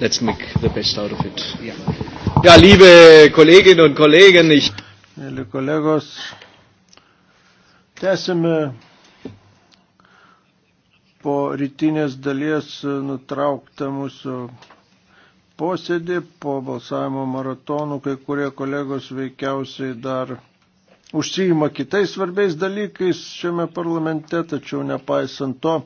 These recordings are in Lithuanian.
let's make the best out of it. Yeah. Ja, liebe Kolleginnen und Kollegen, ich. Mėly kolegos, tęsime po rytinės dalies nutrauktą mūsų posėdį, po balsavimo maratonų, kai kurie kolegos veikiausiai dar užsijima kitais svarbiais dalykais šiame parlamente, tačiau nepaisant to,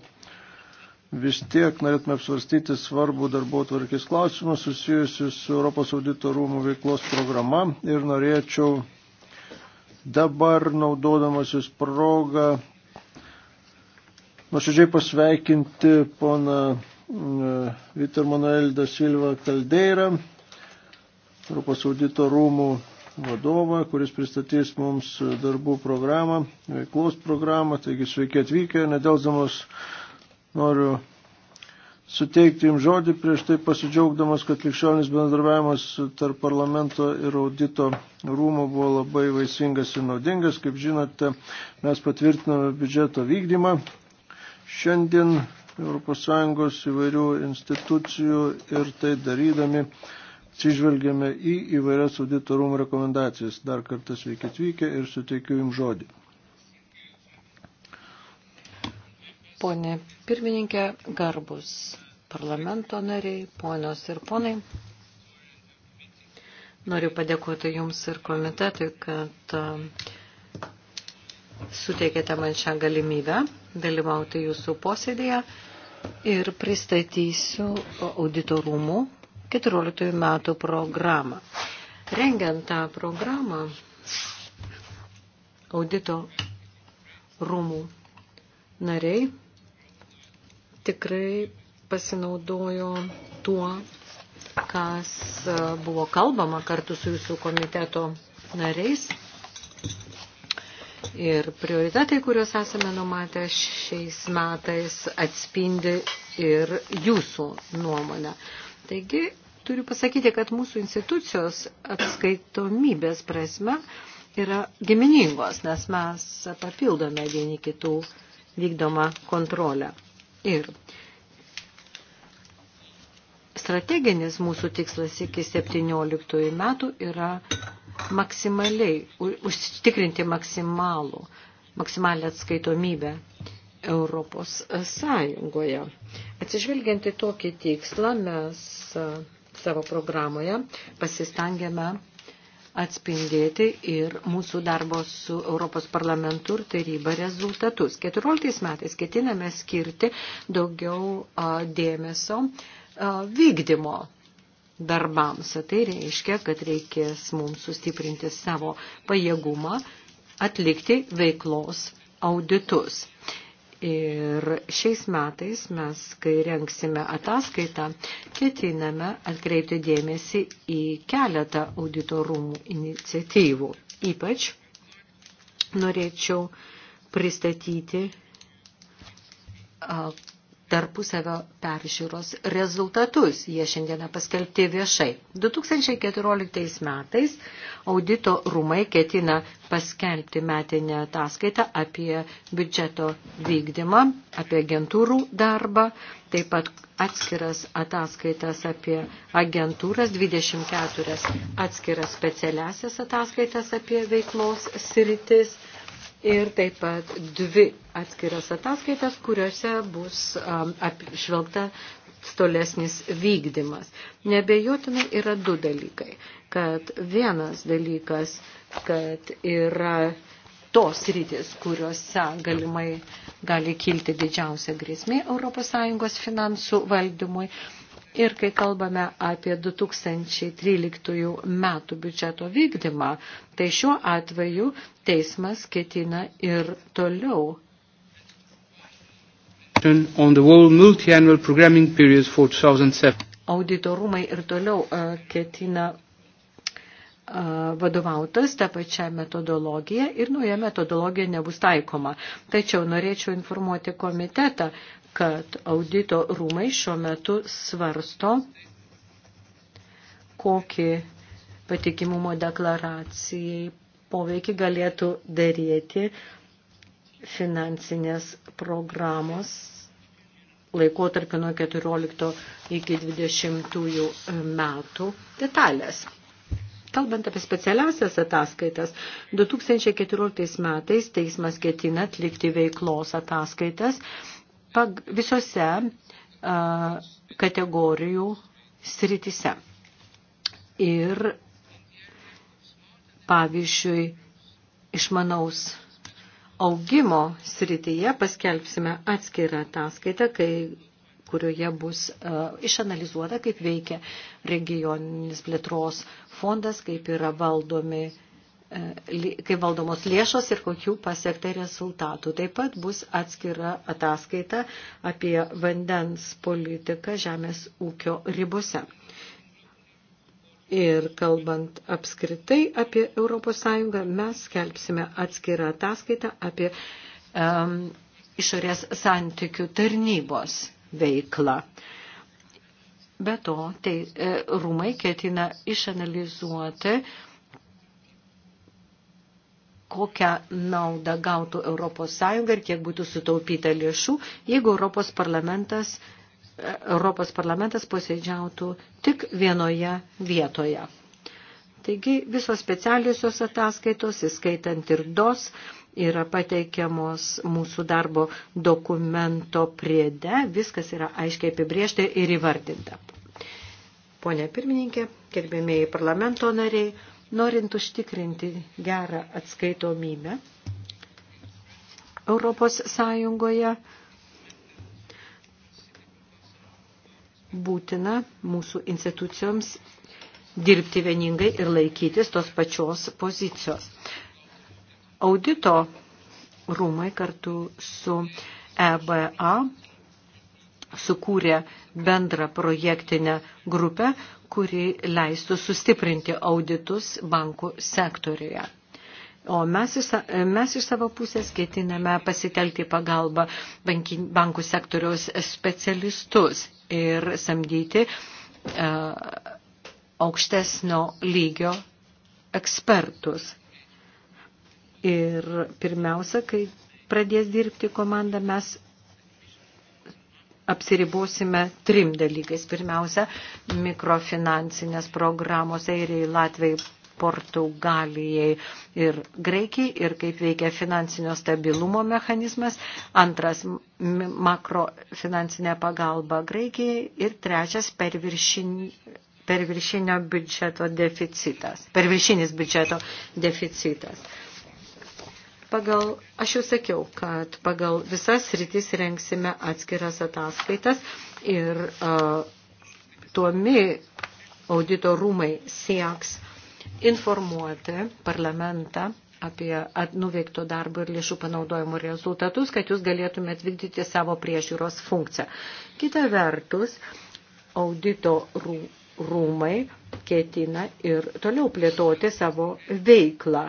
vis tiek norėtume apsvarstyti svarbų darbo tvarkės klausimą susijusiu su Europos audito rūmų veiklos programa ir norėčiau dabar naudodamasis progą nuoširdžiai pasveikinti poną e, Vitor Manuel da Silva Kaldeirą, Europos audito rūmų vadovą, kuris pristatys mums darbų programą, veiklos programą. Taigi sveiki atvykę, nedėlzamas Noriu suteikti jums žodį prieš tai pasidžiaugdamas, kad likščionis bendradarbiavimas tarp parlamento ir audito rūmo buvo labai vaisingas ir naudingas. Kaip žinote, mes patvirtiname biudžeto vykdymą. Šiandien ES įvairių institucijų ir tai darydami atsižvelgiame į įvairias audito rūmų rekomendacijas. Dar kartą sveiki atvykę ir suteikiu jums žodį. Pone pirmininkė, garbus parlamento nariai, ponios ir ponai, noriu padėkoti Jums ir komitetui, kad suteikėte man šią galimybę dalyvauti Jūsų posėdėje ir pristatysiu auditorumų 14 metų programą. Rengiant tą programą, audito rūmų nariai tikrai pasinaudojo tuo, kas e, buvo kalbama kartu su jūsų komiteto nariais. Ir prioritetai, kuriuos esame numatę šiais metais, atspindi ir jūsų nuomonę. Taigi, turiu pasakyti, kad mūsų institucijos atskaitomybės prasme yra giminingos, nes mes papildome vieni kitų vykdomą kontrolę. Ir strateginis mūsų tikslas iki 17 metų yra maksimaliai, užtikrinti maksimalų, maksimalę atskaitomybę Europos Sąjungoje. Atsižvelgianti tokį tikslą mes savo programoje pasistangėme atspindėti ir mūsų darbo su Europos parlamentu ir taryba rezultatus. 14 metais ketiname skirti daugiau dėmesio vykdymo darbams. Tai reiškia, kad reikės mums sustiprinti savo pajėgumą atlikti veiklos auditus. Ir šiais metais mes, kai renksime ataskaitą, ketiname atkreipti dėmesį į keletą auditorumų iniciatyvų. Ypač norėčiau pristatyti tarpusavio peržiūros rezultatus. Jie šiandieną paskelbti viešai. 2014 metais audito rūmai ketina paskelbti metinę ataskaitą apie biudžeto vykdymą, apie agentūrų darbą, taip pat atskiras ataskaitas apie agentūras, 24 atskiras specialiasias ataskaitas apie veiklos sritis ir taip pat dvi atskiras ataskaitas, kuriuose bus um, apžvelgta tolesnis vykdymas. Nebejotinai yra du dalykai. Kad vienas dalykas, kad yra tos rytis, kuriuose galimai gali kilti didžiausia grėsmė ES finansų valdymui. Ir kai kalbame apie 2013 metų biudžeto vykdymą, tai šiuo atveju teismas ketina ir toliau Auditorumai ir toliau e, ketina e, vadovautas tą pačią metodologiją ir nauja metodologija nebus taikoma. Tačiau norėčiau informuoti komitetą, kad audito rūmai šiuo metu svarsto, kokį patikimumo deklaracijai poveikį galėtų daryti finansinės programos laikotarpį nuo 14 iki 20 e, metų detalės. Kalbant apie specialiasias ataskaitas, 2014 metais teismas ketina atlikti veiklos ataskaitas visose uh, kategorijų sritise. Ir pavyzdžiui, išmanaus augimo srityje paskelbsime atskirą ataskaitą, kai, kurioje bus uh, išanalizuota, kaip veikia regioninis plėtros fondas, kaip yra valdomi e, kaip valdomos lėšos ir kokių pasiekta rezultatų. Taip pat bus atskira ataskaita apie vandens politiką žemės ūkio ribose. Ir kalbant apskritai apie ES, mes skelbsime atskirą ataskaitą apie um, išorės santykių tarnybos veiklą. Be to, tai e, rūmai ketina išanalizuoti, kokią naudą gautų ES ir kiek būtų sutaupyta lėšų, jeigu Europos parlamentas uh, Europos parlamentas posėdžiautų tik vienoje vietoje. Taigi visos specialiusios ataskaitos, įskaitant ir DOS, yra pateikiamos mūsų darbo dokumento priede, viskas yra aiškiai apibriežta ir įvardinta. Pone pirmininkė, gerbėmėjai parlamento nariai, norint užtikrinti gerą atskaitomybę Europos Sąjungoje, būtina mūsų institucijoms dirbti vieningai ir laikytis tos pačios pozicijos. Audito rūmai kartu su EBA sukūrė bendrą projektinę grupę, kuri leistų sustiprinti auditus bankų sektoriuje. O mes iš, mes iš savo pusės ketiname pasitelkti pagalbą bankų sektoriaus specialistus ir samdyti e, aukštesnio lygio ekspertus. Ir pirmiausia, kai pradės dirbti komanda, mes apsiribosime trim dalykais. Pirmiausia, mikrofinansinės programos Airijai, Latvijai, Portugalijai ir Graikijai ir kaip veikia finansinio stabilumo mechanizmas. Antras, makrofinansinę pagalbą Graikijai ir trečias per, viršin, per viršinio biudžeto deficitas, per viršinis biudžeto deficitas. Pagal, aš jau sakiau, kad pagal visas rytis rengsime atskiras ataskaitas ir uh, tuomi audito rūmai sieks informuoti parlamentą apie nuveikto darbo ir lėšų panaudojimo rezultatus, kad jūs galėtumėt vykdyti savo priežiūros funkciją. Kita vertus, audito rūmai ketina ir toliau plėtoti savo veiklą.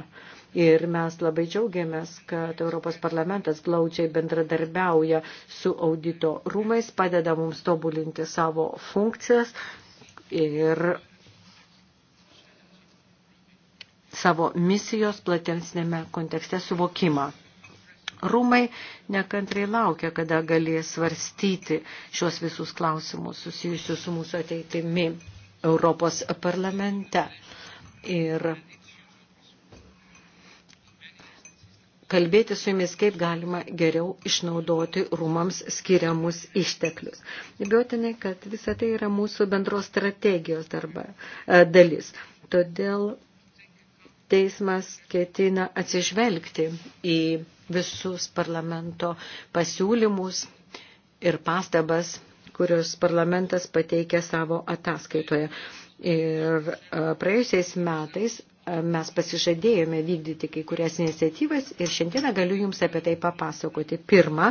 Ir mes labai džiaugiamės, kad Europos parlamentas glaudžiai bendradarbiauja su audito rūmais, padeda mums tobulinti savo funkcijas ir savo misijos platensnėme kontekste suvokimą. Rūmai nekantrai laukia, kada galės svarstyti šios visus klausimus susijusius su mūsų ateitimi Europos parlamente. Ir kalbėti su jumis, kaip galima geriau išnaudoti rūmams skiriamus išteklius. Nebijotinai, kad visa tai yra mūsų bendros strategijos darba, e, dalis. Todėl teismas ketina atsižvelgti į visus parlamento pasiūlymus ir pastabas, kurios parlamentas pateikė savo ataskaitoje. Ir e, praėjusiais metais e, mes pasižadėjome vykdyti kai kurias iniciatyvas ir šiandieną galiu Jums apie tai papasakoti. Pirma,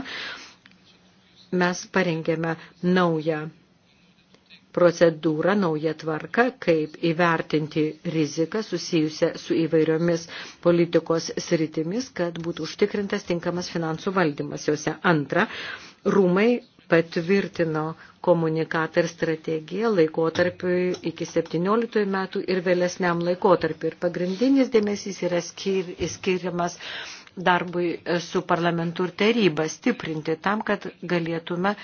mes parengėme naują procedūrą, naują tvarką, kaip įvertinti riziką susijusią su įvairiomis politikos sritimis, kad būtų užtikrintas tinkamas finansų valdymas jose. Antra, rūmai patvirtino komunikatą ir strategiją laikotarpiui iki 17 metų ir vėlesniam laikotarpiu. Ir pagrindinis dėmesys yra skir, skiriamas darbui su parlamentu ir taryba stiprinti tam, kad galėtume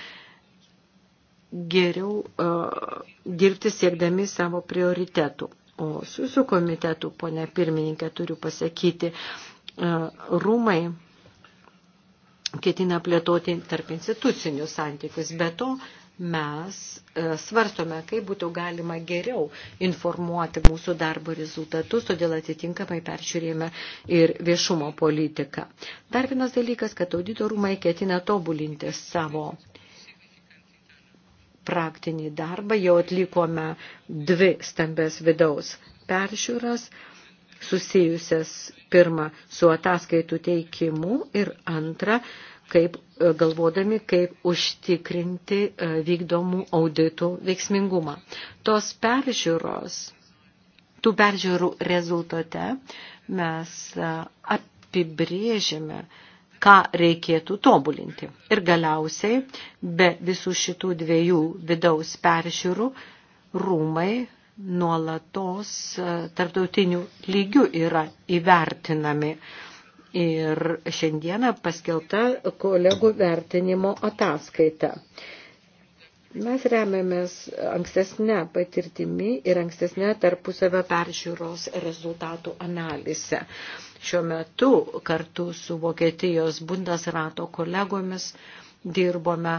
geriau uh, dirbti siekdami savo prioritetų. O su jūsų komitetu, ponia pirmininkė, turiu pasakyti, uh, rūmai ketina plėtoti tarp institucinius santykius. Be to, mes e, svarstome, kaip būtų galima geriau informuoti mūsų darbo rezultatus, todėl atitinkamai peržiūrėjome ir viešumo politiką. Dar vienas dalykas, kad audito rūmai ketina tobulinti savo uh, praktinį darbą, jau atlikome dvi stambės vidaus peržiūras, susijusias pirmą su ataskaitų teikimu ir antrą, kaip, e, galvodami, kaip užtikrinti e, vykdomų auditų veiksmingumą. Tos peržiūros, tų peržiūrų rezultate mes e, apibrėžėme, ką reikėtų tobulinti. Ir galiausiai, be visų šitų dviejų vidaus peržiūrų, rūmai nuolatos e, tarptautinių lygių yra įvertinami. Ir šiandieną paskelta kolegų vertinimo ataskaita. Mes remiamės ankstesnę patirtimi ir ankstesnę tarpusavio peržiūros rezultatų analizę. Šiuo metu kartu su Vokietijos Bundesrato kolegomis dirbome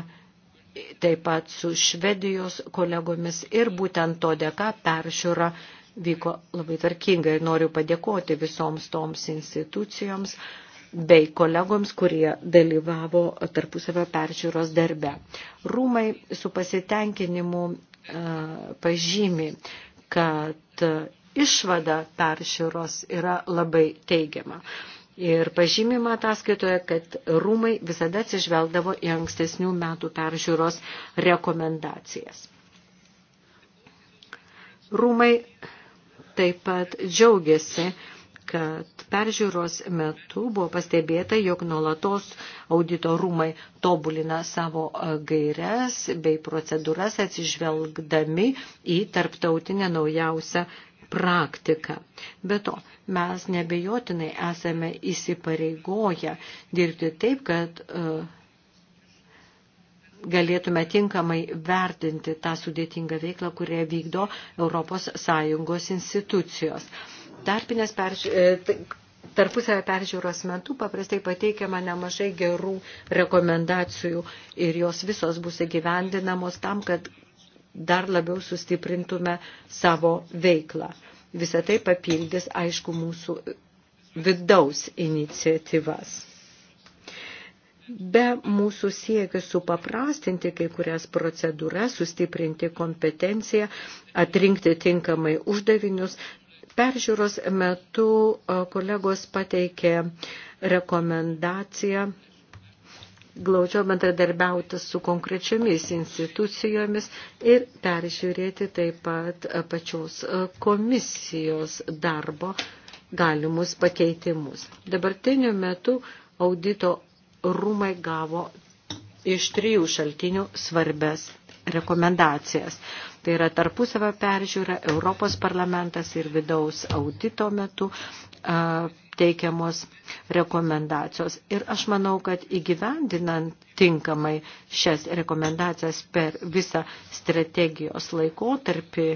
taip pat su Švedijos kolegomis ir būtent to dėka peržiūra vyko labai tarkingai. Noriu padėkoti visoms toms institucijoms, bei kolegoms, kurie dalyvavo tarpusavio peržiūros darbe. Rūmai su pasitenkinimu e, pažymi, kad išvada peržiūros yra labai teigiama. Ir pažymima ataskaitoje, kad rūmai visada atsižvelgdavo į ankstesnių metų peržiūros rekomendacijas. Rūmai taip pat džiaugiasi, kad peržiūros metu buvo pastebėta, jog nuolatos auditorumai tobulina savo e, gairias bei procedūras atsižvelgdami į tarptautinę naujausią praktiką. Be to, mes nebejotinai esame įsipareigoję dirbti taip, kad e, galėtume tinkamai vertinti tą sudėtingą veiklą, kurią vykdo ES institucijos tarpinės peržiūros. E, tai tarpusavio peržiūros metu paprastai pateikiama nemažai gerų rekomendacijų ir jos visos bus įgyvendinamos tam, kad dar labiau sustiprintume savo veiklą. Visą tai papildys, aišku, mūsų vidaus iniciatyvas. Be mūsų siekių supaprastinti kai kurias procedūras, sustiprinti kompetenciją, atrinkti tinkamai uždavinius, Peržiūros metu e, kolegos pateikė rekomendaciją glaudžiau bendradarbiauti su konkrečiomis institucijomis ir peržiūrėti taip pat e, pačios e, komisijos darbo galimus pakeitimus. Dabartiniu metu audito rūmai gavo iš trijų šaltinių svarbes rekomendacijas. Tai yra tarpusavio peržiūra Europos parlamentas ir vidaus audito metu teikiamos rekomendacijos. Ir aš manau, kad įgyvendinant tinkamai šias rekomendacijas per visą strategijos laikotarpį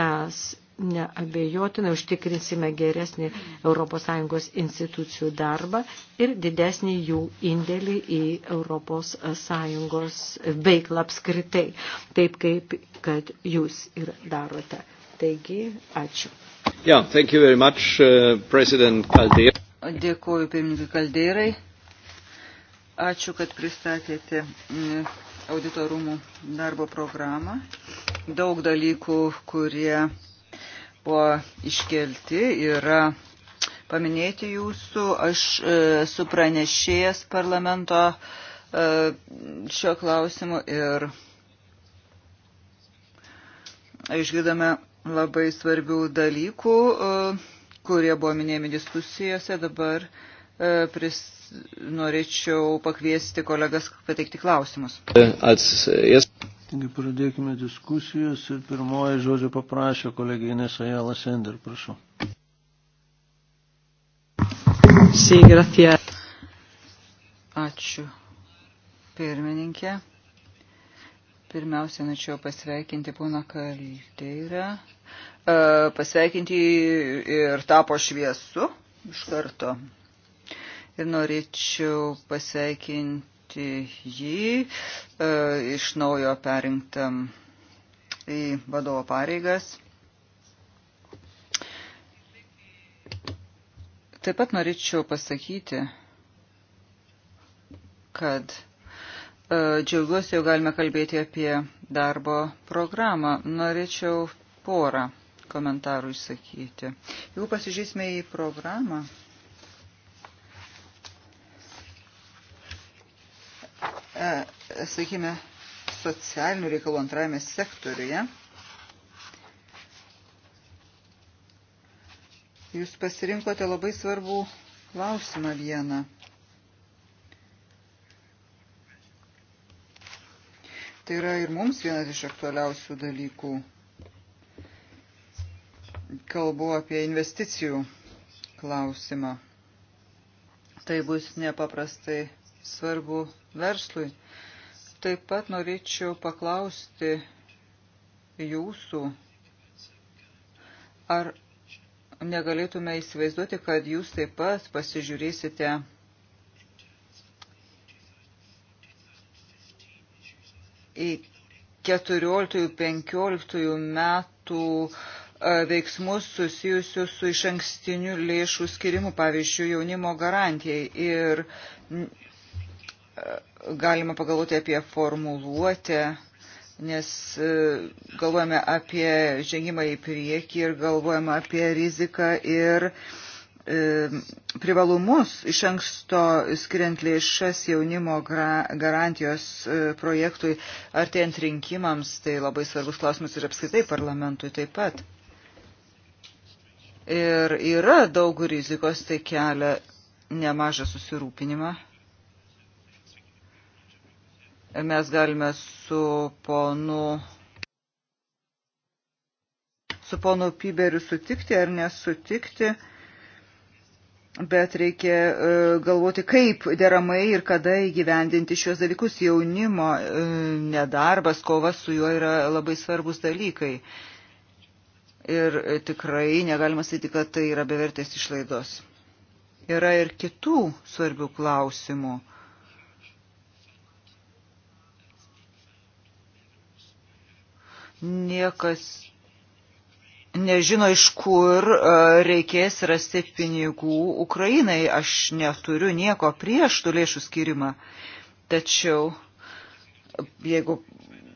mes neabejotinai užtikrinsime geresnį ES institucijų darbą ir didesnį jų indėlį į ES veiklą apskritai, taip kaip kad jūs ir darote. Taigi, ačiū. Yeah, thank you very much, uh, President Caldeira. Dėkuoju pirmininkai Kalderai. Ačiū, kad pristatėte mm, auditorumų darbo programą. Daug dalykų, kurie buvo iškelti, yra paminėti jūsų. Aš e, esu pranešėjęs parlamento e, šio klausimu ir išgirdome labai svarbių dalykų, e, kurie buvo minėjami diskusijose. Dabar pris, norėčiau pakviesti kolegas pateikti klausimus. Als, Taigi pradėkime diskusijos ir pirmoji žodžio paprašė kolegė Inesa Jala Sender, prašau. Sí, gracias. Ačiū, pirmininkė. Pirmiausia, norėčiau pasveikinti poną Kaldeirą, e, pasveikinti ir tapo šviesu iš karto. Ir norėčiau pasveikinti pateikti jį e, iš naujo perinktam į vadovo pareigas. Taip pat norėčiau pasakyti, kad e, džiaugiuosi, jau galime kalbėti apie darbo programą. Norėčiau porą komentarų išsakyti. Jeigu pasižiūrėsime į programą, E, sakykime, socialinių reikalų antrajame sektoriuje. Jūs pasirinkote labai svarbų klausimą vieną. Tai yra ir mums vienas iš aktualiausių dalykų. Kalbu apie investicijų klausimą. Tai bus nepaprastai svarbu verslui. Taip pat norėčiau paklausti jūsų, ar negalėtume įsivaizduoti, kad jūs taip pat pasižiūrėsite į 14-15 metų e, veiksmus susijusius su iš ankstiniu lėšų skirimu, pavyzdžiui, jaunimo garantijai. Ir galima pagalvoti apie formuluotę, nes e, galvojame apie žengimą į priekį ir galvojame apie riziką ir e, privalumus iš anksto skiriant lėšas jaunimo garantijos e, projektui artėjant rinkimams, tai labai svarbus klausimas ir apskritai parlamentui taip pat. Ir yra daug rizikos, tai kelia nemažą susirūpinimą. Mes galime su ponu, su ponu Piberiu sutikti ar nesutikti, bet reikia e, galvoti, kaip deramai ir kada įgyvendinti šios dalykus. Jaunimo e, nedarbas, kova su juo yra labai svarbus dalykai. Ir e, tikrai negalima sakyti, kad tai yra bevertės išlaidos. Yra ir kitų svarbių klausimų. Niekas nežino, iš kur e, reikės rasti pinigų Ukrainai. Aš neturiu nieko prieš tų lėšų skirimą. Tačiau jeigu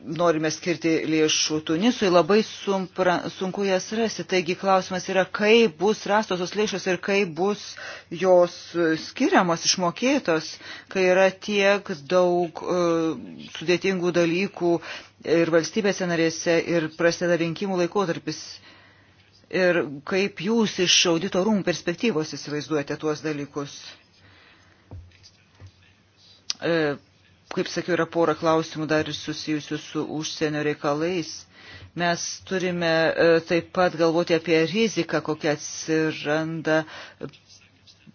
norime skirti lėšų Tunisui, labai sumpra, sunku jas rasti. Taigi klausimas yra, kaip bus rastos tos lėšos ir kaip bus jos skiriamos, išmokėtos, kai yra tiek daug uh, sudėtingų dalykų ir valstybėse narėse ir prasideda rinkimų laikotarpis. Ir kaip jūs iš audito rūmų perspektyvos įsivaizduojate tuos dalykus? Uh, kaip sakiau, yra pora klausimų dar ir susijusių su užsienio reikalais. Mes turime e, taip pat galvoti apie riziką, kokia atsiranda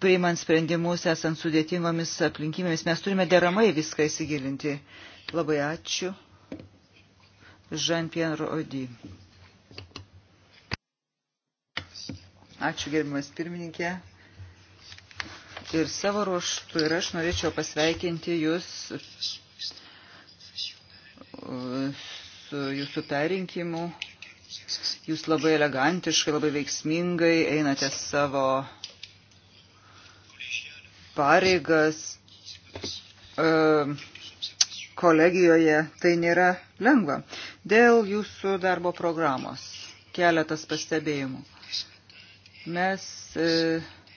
priimant sprendimus, esant sudėtingomis aplinkybėmis. Mes turime deramai viską įsigilinti. Labai ačiū. Jean-Pierre Rodi. Ačiū gerbimas pirmininkė ir savo ruoštų ir aš norėčiau pasveikinti jūs su jūsų perinkimu. Jūs labai elegantiškai, labai veiksmingai einate savo pareigas e, kolegijoje. Tai nėra lengva. Dėl jūsų darbo programos keletas pastebėjimų. Mes e,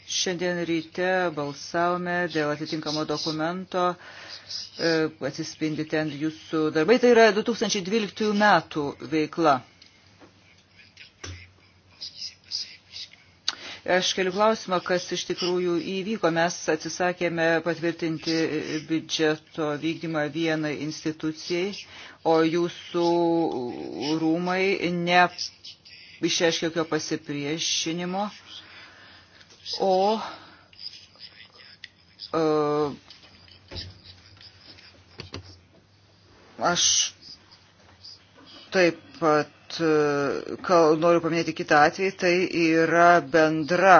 Šiandien ryte balsavome dėl atitinkamo dokumento, e, atsispindi ten jūsų darbai. Tai yra 2012 metų veikla. Aš keliu klausimą, kas iš tikrųjų įvyko. Mes atsisakėme patvirtinti biudžeto vykdymą vienai institucijai, o jūsų rūmai ne išreiškė jokio pasipriešinimo o e, aš taip pat e, noriu paminėti kitą atvejį, tai yra bendra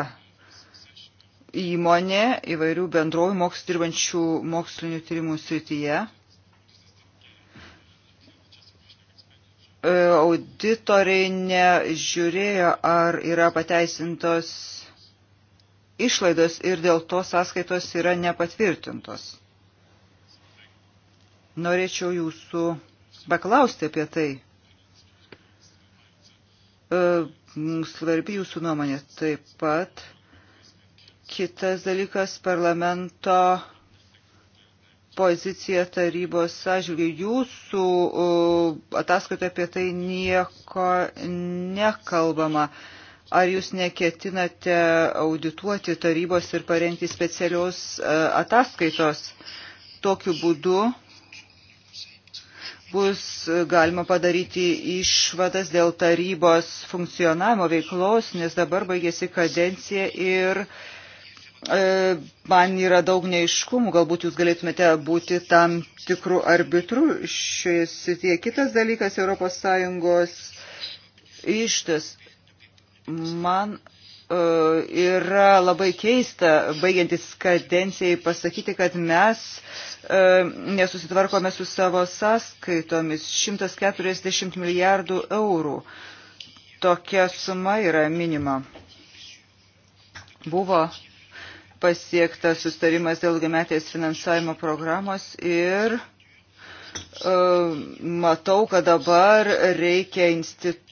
įmonė įvairių bendrovų moks, dirbančių mokslinių tyrimų srityje. E, auditoriai nežiūrėjo, ar yra pateisintos išlaidos ir dėl to sąskaitos yra nepatvirtintos. Norėčiau jūsų paklausti apie tai. E, svarbi jūsų nuomonė taip pat. Kitas dalykas parlamento pozicija tarybos sąžiūrį. Jūsų e, ataskaitoje apie tai nieko nekalbama. Uh, Ar jūs neketinate audituoti tarybos ir parengti specialios e, ataskaitos? Tokiu būdu bus galima padaryti išvadas dėl tarybos funkcionavimo veiklos, nes dabar baigėsi kadencija ir e, man yra daug neiškumų. Galbūt jūs galėtumėte būti tam tikrų arbitrų šioje srityje. Kitas dalykas - ES ištas Man e, yra labai keista, baigiantis kadencijai, pasakyti, kad mes e, nesusitvarkome su savo sąskaitomis 140 milijardų eurų. Tokia suma yra minima. Buvo pasiektas sustarimas dėl ilgametės finansavimo programos ir e, matau, kad dabar reikia institucijų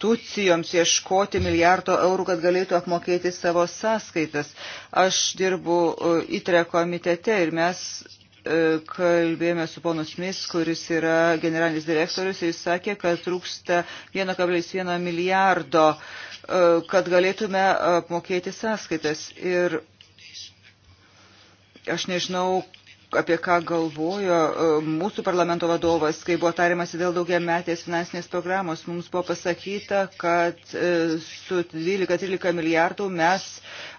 institucijoms ieškoti milijardo eurų, kad galėtų apmokėti savo sąskaitas. Aš dirbu e, ITRE komitete ir mes e, kalbėjome su ponu Smith, kuris yra generalinis direktorius ir jis sakė, kad trūksta 1,1 milijardo, e, kad galėtume apmokėti sąskaitas. Ir aš nežinau, apie ką galvojo e, mūsų parlamento vadovas, kai buvo tarimasi dėl daugiametės finansinės programos. Mums buvo pasakyta, kad e, su 12-13 milijardų mes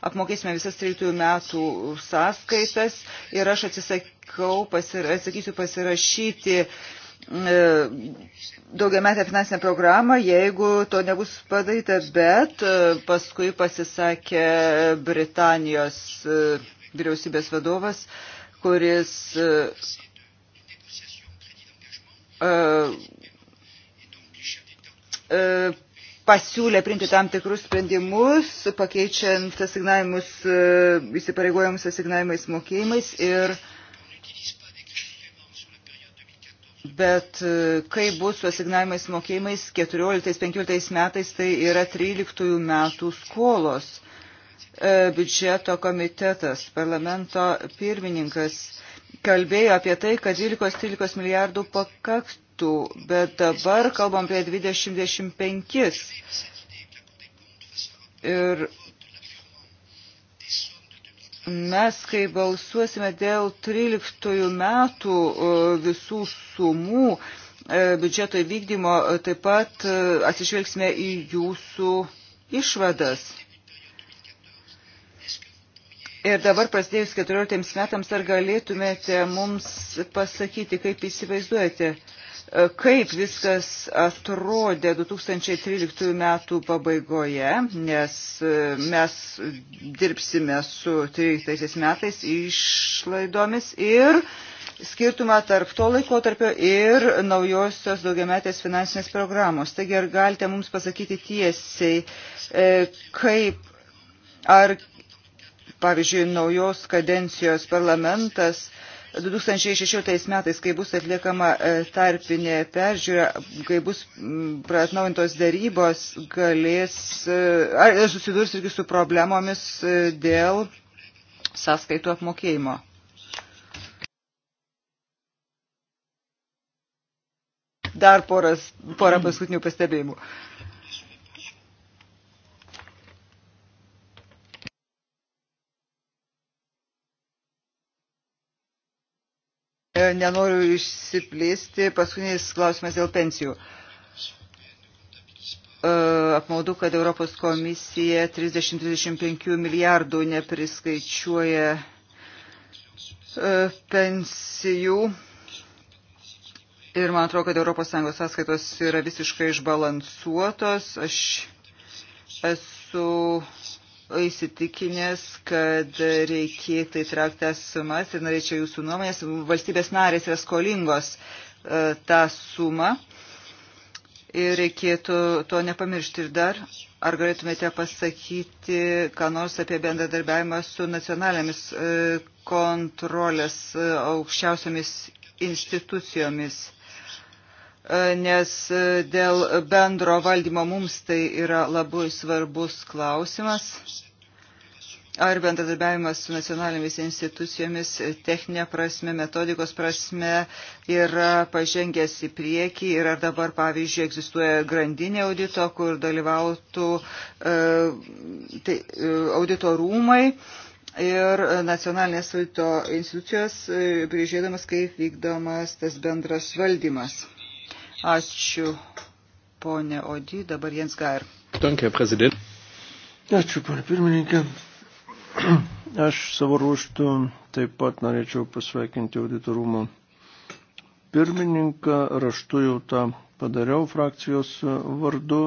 apmokėsime visas 13 metų sąskaitas ir aš atsisakau, pasira, atsakysiu pasirašyti e, daugiametę finansinę programą, jeigu to nebus padaryta, bet paskui pasisakė Britanijos vyriausybės vadovas, kuris e, e, e, pasiūlė priimti tam tikrus sprendimus, pakeičiant asignavimus, įsipareigojimus asignavimais mokėjimais ir Bet kai bus su asignavimais mokėjimais 14-15 metais, tai yra 13 metų skolos. E, biudžeto komitetas, parlamento pirmininkas kalbėjo apie tai, kad 12-13 milijardų pakaktų, bet dabar kalbam apie 20-25. Ir mes, kai balsuosime dėl 13 metų e, visų sumų e, biudžeto įvykdymo, taip pat atsižvelgsime į jūsų išvadas. Ir dabar prasidėjus 14 metams, ar galėtumėte mums pasakyti, kaip įsivaizduojate, e, kaip viskas atrodė 2013 metų pabaigoje, nes e, mes dirbsime su 13 metais išlaidomis ir skirtumą tarp to laikotarpio ir naujosios daugiametės finansinės programos. Taigi ar galite mums pasakyti tiesiai, e, kaip ar pavyzdžiui, naujos kadencijos parlamentas 2016 metais, kai bus atliekama e, tarpinė peržiūra, kai bus atnaujintos darybos, galės, e, ar e, susidurs irgi su problemomis dėl sąskaitų apmokėjimo. Dar poras, porą paskutinių pastebėjimų. Uh, E, nenoriu išsiplėsti. Paskutinis klausimas dėl pensijų. E, apmaudu, kad Europos komisija 30-35 milijardų nepriskaičiuoja e, pensijų. Ir man atrodo, kad ES sąskaitos yra visiškai išbalansuotos. Aš esu įsitikinęs, kad reikėtų įtraukti tas sumas ir norėčiau jūsų nuomonės. Valstybės narės yra skolingos e, tą sumą ir reikėtų to nepamiršti. Ir dar, ar galėtumėte pasakyti, ką nors apie bendradarbiavimą su nacionalinėmis e, kontrolės e, aukščiausiamis institucijomis? E, nes e, dėl bendro valdymo mums tai yra labai svarbus klausimas. Ar bendradarbiavimas su nacionalinėmis institucijomis e, techninė prasme, metodikos prasme yra pažengęs į priekį ir ar dabar, pavyzdžiui, egzistuoja grandinė audito, kur dalyvautų tai, audito rūmai ir nacionalinės audito institucijos prižiūrėdamas, kaip vykdomas tas bendras valdymas. Ačiū, ponė Odi, dabar Jens Gair. Danke, prezident. Ačiū, ponė pirmininkė. Aš savo ruoštų taip pat norėčiau pasveikinti auditorumo pirmininką, raštu jau tą padariau frakcijos vardu,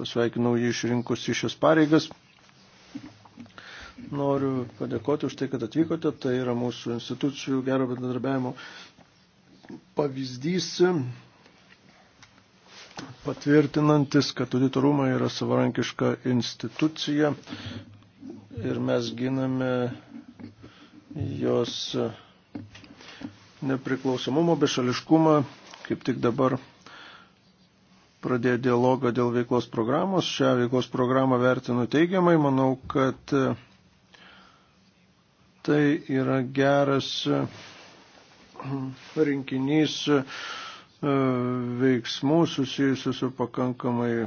pasveikinau jį išrinkus į šias pareigas. Noriu padėkoti už tai, kad atvykote, tai yra mūsų institucijų gero bendradarbiavimo pavyzdys patvirtinantis, kad auditorumai yra savarankiška institucija ir mes giname jos nepriklausomumo, bešališkumą, kaip tik dabar pradėjo dialogą dėl veiklos programos. Šią veiklos programą vertinu teigiamai, manau, kad tai yra geras rinkinys E, veiksmų susijusių su pakankamai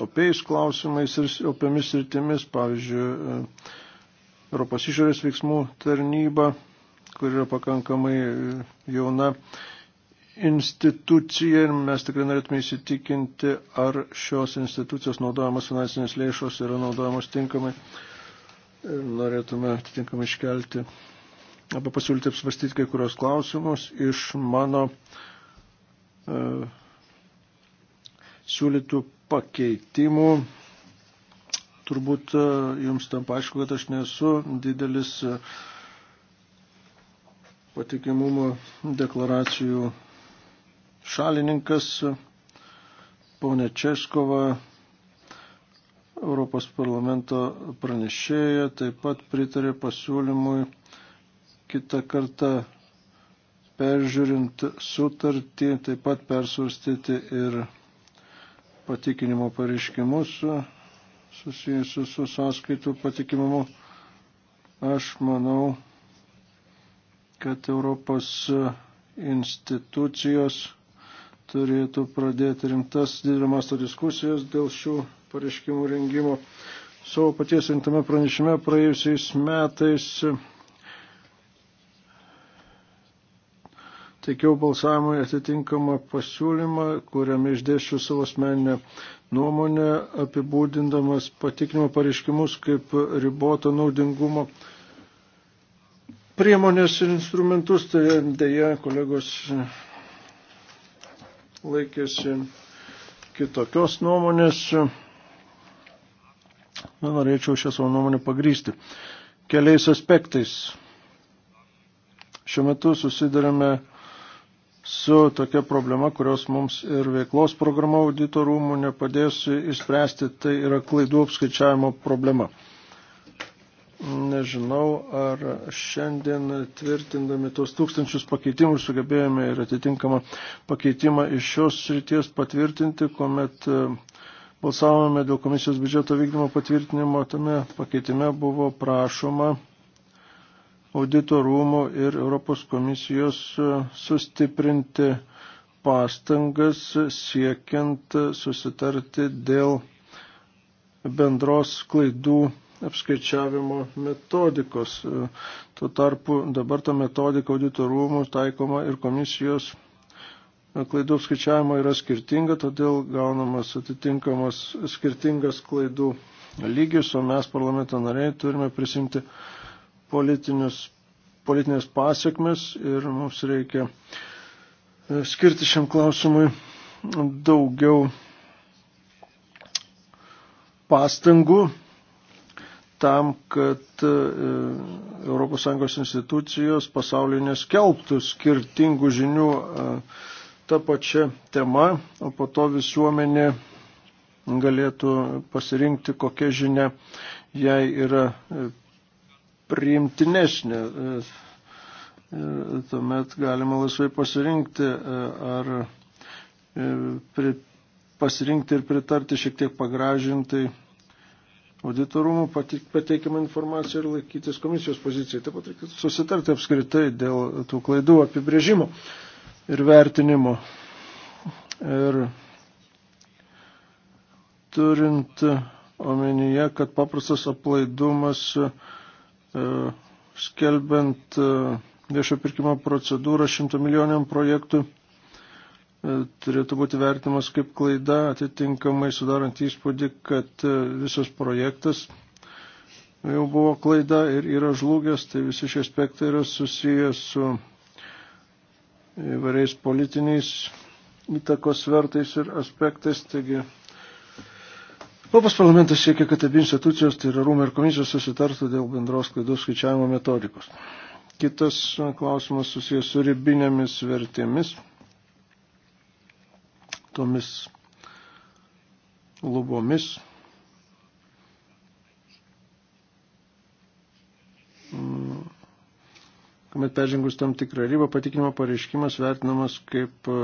opiais klausimais ir opiamis rytimis, pavyzdžiui, e, Europos išorės veiksmų tarnyba, kur yra pakankamai e, jauna institucija ir mes tikrai norėtume įsitikinti, ar šios institucijos naudojamos finansinės lėšos yra naudojamos tinkamai. Ir norėtume atitinkamai iškelti arba pasiūlyti apsvastyti kai kurios klausimus iš mano uh, E, siūlytų pakeitimų. Turbūt e, jums tam paaišku, kad aš nesu didelis e, patikimumo deklaracijų šalininkas. Pone Českova, Europos parlamento pranešėja, taip pat pritarė pasiūlymui kitą kartą peržiūrint sutartį, taip pat persvarstyti ir patikinimo pareiškimus susijusius su sąskaitų patikimumu. Aš manau, kad Europos institucijos turėtų pradėti rimtas didelio masto diskusijas dėl šių pareiškimų rengimo. Savo paties rinktame pranešime praėjusiais metais teikiau balsavimui atitinkamą pasiūlymą, kuriame išdėščiau savo asmeninę nuomonę, apibūdindamas patikrinimo pareiškimus kaip riboto naudingumo priemonės ir instrumentus. Tai dėja, kolegos laikėsi kitokios nuomonės. Na, norėčiau šią savo nuomonę pagrysti. Keliais aspektais. Šiuo metu susidarėme su tokia problema, kurios mums ir veiklos programa audito rūmų nepadės išspręsti, tai yra klaidų apskaičiavimo problema. Nežinau, ar šiandien tvirtindami tos tūkstančius pakeitimų sugebėjome ir atitinkamą pakeitimą iš šios srities patvirtinti, kuomet e, balsavome dėl komisijos biudžeto vykdymo patvirtinimo, tame pakeitime buvo prašoma auditorumų ir Europos komisijos e, sustiprinti pastangas siekiant susitarti dėl bendros klaidų apskaičiavimo metodikos. E, tuo tarpu dabar ta metodika auditorumų taikoma ir komisijos e, klaidų apskaičiavimo yra skirtinga, todėl gaunamas atitinkamas skirtingas klaidų lygis, o mes parlamento nariai turime prisimti politinės pasiekmes ir mums reikia e, skirti šiam klausimui daugiau pastangų tam, kad ES institucijos pasaulyje neskelbtų skirtingų žinių e, tą pačią temą, o po to visuomenė galėtų pasirinkti, kokia žinia jai yra e, priimtinesnė. Ir e, e, tuomet galima laisvai pasirinkti, e, ar pri, pasirinkti ir pritarti šiek tiek pagražintai auditorumų pateikiamą informaciją ir laikytis komisijos pozicijai. Taip pat reikia susitarti apskritai dėl tų klaidų apibrėžimo ir vertinimo. Ir turint omenyje, kad paprastas aplaidumas E, skelbiant e, viešo pirkimo procedūrą šimto milijoniam projektui e, turėtų būti vertimas kaip klaida, atitinkamai sudarant įspūdį, kad visas projektas jau buvo klaida ir yra žlugęs, tai visi šie aspektai yra susijęs su įvairiais politiniais įtakos svertais ir aspektais, taigi Europos parlamentas siekia, kad abi institucijos, tai yra rūmai ir komisijos, susitartų dėl bendros klaidų skaičiavimo metodikos. Kitas klausimas susijęs su ribinėmis vertėmis, tomis lubomis, kuomet peržengus tam tikrą ribą patikinimo pareiškimas vertinamas kaip e,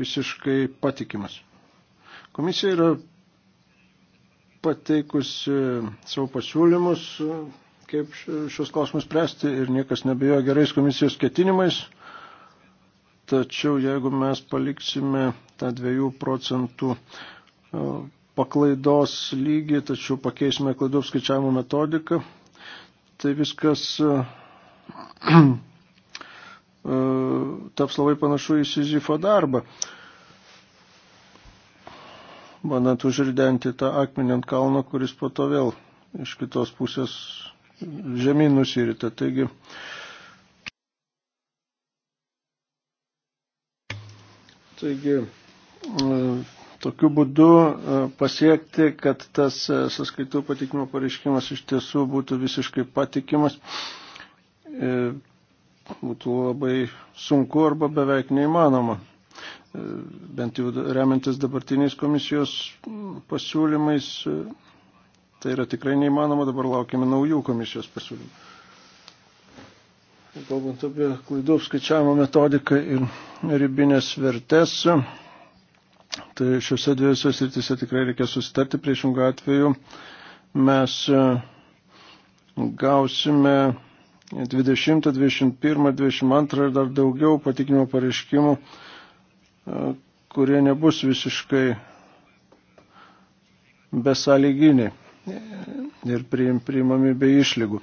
visiškai patikimas. Komisija yra pateikusi savo pasiūlymus, kaip šios klausimus spręsti ir niekas nebejo gerais komisijos ketinimais. Tačiau jeigu mes paliksime tą 2 procentų e, paklaidos lygį, tačiau pakeisime klaidų apskaičiavimo metodiką, tai viskas e, e, taps labai panašu į Sizifo darbą bandant užridenti tą akmenį ant kalno, kuris po to vėl iš kitos pusės žemyn nusirita. Taigi, taigi e, tokiu būdu e, pasiekti, kad tas e, sąskaitų patikimo pareiškimas iš tiesų būtų visiškai patikimas, būtų labai sunku arba beveik neįmanoma bent jau remiantis dabartiniais komisijos pasiūlymais, tai yra tikrai neįmanoma, dabar laukime naujų komisijos pasiūlymų. Kalbant apie klaidų skaičiavimo metodiką ir ribinės vertes, tai šiuose dviejose srityse tikrai reikia susitarti priešingų atveju. Mes gausime 20, 21, 22 ir dar daugiau patikinimo pareiškimų kurie nebus visiškai besaliginiai ir priimami be išlygų.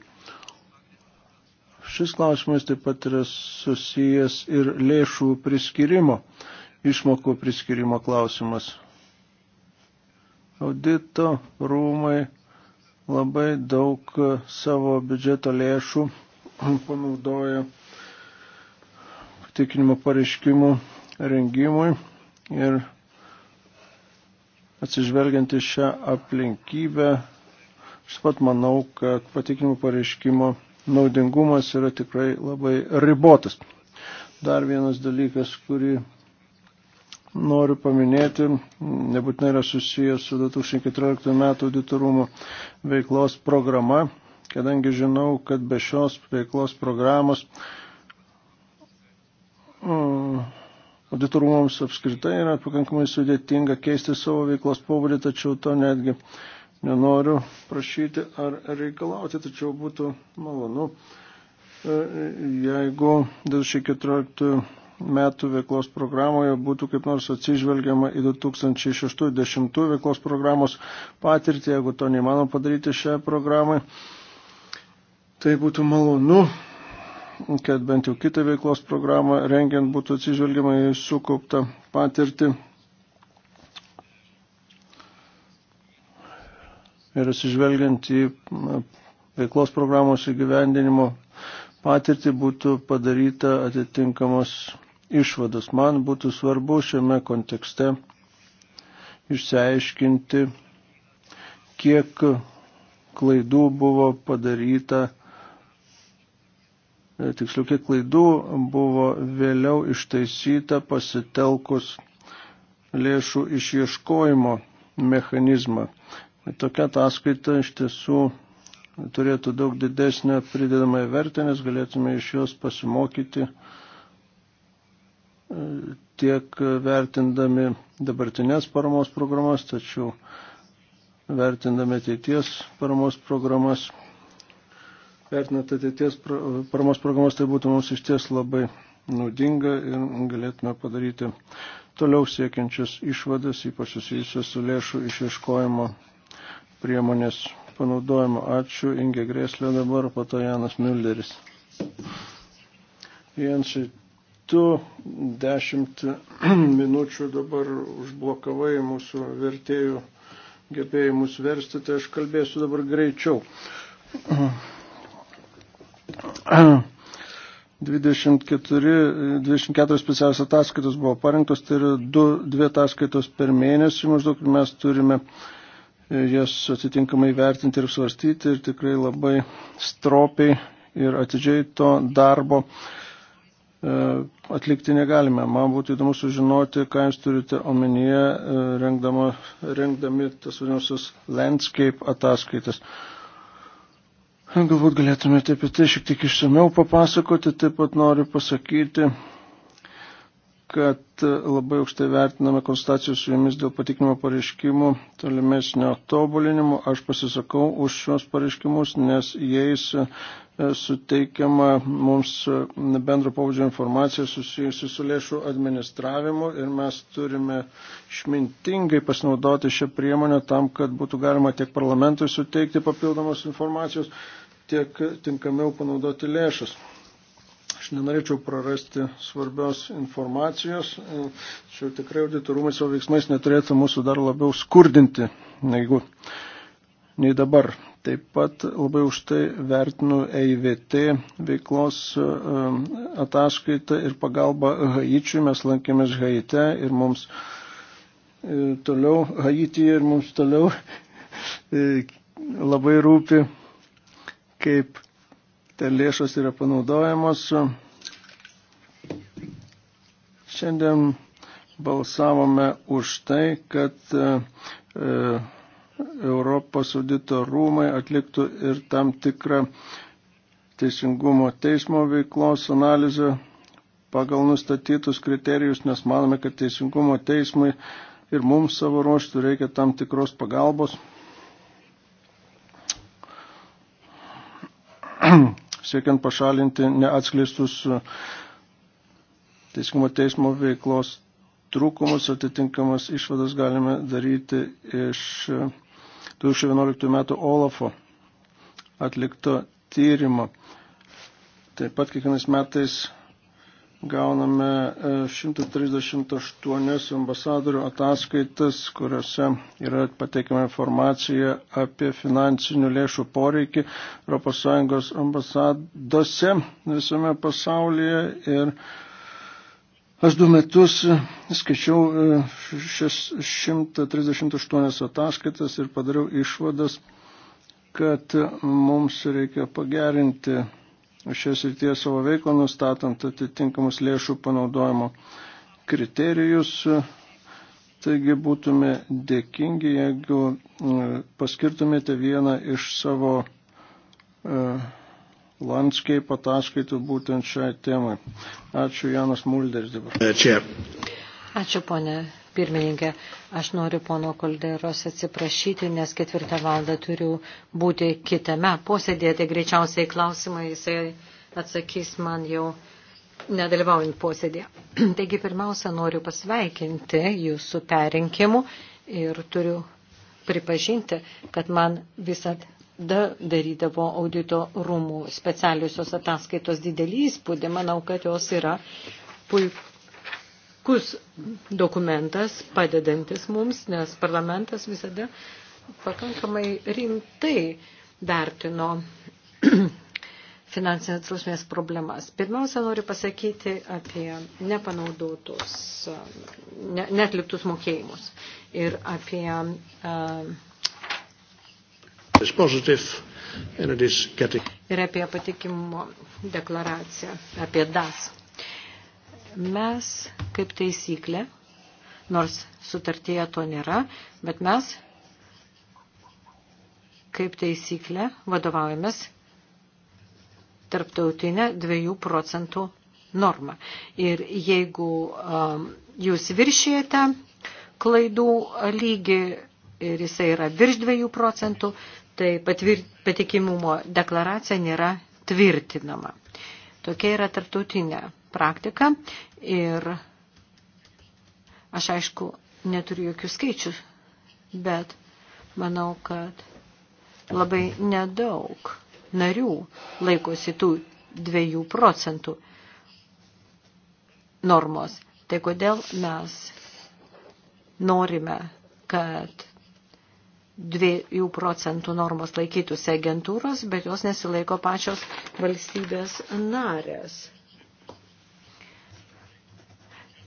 Šis klausimas taip pat yra susijęs ir lėšų priskirimo, išmokų priskirimo klausimas. Audito rūmai labai daug savo biudžeto lėšų panaudoja patikinimo pareiškimų rengimui ir atsižvelgiant į šią aplinkybę, aš pat manau, kad patikimų pareiškimo naudingumas yra tikrai labai ribotas. Dar vienas dalykas, kurį noriu paminėti, nebūtinai yra susijęs su 2014 metų auditorumo veiklos programa, kadangi žinau, kad be šios veiklos programos mm, auditorumams apskritai yra pakankamai sudėtinga keisti savo veiklos pobūdį, tačiau to netgi nenoriu prašyti ar reikalauti, tačiau būtų malonu, e, jeigu 2014 metų veiklos programoje būtų kaip nors atsižvelgiama į 2060 veiklos programos patirtį, jeigu to neįmanoma padaryti šią programą. Tai būtų malonu, kad bent jau kitą veiklos programą rengiant būtų atsižvelgiama į sukauptą patirtį ir atsižvelgiant į veiklos programos įgyvendinimo patirtį būtų padaryta atitinkamos išvados. Man būtų svarbu šiame kontekste išsiaiškinti, kiek klaidų buvo padaryta E, tiksliau kiek klaidų buvo vėliau ištaisyta pasitelkus lėšų išieškojimo mechanizmą. E, tokia ataskaita iš tiesų turėtų daug didesnę pridedamą vertę, nes galėtume iš jos pasimokyti e, tiek vertindami dabartinės paramos programas, tačiau vertindami ateities paramos programas vertinant ateities paramos programas, tai būtų mums iš ties labai naudinga ir galėtume padaryti toliau siekiančias išvadas, ypač susijusias su lėšų išieškojimo priemonės panaudojimu. Ačiū Inge Greslė dabar, po to Janas Mülderis. Jensai, tu dešimt minučių dabar užblokavai mūsų vertėjų gebėjimus versti, tai aš kalbėsiu dabar greičiau. 24, 24 specialios ataskaitos buvo parinktos, tai yra 2, 2 ataskaitos per mėnesį maždaug ir mes turime e, jas atitinkamai vertinti ir svarstyti ir tikrai labai stropiai ir atidžiai to darbo e, atlikti negalime. Man būtų įdomu sužinoti, ką jūs turite omenyje, e, rengdama, rengdami tas vadinamosios landscape ataskaitas. Galbūt galėtumėte apie tai šiek tiek išsameu papasakoti, taip pat noriu pasakyti, kad e, labai aukštai vertiname konstacijų su jumis dėl patikinimo pareiškimų tolimesnio tobulinimo. Aš pasisakau už šios pareiškimus, nes jais e, suteikiama mums e, bendro pavyzdžio informacija susijusi su lėšų administravimu ir mes turime išmintingai pasinaudoti šią priemonę tam, kad būtų galima tiek parlamentui suteikti papildomos informacijos tiek tinkamiau panaudoti lėšas. Aš nenorėčiau prarasti svarbios informacijos, čia tikrai auditorumai savo veiksmais neturėtų mūsų dar labiau skurdinti, negu nei dabar. Taip pat labai už tai vertinu EIVT veiklos um, ataskaitą ir pagalbą Haičiui. Mes lankėmės Haite ir mums e, toliau, Haityje ir mums toliau e, labai rūpi kaip ten lėšos yra panaudojamos. Šiandien balsavome už tai, kad e, Europos audito rūmai atliktų ir tam tikrą teisingumo teismo veiklos analizę pagal nustatytus kriterijus, nes manome, kad teisingumo teismai ir mums savo ruoštų reikia tam tikros pagalbos. siekiant pašalinti neatskleistus e, teisingumo teismo veiklos trūkumus, atitinkamas išvadas galime daryti iš 2011 e, metų Olafo atlikto tyrimo. Taip pat kiekvienais metais gauname 138 e, ambasadorių ataskaitas, kuriuose yra pateikiama informacija apie finansinių lėšų poreikį ES ambasadose visame pasaulyje. Ir aš du metus skaičiau e, šias 138 ataskaitas ir padariau išvadas, kad mums reikia pagerinti šios ryties savo veiklą, nustatant atitinkamus lėšų panaudojimo kriterijus. Taigi būtume dėkingi, jeigu e, paskirtumėte vieną iš savo e, landscape ataskaitų būtent šiai temai. Ačiū Janas Mulderis dabar. Čia. Ačiū ponė pirmininkė, aš noriu pono Kolderos atsiprašyti, nes ketvirtą valandą turiu būti kitame posėdėje, tai greičiausiai klausimai jisai atsakys man jau nedalyvaujant posėdėje. Taigi pirmiausia, noriu pasveikinti jūsų perinkimu ir turiu pripažinti, kad man visat da, darydavo audito rūmų specialiusios ataskaitos didelį įspūdį. Manau, kad jos yra puikiai puikus dokumentas, padedantis mums, nes parlamentas visada pakankamai rimtai vertino finansinės drausmės problemas. Pirmiausia, noriu pasakyti apie nepanaudotus, ne, netliktus mokėjimus ir apie. Uh, ir apie patikimumo deklaraciją, apie DAS. Mes, kaip taisyklė, nors sutartėje to nėra, bet mes, kaip taisyklė, vadovaujamės tarptautinę 2 procentų normą. Ir jeigu um, jūs viršijate klaidų lygį ir jisai yra virš 2 procentų, tai patvir, patikimumo deklaracija nėra tvirtinama. Tokia yra tarptautinė praktiką ir aš aišku neturiu jokių skaičių, bet manau, kad labai nedaug narių laikosi tų dviejų procentų normos. Tai kodėl mes norime, kad 2 procentų normos laikytųsi agentūros, bet jos nesilaiko pačios valstybės narės.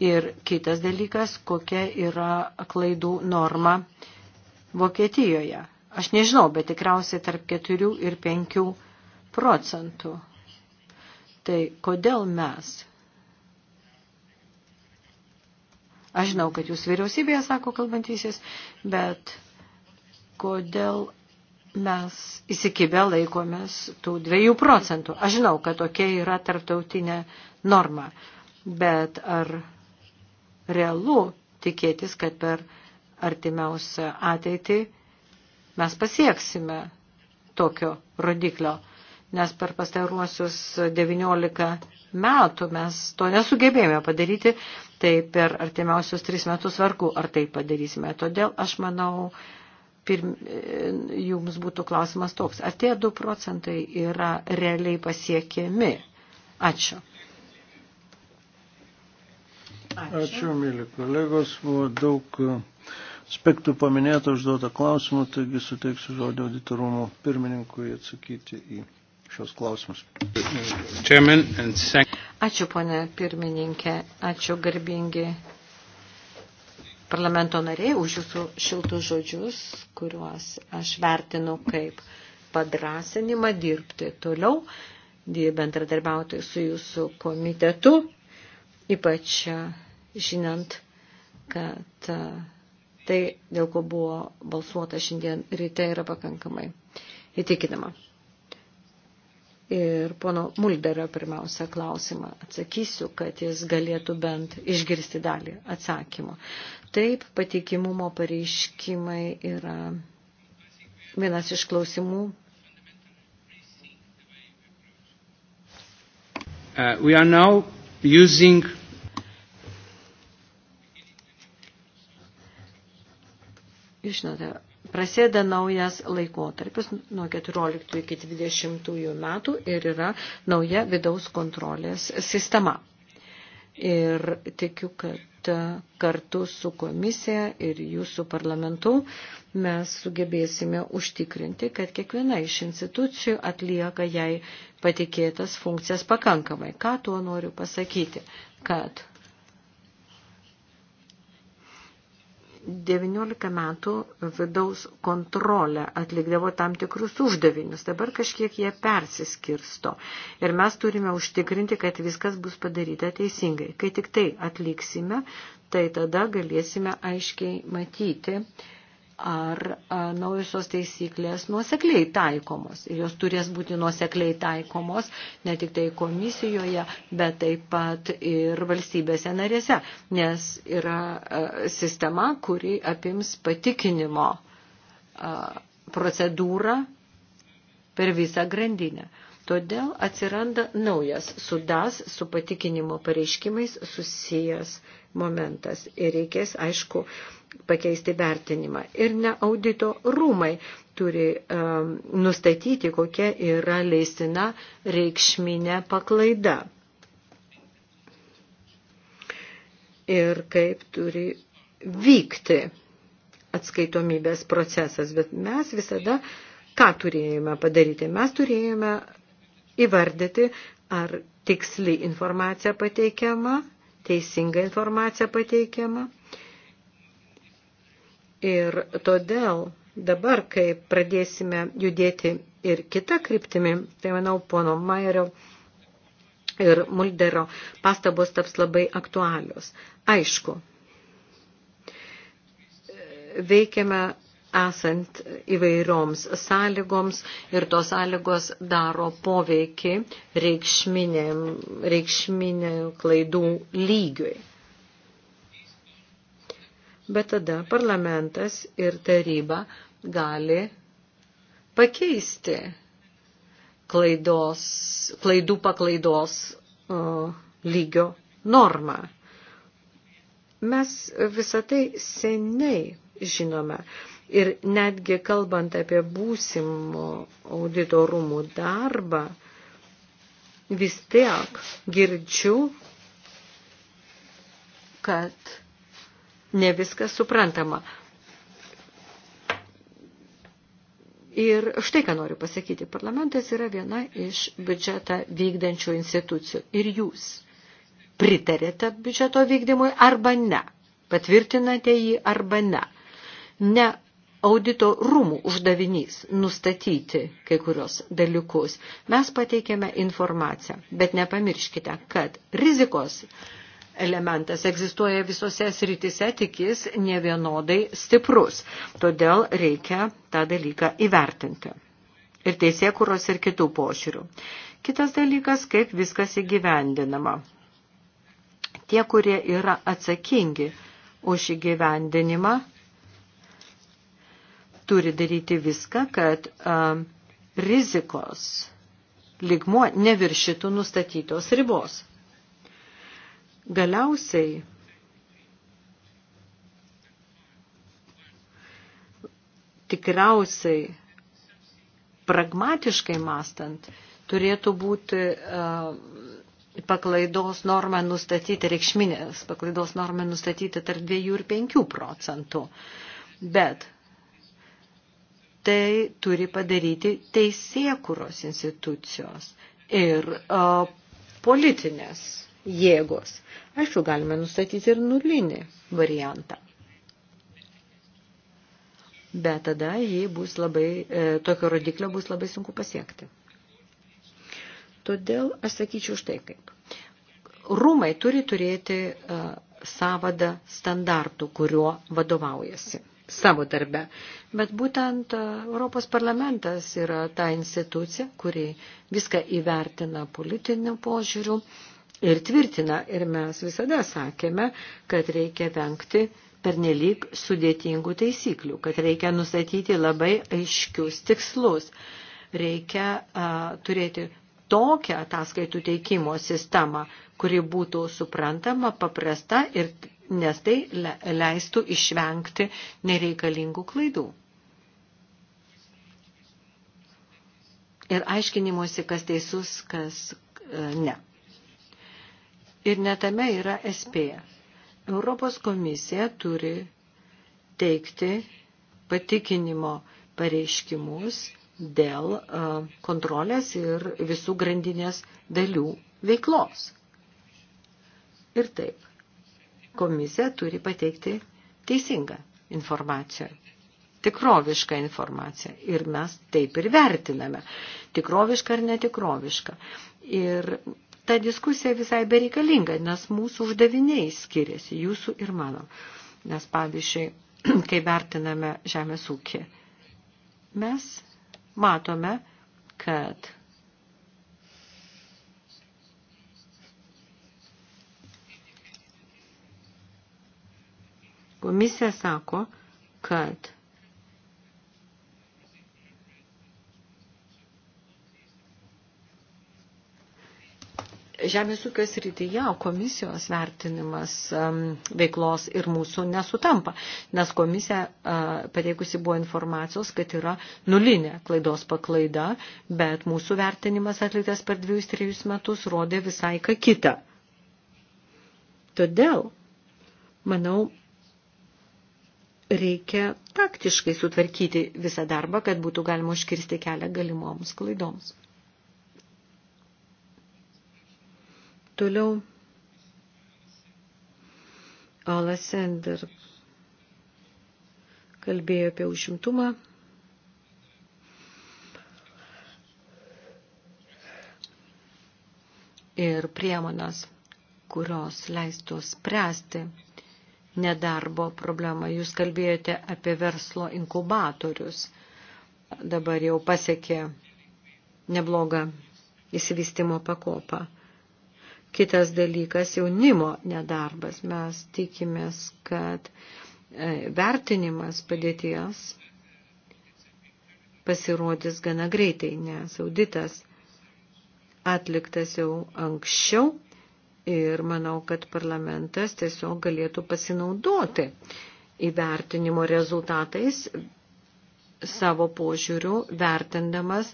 Ir kitas dalykas, kokia yra klaidų norma Vokietijoje. Aš nežinau, bet tikriausiai tarp 4 ir 5 procentų. Tai kodėl mes? Aš žinau, kad jūs vyriausybėje sako kalbantysis, bet kodėl mes įsikibę laikomės tų dviejų procentų. Aš žinau, kad tokia yra tarptautinė norma, bet ar realu tikėtis, kad per artimiausią ateitį mes pasieksime tokio rodiklio, nes per pastaruosius 19 metų mes to nesugebėjome padaryti, tai per artimiausius 3 metus vargu, ar tai padarysime. Todėl aš manau, pirm, jums būtų klausimas toks, ar tie 2 procentai yra realiai pasiekiami? Ačiū. Ačiū, Ačiū mėly kolegos. Buvo daug e, aspektų paminėta, užduota klausimų, taigi suteiksiu žodį auditorumų pirmininkui atsakyti į šios klausimus. Ačiū, ponė pirmininkė. Ačiū, garbingi parlamento nariai, už jūsų šiltus žodžius, kuriuos aš vertinu kaip padrasinimą dirbti toliau, bendradarbiauti su jūsų komitetu, ypač žinant, kad e, tai, dėl ko buvo balsuota šiandien ryte, yra pakankamai įtikinama. Ir pono Mulderio pirmiausia klausimą atsakysiu, kad jis galėtų bent išgirsti dalį atsakymo. Taip, patikimumo pareiškimai yra vienas iš klausimų. Uh, Jūs žinote, prasideda naujas laikotarpis nuo 14 iki 20 metų ir yra nauja vidaus kontrolės sistema. Ir tikiu, kad kartu su komisija ir jūsų parlamentu mes sugebėsime užtikrinti, kad kiekviena iš institucijų atlieka jai patikėtas funkcijas pakankamai. Ką tuo noriu pasakyti? Kad 19 metų vidaus kontrolę atlikdavo tam tikrus uždavinius, dabar kažkiek jie persiskirsto ir mes turime užtikrinti, kad viskas bus padaryta teisingai. Kai tik tai atliksime, tai tada galėsime aiškiai matyti, uh, ar a, naujusios taisyklės nuosekliai taikomos. Ir jos turės būti nuosekliai taikomos ne tik tai komisijoje, bet taip pat ir valstybėse narėse, nes yra a, sistema, kuri apims patikinimo a, procedūrą per visą grandinę. Todėl atsiranda naujas sudas su patikinimo pareiškimais susijęs momentas. Ir reikės, aišku, pakeisti vertinimą. Ir ne audito rūmai turi um, nustatyti, kokia yra leistina reikšminė paklaida. Ir kaip turi vykti atskaitomybės procesas. Bet mes visada ką turėjome padaryti? Mes turėjome įvardyti, ar tiksli informacija pateikiama, teisinga informacija pateikiama. Ir todėl dabar, kai pradėsime judėti ir kitą kryptimį, tai manau, pono Mairio ir Muldero pastabos taps labai aktualios. Aišku, veikiame esant įvairioms sąlygoms ir tos sąlygos daro poveikį reikšminiam, reikšminiam klaidų lygiui. Bet tada parlamentas ir taryba gali pakeisti klaidos, klaidų paklaidos uh, lygio normą. Mes visą tai seniai žinome. Uh, Ir netgi kalbant apie būsimo auditorumų darbą, vis tiek girdžiu, kad ne viskas suprantama. Ir štai ką noriu pasakyti. Parlamentas yra viena iš biudžetą vykdančių institucijų. Ir jūs pritarėte biudžeto vykdymui arba ne. Patvirtinate jį arba ne. Ne audito rūmų uždavinys nustatyti kai kurios dalykus. Mes pateikėme informaciją, bet nepamirškite, kad rizikos elementas egzistuoja visose sritise, tik jis nevienodai stiprus. Todėl reikia tą dalyką įvertinti. Ir teisėkuros ir kitų pošiūrių. Kitas dalykas, kaip viskas įgyvendinama. Tie, kurie yra atsakingi už įgyvendinimą, turi daryti viską, kad a, rizikos ligmuo neviršytų nustatytos ribos. Galiausiai tikriausiai pragmatiškai mastant turėtų būti uh, paklaidos normą nustatyti, reikšminės paklaidos normą nustatyti tarp 2 ir 5 procentų. Bet tai turi padaryti teisėkuros institucijos ir a, politinės jėgos. Aišku, galime nustatyti ir nulinį variantą. Bet tada jį bus labai, e, tokio rodiklio bus labai sunku pasiekti. Todėl aš sakyčiau štai kaip. Rūmai turi turėti e, savadą standartų, kuriuo vadovaujasi savo darbe. Bet būtent e, Europos parlamentas yra ta institucija, kuri viską įvertina politiniu požiūriu ir tvirtina. Ir mes visada sakėme, kad reikia vengti pernelyg sudėtingų taisyklių, kad reikia nustatyti labai aiškius tikslus. Reikia a, e, turėti tokią ataskaitų teikimo sistemą, kuri būtų suprantama, paprasta ir nes tai leistų išvengti nereikalingų klaidų. Ir aiškinimuose, kas teisus, kas e, ne. Ir netame yra espėja. Europos komisija turi teikti patikinimo pareiškimus dėl e, kontrolės ir visų grandinės dalių veiklos. Ir taip, komisija turi pateikti teisingą informaciją, tikrovišką informaciją. Ir mes taip ir vertiname, tikrovišką ar netikrovišką. Ir ta diskusija visai bereikalinga, nes mūsų uždaviniai skiriasi, jūsų ir mano. Nes pavyzdžiui, kai vertiname žemės ūkį, mes matome, kad Komisija sako, kad Žemės ūkio srityje komisijos vertinimas veiklos ir mūsų nesutampa, nes komisija pateikusi buvo informacijos, kad yra nulinė klaidos paklaida, bet mūsų vertinimas atliktas per dviejus trejus metus rodė visai ką kitą. Todėl, manau, reikia taktiškai sutvarkyti visą darbą, kad būtų galima užkirsti kelią galimoms klaidoms. Toliau Ala Sender kalbėjo apie užimtumą. Ir priemonas, kurios leistų spręsti nedarbo problemą. Jūs kalbėjote apie verslo inkubatorius. Dabar jau pasiekė neblogą įsivystimo pakopą. Kitas dalykas - jaunimo nedarbas. Mes tikimės, kad e, vertinimas padėties pasirodys gana greitai, nes auditas atliktas jau anksčiau ir manau, kad parlamentas tiesiog galėtų pasinaudoti įvertinimo rezultatais savo požiūrių vertindamas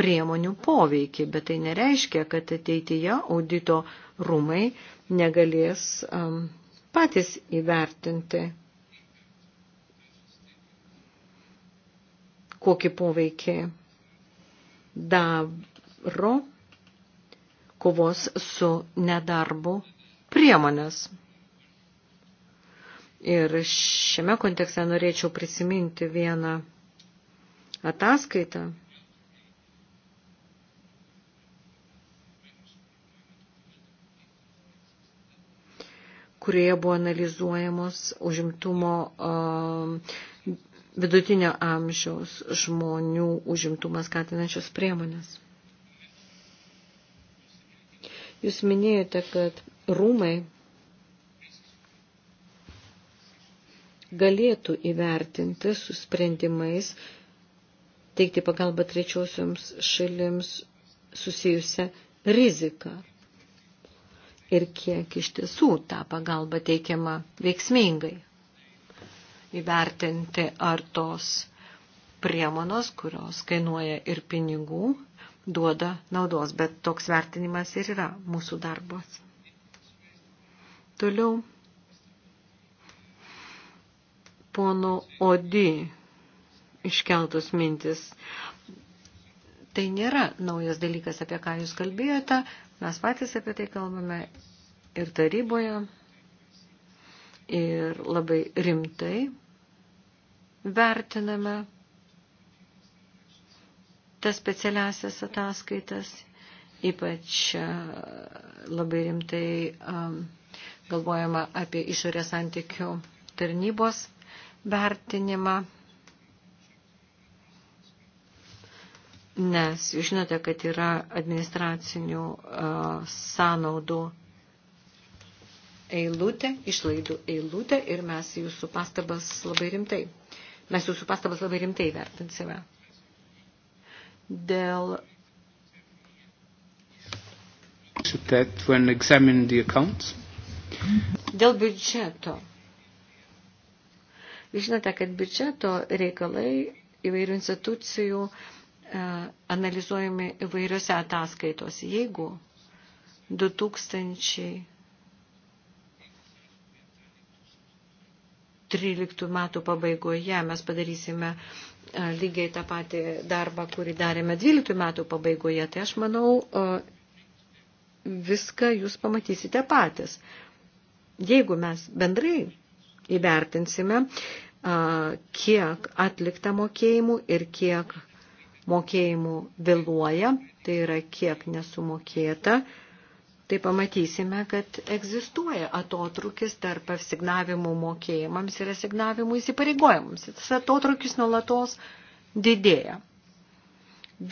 priemonių poveikį, bet tai nereiškia, kad ateityje audito rūmai negalės patys įvertinti, kokį poveikį daro kovos su nedarbu priemonės. Ir šiame kontekste norėčiau prisiminti vieną ataskaitą. kurioje buvo analizuojamos užimtumo um, vidutinio amžiaus žmonių užimtumas skatinančios priemonės. Jūs minėjote, kad rūmai galėtų įvertinti su sprendimais teikti pagalbą trečiosioms šalims susijusią riziką ir kiek iš tiesų tą pagalbą teikiama veiksmingai. Įvertinti, ar tos priemonos, kurios kainuoja ir pinigų, duoda naudos, bet toks vertinimas ir yra mūsų darbos. Toliau pono Odi iškeltus mintis. Tai nėra naujas dalykas, apie ką jūs kalbėjote, mes patys apie tai kalbame ir taryboje, ir labai rimtai vertiname tas specialiasias ataskaitas, ypač e, labai rimtai e, galvojama apie išorės santykių tarnybos vertinimą. Nes jūs žinote, kad yra administracinių uh, sąnaudų eilutė, išlaidų eilutė ir mes jūsų pastabas labai rimtai. Mes jūsų pastabas labai rimtai vertinsime dėl. Dėl biudžeto. Žinote, kad biudžeto reikalai įvairių institucijų e, analizuojami įvairiose ataskaitos. Jeigu 2013 metų pabaigoje mes padarysime uh, lygiai tą patį darbą, kurį darėme 12 metų pabaigoje, tai aš manau, viską jūs pamatysite patys. Jeigu mes bendrai įvertinsime, kiek atlikta mokėjimų ir kiek mokėjimų vėluoja, tai yra kiek nesumokėta, tai pamatysime, kad egzistuoja atotrukis tarp asignavimų mokėjimams ir asignavimų įsipareigojimams. Tas atotrukis nuolatos didėja.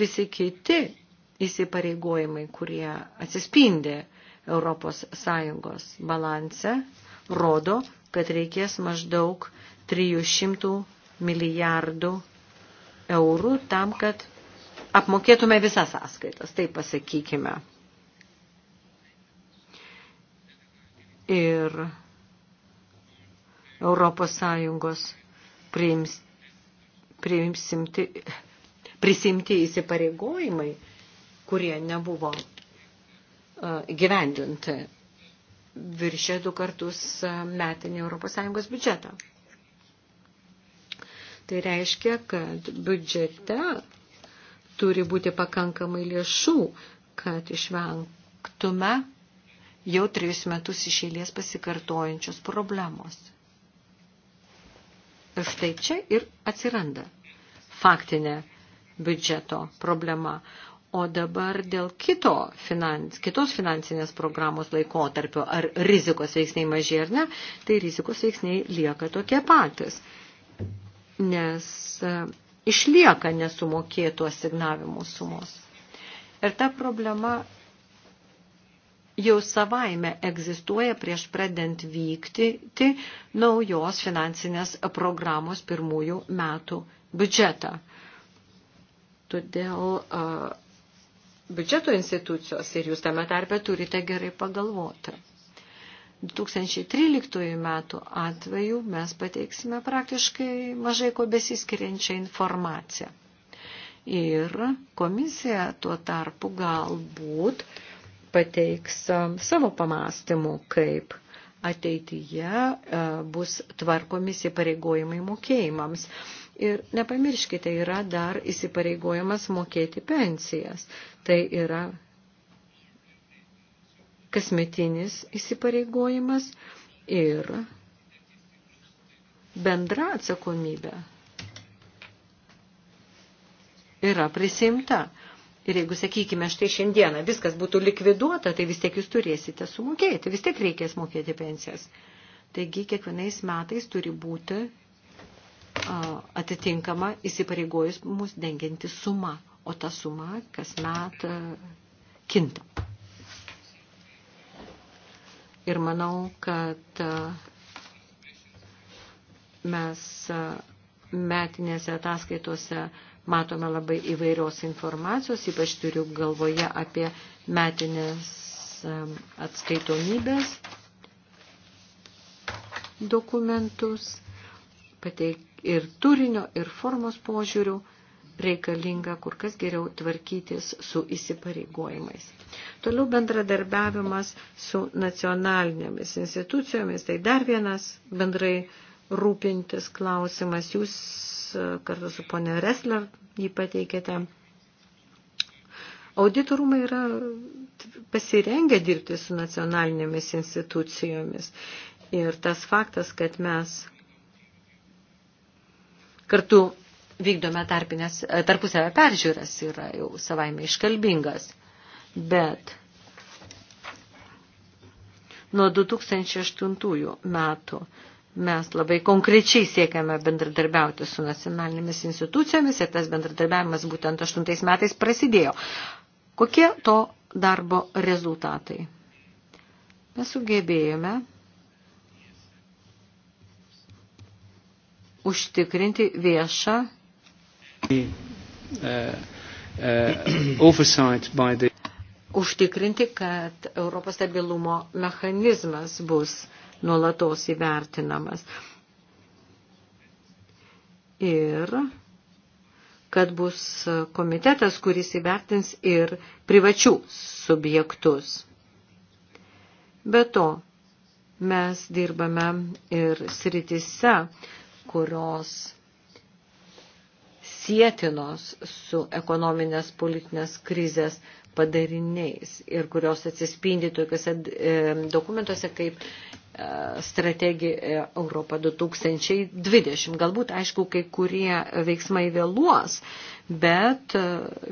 Visi kiti įsipareigojimai, kurie atsispindi Europos Sąjungos balanse, rodo, kad reikės maždaug 300 milijardų eurų tam, kad apmokėtume visas sąskaitas, taip pasakykime. ir Europos Sąjungos priims, priimsimti, prisimti įsipareigojimai, kurie nebuvo uh, gyvendinti viršė du kartus e, metinį Europos Sąjungos biudžetą. Tai reiškia, kad biudžete turi būti pakankamai lėšų, kad išvengtume jau trejus metus išėlės pasikartojančios problemos. Ir štai čia ir atsiranda faktinė biudžeto problema. O dabar dėl kito finans, kitos finansinės programos laikotarpio, ar rizikos veiksniai mažė ar ne, tai rizikos veiksniai lieka tokie patys. Nes e, išlieka nesumokėtų asignavimų sumos. Ir ta problema jau savaime egzistuoja prieš pradant vykti naujos finansinės programos pirmųjų metų biudžetą. Todėl uh, biudžeto institucijos ir jūs tame tarpe turite gerai pagalvoti. 2013 metų atveju mes pateiksime praktiškai mažai ko besiskiriančią informaciją. Ir komisija tuo tarpu galbūt uh, pateiks um, savo pamastymų, kaip ateityje uh, bus tvarkomi įsipareigojimai mokėjimams. Ir nepamirškite, yra dar įsipareigojimas mokėti pensijas. Tai yra kasmetinis įsipareigojimas ir bendra atsakomybė yra prisimta. Ir jeigu, sakykime, štai šiandieną viskas būtų likviduota, tai vis tiek jūs turėsite sumokėti, vis tiek reikės mokėti pensijas. Taigi kiekvienais metais turi būti atitinkama įsipareigojus mus dengianti suma, o ta suma kasmet kinta. Ir manau, kad mes metinėse ataskaitose matome labai įvairios informacijos, ypač turiu galvoje apie metinės atskaitomybės dokumentus pateik, ir turinio, ir formos požiūrių reikalinga kur kas geriau tvarkytis su įsipareigojimais. Toliau bendradarbiavimas su nacionalinėmis institucijomis, tai dar vienas bendrai rūpintis klausimas. Jūs e, kartu su ponė Resler jį pateikėte. Auditorumai yra pasirengę dirbti su nacionalinėmis institucijomis. Ir tas faktas, kad mes kartu vykdome tarpinės, e, tarpusavę peržiūras, yra jau savaime iškalbingas. Bet nuo 2008 metų Mes labai konkrečiai siekiame bendradarbiauti su nacionalinėmis institucijomis ir tas bendradarbiavimas būtent 8 metais prasidėjo. Kokie to darbo rezultatai? Mes sugebėjome užtikrinti viešą uh, uh, uh, užtikrinti, kad Europos stabilumo mechanizmas bus uh, nuolatos įvertinamas. Ir kad bus komitetas, kuris įvertins ir privačių subjektus. Be to, mes dirbame ir sritise, kurios sietinos su ekonominės politinės krizės padariniais ir kurios atsispindi tokiuose e, dokumentuose kaip strategija e, Europa 2020. Galbūt, aišku, kai kurie veiksmai vėluos, bet e,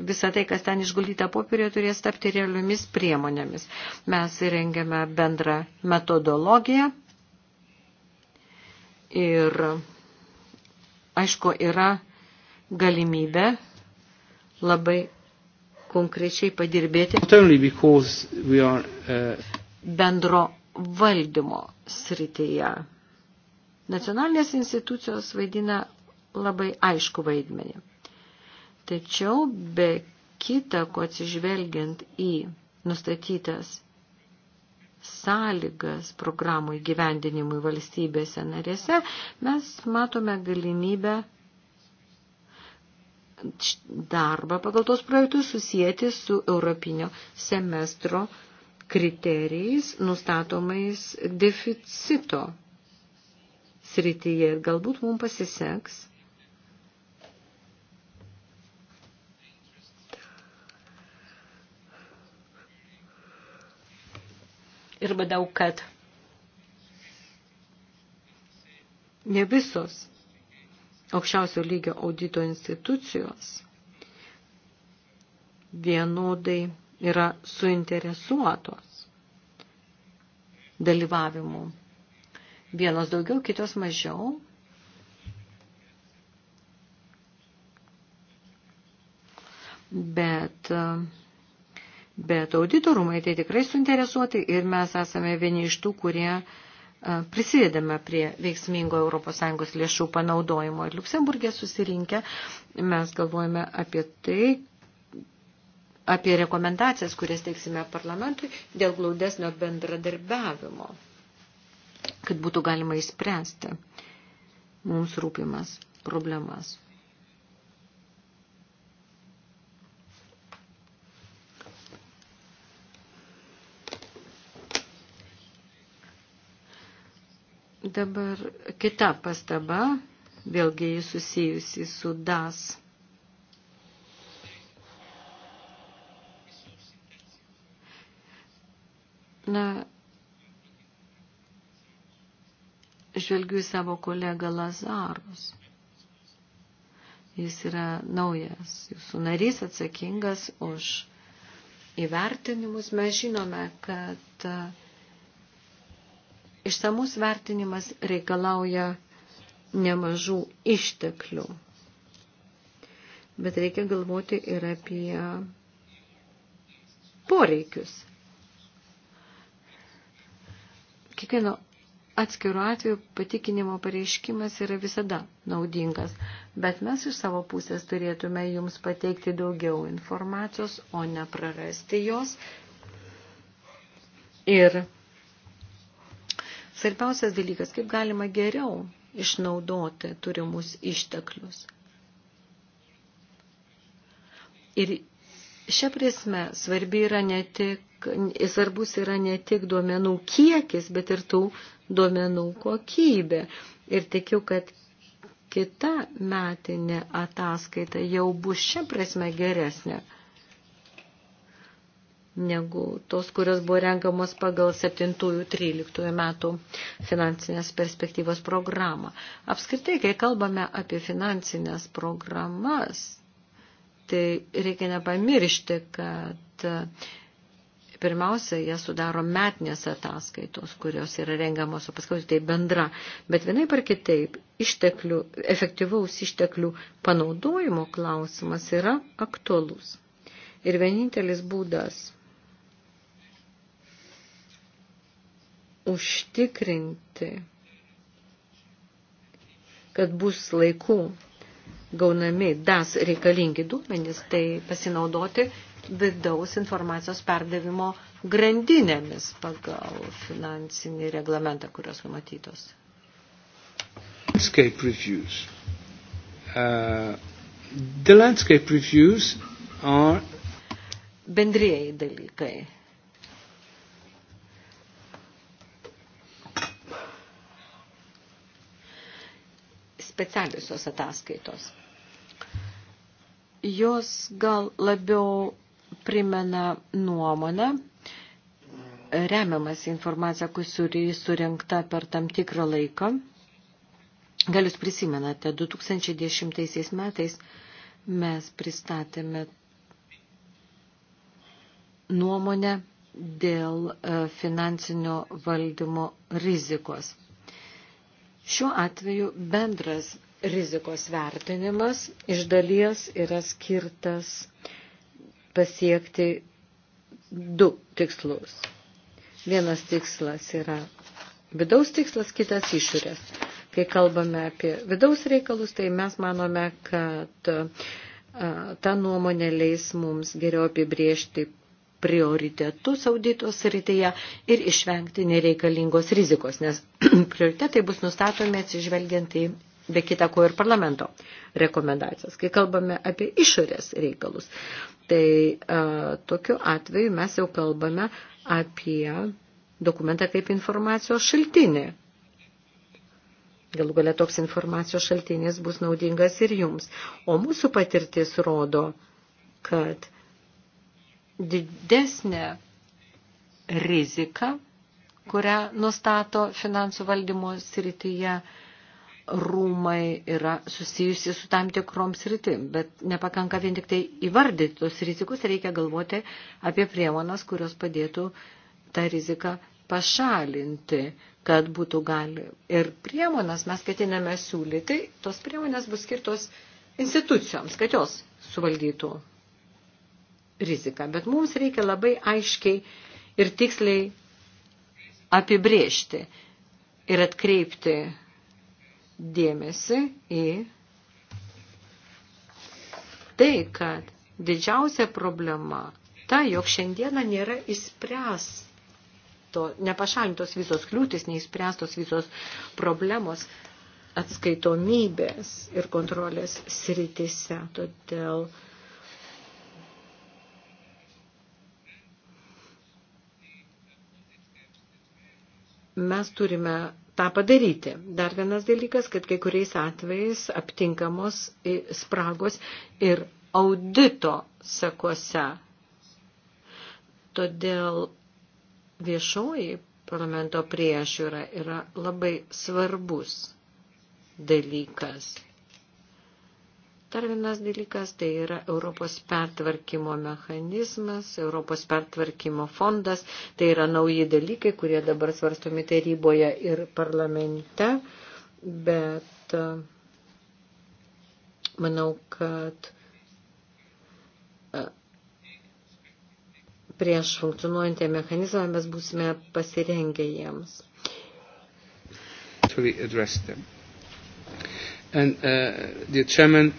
visa tai, kas ten išgulyta popierė, turės tapti realiomis priemonėmis. Mes rengiame bendrą metodologiją ir, aišku, yra galimybė labai konkrečiai padirbėti uh, bendro valdymo srityje. Nacionalinės institucijos vaidina labai aišku vaidmenį. Tačiau be kita, ko atsižvelgiant į nustatytas sąlygas programų įgyvendinimui valstybėse narėse, mes matome galimybę darbą pagal tos projektus susijęti su Europinio semestro kriterijais nustatomais deficito srityje. Galbūt mums pasiseks ir badau, kad ne visos aukščiausio lygio audito institucijos vienodai yra suinteresuotos dalyvavimu. Vienos daugiau, kitos mažiau. Bet, bet auditorumai tai tikrai suinteresuoti ir mes esame vieni iš tų, kurie uh, prisidedame prie veiksmingo ES lėšų panaudojimo. Ir Luksemburgė susirinkę mes galvojame apie tai, apie rekomendacijas, kurias teiksime parlamentui dėl glaudesnio bendradarbiavimo, kad būtų galima įspręsti mums rūpimas problemas. Dabar kita pastaba, vėlgi susijusi su DAS Na, žvelgiu į savo kolegą Lazarus. Jis yra naujas jūsų narys atsakingas už įvertinimus. Mes žinome, kad e, išsamus vertinimas reikalauja nemažų išteklių. Bet reikia galvoti ir apie poreikius. kiekvieno atskirų atveju patikinimo pareiškimas yra visada naudingas, bet mes iš savo pusės turėtume jums pateikti daugiau informacijos, o ne prarasti jos. Ir svarbiausias dalykas, kaip galima geriau išnaudoti turimus išteklius. Ir šia prasme svarbi yra ne tik svarbus yra ne tik duomenų kiekis, bet ir tų duomenų kokybė. Ir tikiu, kad kita metinė ataskaita jau bus šia prasme geresnė negu tos, kurios buvo renkamos pagal 7-13 metų finansinės perspektyvos programą. Apskritai, kai kalbame apie finansinės programas, tai reikia nepamiršti, kad Pirmiausia, jie sudaro metinės ataskaitos, kurios yra rengamos, o paskui tai bendra. Bet vienaip ar kitaip, išteklių, efektyvaus išteklių panaudojimo klausimas yra aktualus. Ir vienintelis būdas užtikrinti, kad bus laiku gaunami das reikalingi duomenys, tai pasinaudoti vidaus informacijos perdavimo grandinėmis pagal finansinį reglamentą, kurios numatytos. Landscape reviews. Uh, the landscape reviews are bendrieji dalykai. Specialiosios ataskaitos. Jos gal labiau primena nuomonę, remiamas informacija, kuri surinkta per tam tikrą laiką. Gal jūs prisimenate, 2010 metais mes pristatėme nuomonę dėl e, finansinio valdymo rizikos. Šiuo atveju bendras rizikos vertinimas iš dalies yra skirtas uh, pasiekti du tikslus. Vienas tikslas yra vidaus tikslas, kitas išorės. Kai kalbame apie vidaus reikalus, tai mes manome, kad ta nuomonė leis mums geriau apibriežti prioritetus audito srityje ir išvengti nereikalingos rizikos, nes prioritetai bus nustatomi atsižvelgiant į be kita ko ir parlamento rekomendacijas, kai kalbame apie išorės reikalus. Tai a, e, tokiu atveju mes jau kalbame apie dokumentą kaip informacijos šaltinį. Galų galia toks informacijos šaltinis bus naudingas ir jums. O mūsų patirtis rodo, kad didesnė rizika, kurią nustato finansų valdymo srityje, uh, rūmai yra susijusi su tam tikroms rytim, bet nepakanka vien tik tai įvardyti tos rizikus, reikia galvoti apie priemonas, kurios padėtų tą riziką pašalinti, kad būtų gali. Ir priemonas mes ketiname siūlyti, tos priemonės bus skirtos institucijoms, kad jos suvaldytų riziką. Bet mums reikia labai aiškiai ir tiksliai apibriežti ir atkreipti dėmesį į tai, kad didžiausia problema ta, jog šiandieną nėra įspręsto, nepašalintos visos kliūtis, neįspręstos visos problemos atskaitomybės ir kontrolės sritise. Todėl mes turime tą padaryti. Dar vienas dalykas, kad kai kuriais atvejais aptinkamos spragos ir audito sakose. Todėl viešoji parlamento priežiūra yra labai svarbus dalykas. Dar vienas dalykas tai yra Europos pertvarkymo mechanizmas, Europos pertvarkymo fondas, tai yra nauji dalykai, kurie dabar svarstomi taryboje ir parlamente, bet e, manau, kad e, prieš funkcionuojantį mechanizmą mes būsime pasirengę jiems. Actually address them. And, uh, the chairman...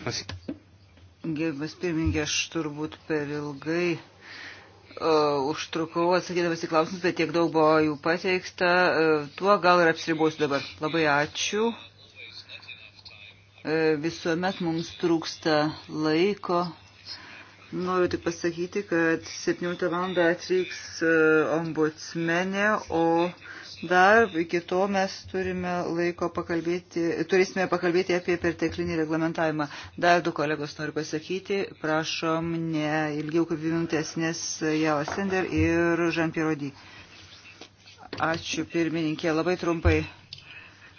Gerbimas pirmininkė, aš turbūt per ilgai uh, užtrukau atsakydamas į klausimus, bet tiek daug buvo jų pateikta. Uh, tuo gal ir apsiribosiu dabar. Labai ačiū. Uh, visuomet mums trūksta laiko. Noriu tik pasakyti, kad 17 val. atvyks uh, ombudsmenė, o uh, Dar iki to mes turime laiko pakalbėti, turėsime pakalbėti apie perteklinį reglamentavimą. Dar du kolegos noriu pasakyti, prašom ne ilgiau kaip dvi minutės, nes Jela Sender ir Žan Pirodį. Ačiū pirmininkė, labai trumpai.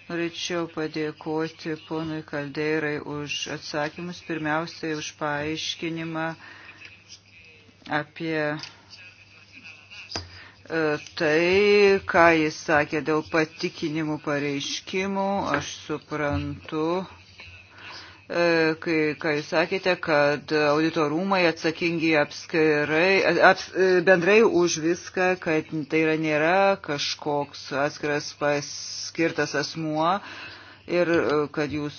Norėčiau padėkoti ponui Kaldeirai už atsakymus, pirmiausiai už paaiškinimą apie E, tai, ką jis sakė dėl patikinimų pareiškimų, aš suprantu, e, kai, ką jūs sakėte, kad auditorumai atsakingi apskirai, aps, e, bendrai už viską, kad tai yra nėra kažkoks atskiras paskirtas asmuo ir kad jūs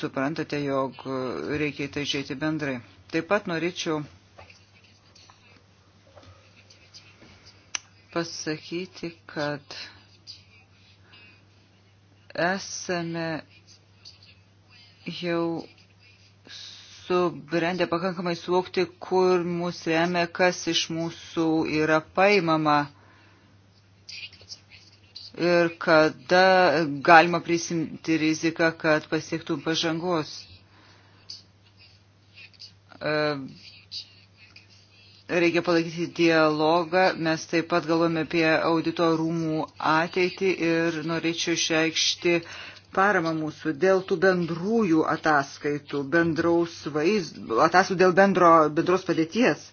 suprantate, jog reikia į tai žiūrėti bendrai. Taip pat norėčiau pasakyti, kad esame jau subrendę pakankamai suvokti, kur mūsų remia, kas iš mūsų yra paimama ir kada galima prisimti riziką, kad pasiektų pažangos. E, reikia palaikyti dialogą. Mes taip pat galvojame apie audito rūmų ateitį ir norėčiau išreikšti paramą mūsų dėl tų bendrųjų ataskaitų, bendraus vaizdų, ataskaitų dėl bendro, bendros padėties.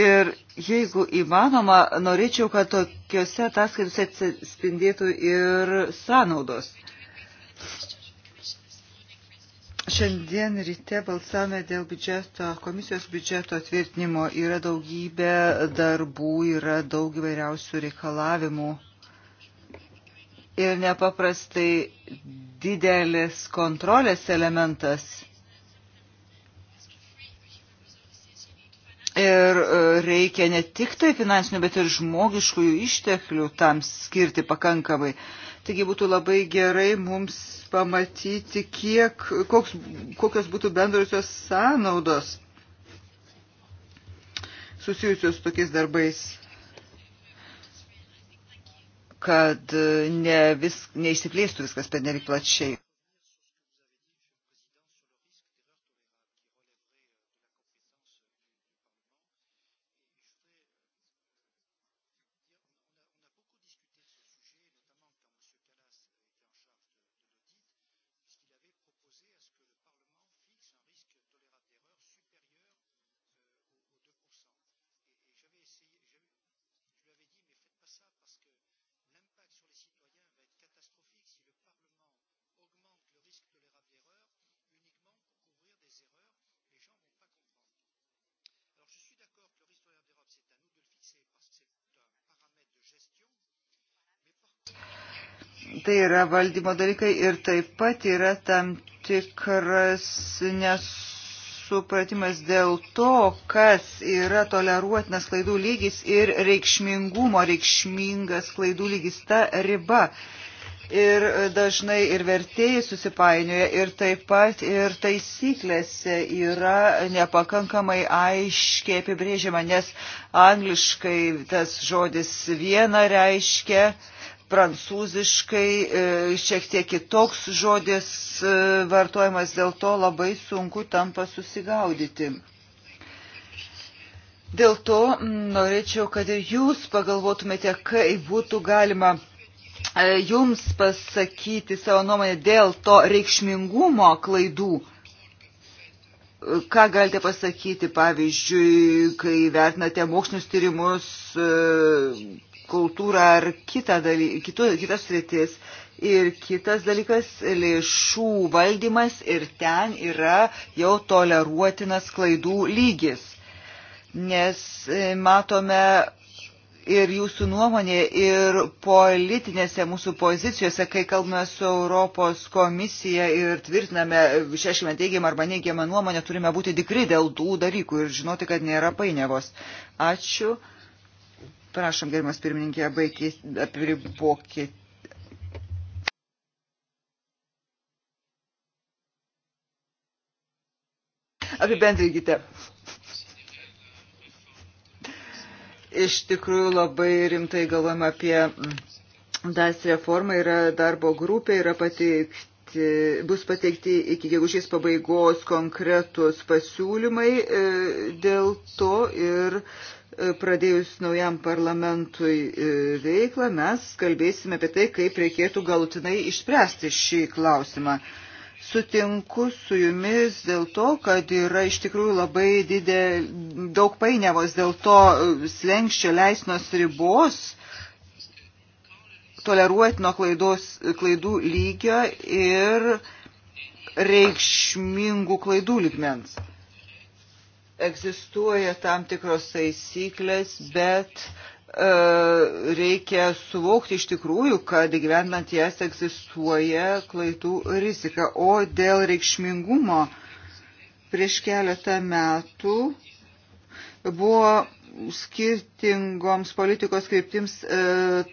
Ir Jeigu įmanoma, norėčiau, kad tokiuose ataskaitose atsispindėtų ir sąnaudos. Šiandien ryte balsavome dėl biudžeto, komisijos biudžeto atvirtinimo. Yra daugybė darbų, yra daug įvairiausių reikalavimų. Ir nepaprastai didelis kontrolės elementas Ir e, reikia ne tik tai finansinių, bet ir žmogiškųjų išteklių tam skirti pakankamai. Taigi būtų labai gerai mums pamatyti, kiek, koks, kokios būtų bendrusios sąnaudos susijusios su tokiais darbais kad e, ne vis, neišsiplėstų viskas per nelik plačiai. yra valdymo dalykai ir taip pat yra tam tikras nesupratimas dėl to, kas yra toleruotinas klaidų lygis ir reikšmingumo reikšmingas klaidų lygis ta riba ir dažnai ir vertėjai susipainioja ir taip pat ir taisyklėse yra nepakankamai aiškiai apibrėžiama, nes angliškai tas žodis viena reiškia prancūziškai e, šiek tiek kitoks žodis e, vartojamas, dėl to labai sunku tampa susigaudyti. Dėl to norėčiau, kad ir jūs pagalvotumėte, kaip būtų galima e, jums pasakyti savo nuomonę dėl to reikšmingumo klaidų. Ką galite pasakyti, pavyzdžiui, kai vertinate mokslinius tyrimus, kultūrą ar kitą daly, kitu, kitas sritis. Ir kitas dalykas - lėšų valdymas ir ten yra jau toleruotinas klaidų lygis. Nes e, matome ir jūsų nuomonė, ir politinėse mūsų pozicijose, kai kalbame su Europos komisija ir tvirtiname, šešime teigiamą arba neigiamą nuomonę, turime būti tikri dėl tų dalykų ir žinoti, kad nėra painiavos. Ačiū. Prašom, gerimas pirmininkė, baigti apribokėti. Apibendrinkite. Iš tikrųjų labai rimtai galvojame apie DAS reformą, yra darbo grupė, yra pateikti bus pateikti iki gegužės pabaigos konkretus pasiūlymai e, dėl to ir pradėjus naujam parlamentui e, veiklą, mes kalbėsime apie tai, kaip reikėtų galutinai išspręsti šį klausimą. Sutinku su jumis dėl to, kad yra iš tikrųjų labai didė, daug painiavos dėl to e, slengščio leisnos ribos, toleruotino klaidos, klaidų lygio ir reikšmingų klaidų lygmens. Egzistuoja tam tikros taisyklės, bet e, reikia suvokti iš tikrųjų, kad gyvenant jas egzistuoja klaidų rizika. O dėl reikšmingumo prieš keletą metų buvo skirtingoms politikos kryptims e,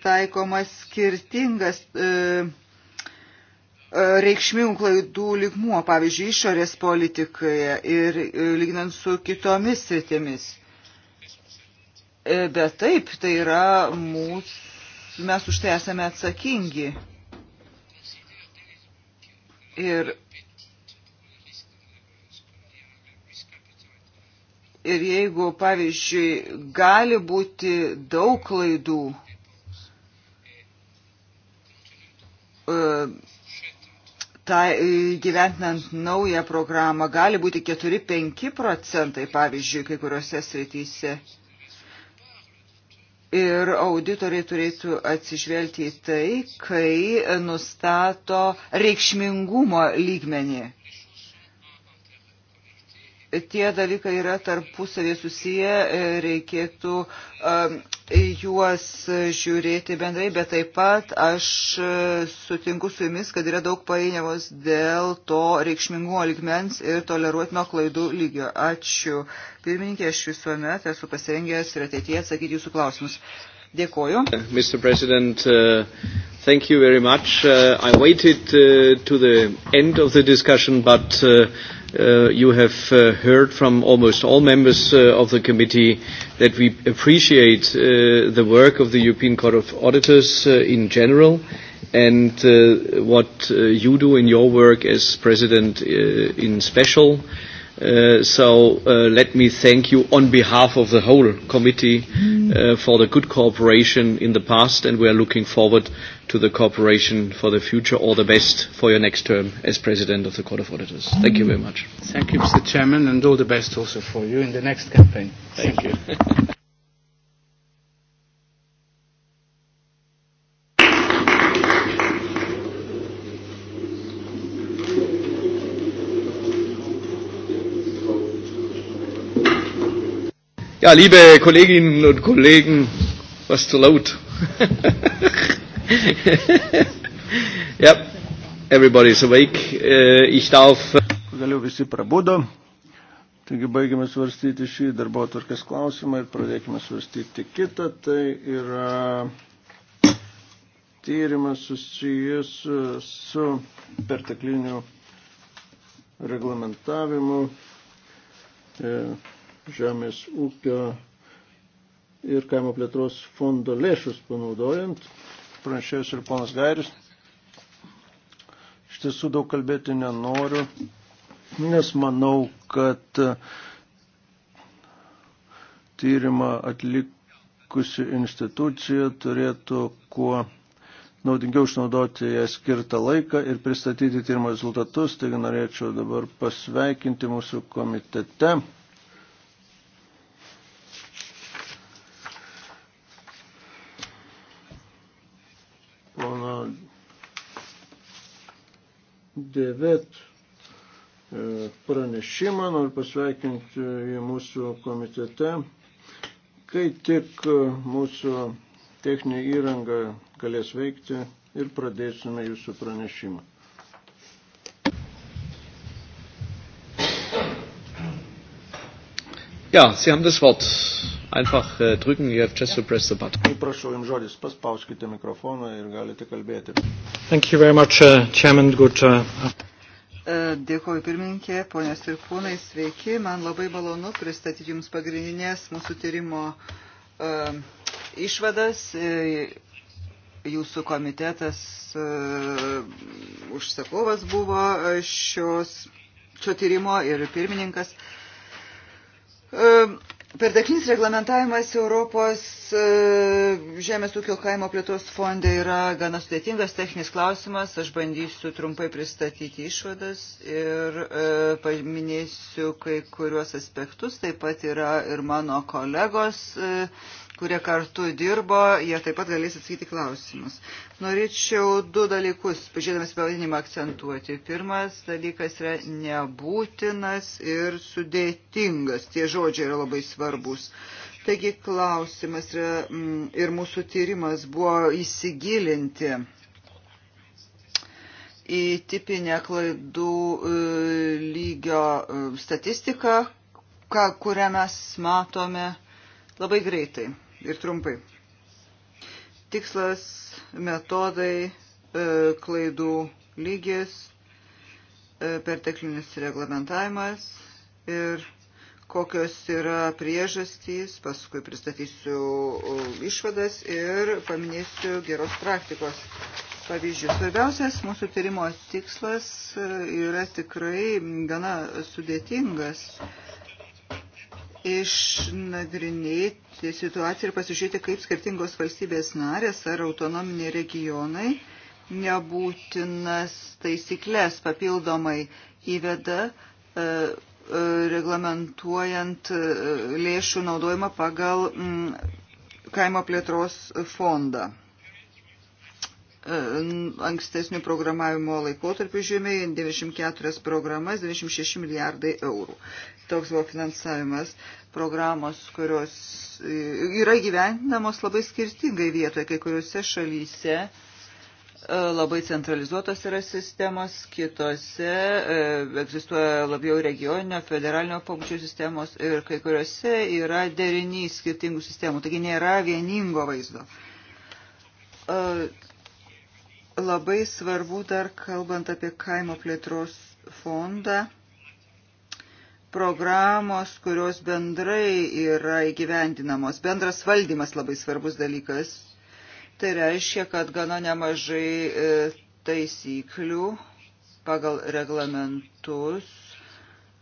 taikomas skirtingas e, E, reikšmingų klaidų likmuo, pavyzdžiui, išorės politikoje ir e, lyginant su kitomis sritimis. E, Bet taip, tai yra mūsų, mes už tai esame atsakingi. Ir, ir jeigu, pavyzdžiui, gali būti daug klaidų, e, tai e, gyventinant naują programą gali būti 4-5 procentai, pavyzdžiui, kai kuriuose srityse. Ir auditoriai turėtų atsižvelgti į tai, kai nustato reikšmingumo lygmenį. Tie dalykai yra tarpusavė susiję, e, reikėtų um, juos žiūrėti bendrai, bet taip pat aš e, sutinku su jumis, kad yra daug painiavos dėl to reikšmingumo ligmens ir toleruotino klaidų lygio. Ačiū. Pirmininkė, aš visuomet esu pasirengęs ir ateityje atsakyti jūsų klausimus. Dėkoju. Mr. President, uh, thank you very much. Uh, I waited uh, to the end of the discussion, but uh, uh, you have uh, heard from almost all members uh, of the committee that we appreciate uh, the work of the European Court of Auditors uh, in general and uh, what uh, you do in your work as president uh, in special. Uh, Uh, so uh, let me thank you on behalf of the whole committee uh, for the good cooperation in the past, and we are looking forward to the cooperation for the future. All the best for your next term as President of the Court of Auditors. Thank you very much. Thank you, Mr. Chairman, and all the best also for you in the next campaign. Thank, thank you. Ja, liebe Kolleginnen und Kollegen, was zu laut. yep, everybody is awake. Uh, ich darf. Pagaliau äh, visi prabudo. Taigi baigime svarstyti šį darbo atvarkės klausimą ir pradėkime svarstyti kitą. Tai yra tyrimas susijęs su pertekliniu reglamentavimu. E, žemės ūkio ir kaimo plėtros fondo lėšus panaudojant. Pranešėjus ir ponas Gairis. Iš tiesų daug kalbėti nenoriu, nes manau, kad tyrimą atlikusi institucija turėtų kuo naudingiau išnaudoti ją skirtą laiką ir pristatyti tyrimo rezultatus. Taigi norėčiau dabar pasveikinti mūsų komitete Devet pranešimą, noriu pasveikinti į mūsų komitete. Kai tik e, mūsų techninė įranga galės veikti ir pradėsime jūsų pranešimą. Ja, Sie haben das Wort. Einfach uh, drücken, you have just to press the button. Taip, prašau, jums žodis, paspauskite mikrofoną ir galite kalbėti. Thank you very much, uh, Chairman. Good, uh, e, Dėkuoju pirmininkė, ponios ir ponai, sveiki. Man labai malonu pristatyti Jums pagrindinės mūsų tyrimo uh, išvadas. E, jūsų komitetas uh, užsakovas buvo šios, šio tyrimo ir pirmininkas. Uh, Perteklinis reglamentavimas Europos e, Žemės ūkio kaimo plėtros fonde yra gana sudėtingas techninis klausimas. Aš bandysiu trumpai pristatyti išvadas ir e, paminėsiu kai kuriuos aspektus. Taip pat yra ir mano kolegos e, kurie kartu dirbo, jie taip pat galės atsakyti klausimus. Norėčiau du dalykus, pažiūrėdamas pavadinimą, akcentuoti. Pirmas dalykas yra nebūtinas ir sudėtingas. Tie žodžiai yra labai svarbus. Taigi klausimas yra, mm, ir mūsų tyrimas buvo įsigilinti į tipinę klaidų e, lygio e, statistiką, kurią mes matome labai greitai ir trumpai. Tikslas, metodai, e, klaidų lygis, e, perteklinis reglamentavimas ir kokios yra priežastys, paskui pristatysiu išvadas ir paminėsiu geros praktikos pavyzdžių. Svarbiausias mūsų tyrimo tikslas e, yra tikrai gana sudėtingas išnagrinėti situaciją ir pasižiūrėti, kaip skirtingos valstybės narės ar autonominiai regionai nebūtinas taisyklės papildomai įveda e, e, reglamentuojant e, lėšų naudojimą pagal mm, kaimo plėtros fondą ankstesnių programavimo laikotarpių žymiai 94 programas 26 milijardai eurų. Toks buvo finansavimas programos, kurios e, yra gyventinamos labai skirtingai vietoje, kai kuriuose šalyse e, labai centralizuotos yra sistemos, kitose e, egzistuoja labiau regioninio, federalinio pobūdžio sistemos ir kai kuriuose yra derinys skirtingų sistemų, taigi nėra vieningo vaizdo labai svarbu dar kalbant apie kaimo plėtros fondą programos, kurios bendrai yra įgyvendinamos. Bendras valdymas labai svarbus dalykas. Tai reiškia, kad gana nemažai e, taisyklių pagal reglamentus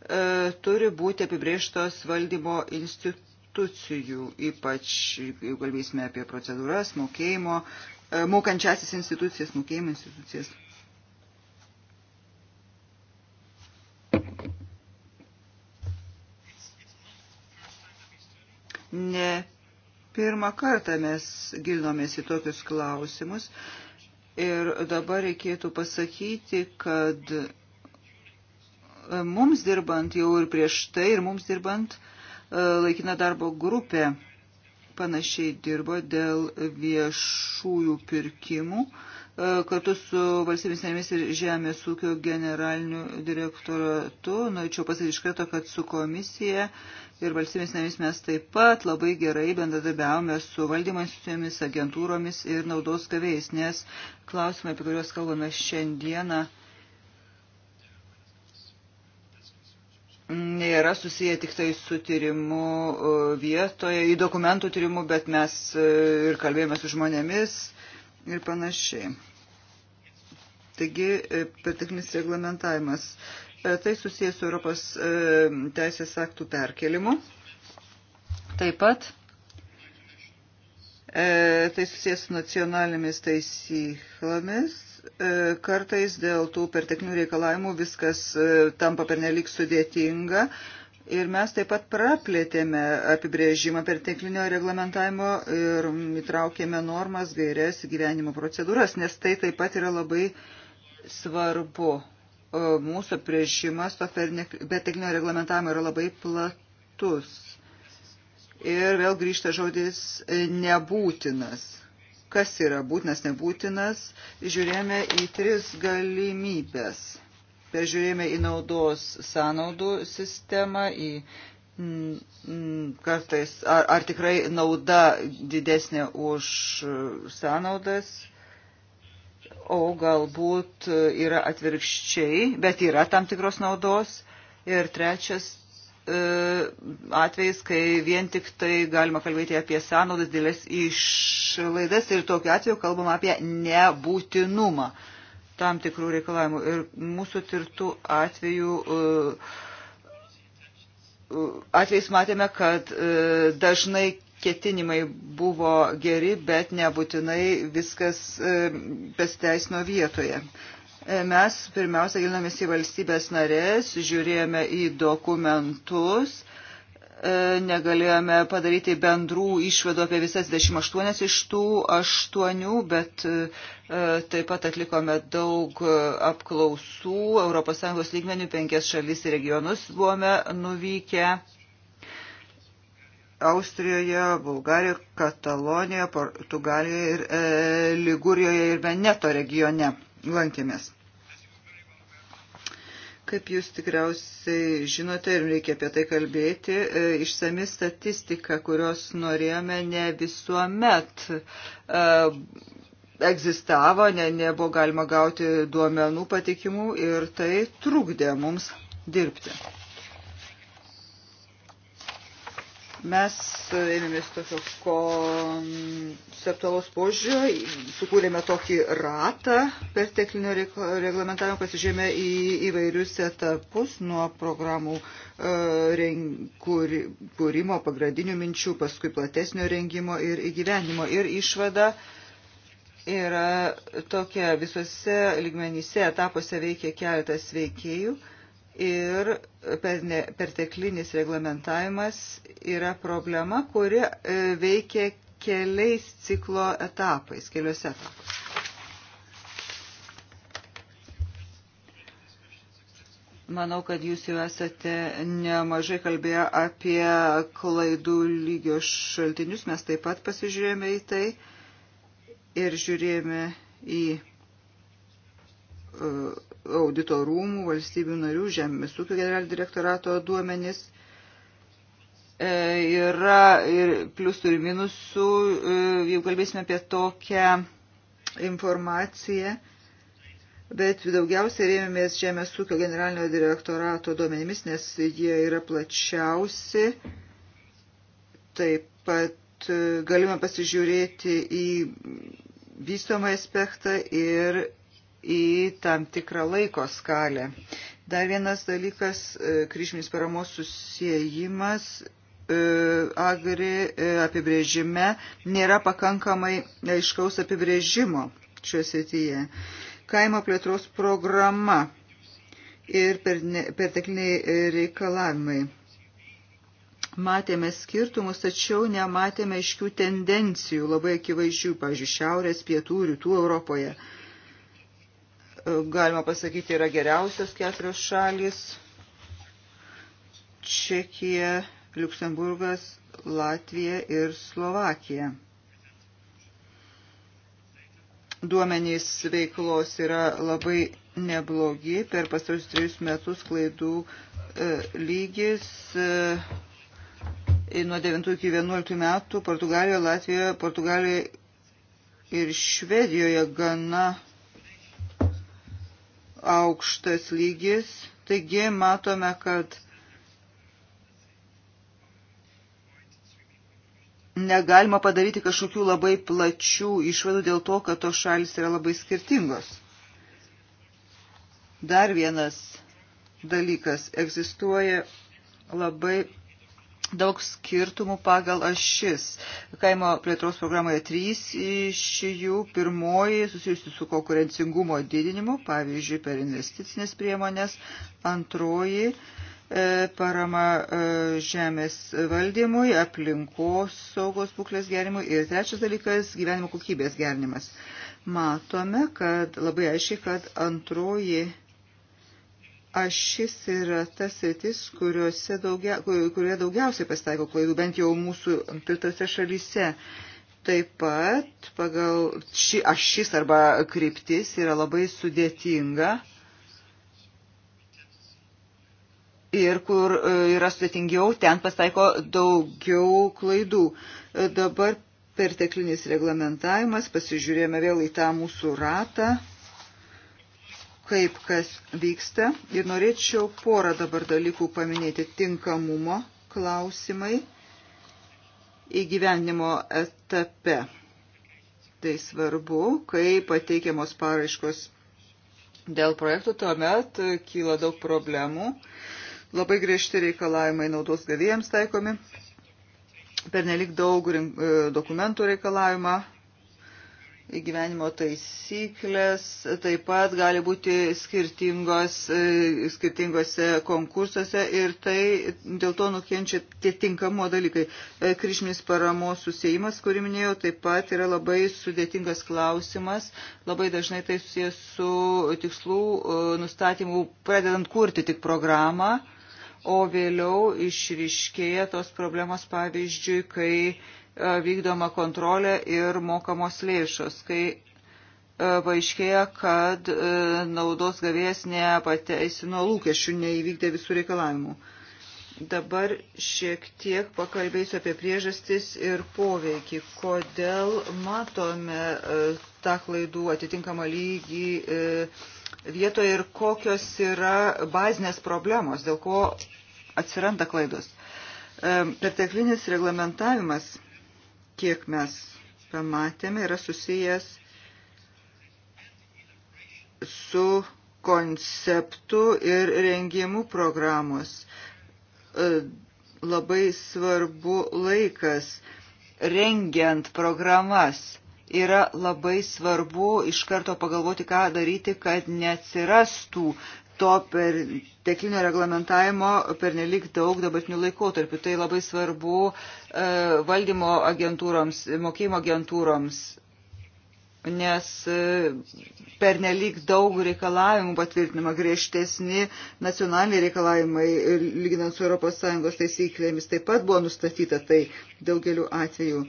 e, turi būti apibrieštos valdymo institucijų, ypač, jeigu kalbėsime apie procedūras, mokėjimo E, mokančiasis institucijas, mokėjimo institucijas. Ne pirmą kartą mes gilnomės į tokius klausimus ir dabar reikėtų pasakyti, kad mums dirbant jau ir prieš tai, ir mums dirbant e, laikina darbo grupė panašiai dirbo dėl viešųjų pirkimų e, kartu su valstybės narėmis ir Žemės ūkio generaliniu direktoratu. Norėčiau nu, pasakyti iš karto, kad su komisija ir valstybės narėmis mes taip pat labai gerai bendradarbiavome su valdymo institucijomis, agentūromis ir naudos gavėjais, nes klausimai, apie kuriuos kalbame šiandieną, nėra susiję tik tai su tyrimu e, vietoje, į dokumentų tyrimu, bet mes e, ir kalbėjome su žmonėmis ir panašiai. Taigi, e, perteklinis reglamentavimas. Tai susijęs su Europos teisės aktų perkelimu. Taip pat tai susijęs su nacionalinėmis taisyklomis E, kartais dėl tų perteknių reikalavimų viskas e, tampa pernelik sudėtinga. Ir mes taip pat praplėtėme apibrėžimą perteklinio reglamentavimo ir įtraukėme normas, gairias, gyvenimo procedūras, nes tai taip pat yra labai svarbu. Mūsų apibrėžimas to perteklinio reglamentavimo yra labai platus. Ir vėl grįžta žodis e, nebūtinas kas yra būtinas, nebūtinas, žiūrėjome į tris galimybės. Peržiūrėjome į naudos sąnaudų sistemą, į mm, mm, kartais, ar, ar tikrai nauda didesnė už sąnaudas, o galbūt yra atvirkščiai, bet yra tam tikros naudos. Ir trečias E, atvejais, kai vien tik tai galima kalbėti apie sąnaudas, dėlės išlaidas ir tokiu atveju kalbam apie nebūtinumą tam tikrų reikalavimų. Ir mūsų tirtų atveju e, e, atvejais matėme, kad dažnai ketinimai buvo geri, bet nebūtinai viskas pasteisino vietoje. E, mes pirmiausia gilinomės į valstybės narės, žiūrėjome į dokumentus, e, negalėjome padaryti bendrų išvadų apie visas 28 iš tų 8, bet e, taip pat atlikome daug apklausų, ES lygmenių penkias šalis ir regionus buvome nuvykę. Austrijoje, Bulgarijoje, Katalonijoje, Portugalijoje ir e, Ligurijoje ir Veneto regione lankėmės. Kaip jūs tikriausiai žinote ir reikia apie tai kalbėti, e, išsami statistika, kurios norėjome ne visuomet e, egzistavo, ne, nebuvo galima gauti duomenų patikimų ir tai trukdė mums dirbti. Mes ėmėmės tokio konceptualaus požiūrio, sukūrėme tokį ratą perteklinio reglamentavimo, pasižiūrėjome į įvairius etapus nuo programų e, kūrimo, pagrindinių minčių, paskui platesnio rengimo ir įgyvenimo. Ir išvada yra tokia visose lygmenyse etapuose veikia keletas veikėjų ir perteklinis reglamentavimas yra problema, kuri e, veikia keliais ciklo etapais, keliuose etapuose. Manau, kad jūs jau esate nemažai kalbėję apie klaidų lygio šaltinius. Mes taip pat pasižiūrėjome į tai ir žiūrėjome į uh, audito rūmų, valstybių narių, Žemės ūkio generalinio direktorato duomenys. E, yra ir pliusų ir minusų, e, jau kalbėsime apie tokią informaciją, bet daugiausiai rėmėmės Žemės ūkio generalinio direktorato duomenimis, nes jie yra plačiausi. Taip pat e, galime pasižiūrėti į vystomą aspektą ir į tam tikrą laiko skalę. Dar vienas dalykas e, - kryžminis paramos susijimas e, agri e, apibrėžime nėra pakankamai aiškaus apibrėžimo šioje srityje. Kaimo plėtros programa ir pertekliniai reikalavimai. Matėme skirtumus, tačiau nematėme iškių tendencijų, labai akivaizdžių, pavyzdžiui, šiaurės, pietų, rytų Europoje. Uh, galima pasakyti, yra geriausios keturios šalis - Čekija, Luksemburgas, Latvija ir Slovakija. Duomenys veiklos yra labai neblogi. Per pastarus trejus metus klaidų e, lygis e, nuo 9 iki 11 metų Portugalijoje, Latvijoje, Portugalijoje ir Švedijoje gana aukštas lygis, taigi matome, kad negalima padaryti kažkokių labai plačių išvadų dėl to, kad tos šalis yra labai skirtingos. Dar vienas dalykas. Egzistuoja labai daug skirtumų pagal ašis. Kaimo plėtros programoje trys iš jų. Pirmoji susijusi su konkurencingumo didinimu, pavyzdžiui, per investicinės priemonės. Antroji e, parama e, žemės valdymui, aplinkos saugos būklės gerimui ir trečias dalykas - gyvenimo kokybės gerinimas. Matome, kad labai aiškiai, kad antroji ašis yra tas rytis, kurioje daugia, kurioje daugiausiai pasitaiko klaidų, bent jau mūsų tritose šalyse. Taip pat pagal ši ašis arba kryptis yra labai sudėtinga ir kur e, yra sudėtingiau, ten pasitaiko daugiau klaidų. E, dabar perteklinis reglamentavimas, pasižiūrėjome vėl į tą mūsų ratą kaip kas vyksta ir norėčiau porą dabar dalykų paminėti tinkamumo klausimai įgyvenimo etape. Tai svarbu, kai pateikiamos paraiškos dėl projektų, tuomet kyla daug problemų. Labai griežti reikalavimai naudos gavėjams taikomi. Per nelik daug e, dokumentų reikalavimą gyvenimo taisyklės, taip pat gali būti skirtingos, e, skirtingose konkursuose ir tai dėl to nukenčia tie tinkamo dalykai. E, Kryžminis paramos susijimas, kurį minėjau, taip pat yra labai sudėtingas klausimas, labai dažnai tai susijęs su tikslų e, nustatymu, pradedant kurti tik programą, o vėliau išriškėja tos problemos, pavyzdžiui, kai E, vykdoma kontrolė ir mokamos lėšos, kai e, paaiškėja, kad e, naudos gavėjas nepateisino lūkesčių, neįvykdė visų reikalavimų. Dabar šiek tiek pakalbėsiu apie priežastis ir poveikį, kodėl matome tą klaidų atitinkamą lygį vietoje ir kokios yra bazinės problemos, dėl ko atsiranda klaidos. Perteklinis reglamentavimas kiek mes pamatėme, yra susijęs su konceptų ir rengimų programos. E, labai svarbu laikas rengiant programas yra labai svarbu iš karto pagalvoti, ką daryti, kad neatsirastų to perteklinio reglamentavimo pernelik daug dabartinių laikotarpių. Tai labai svarbu e, valdymo agentūroms, mokėjimo agentūroms, nes e, pernelik daug reikalavimų patvirtinama griežtesni nacionaliniai reikalavimai e, lyginant su ES taisyklėmis taip pat buvo nustatyta tai daugeliu atveju.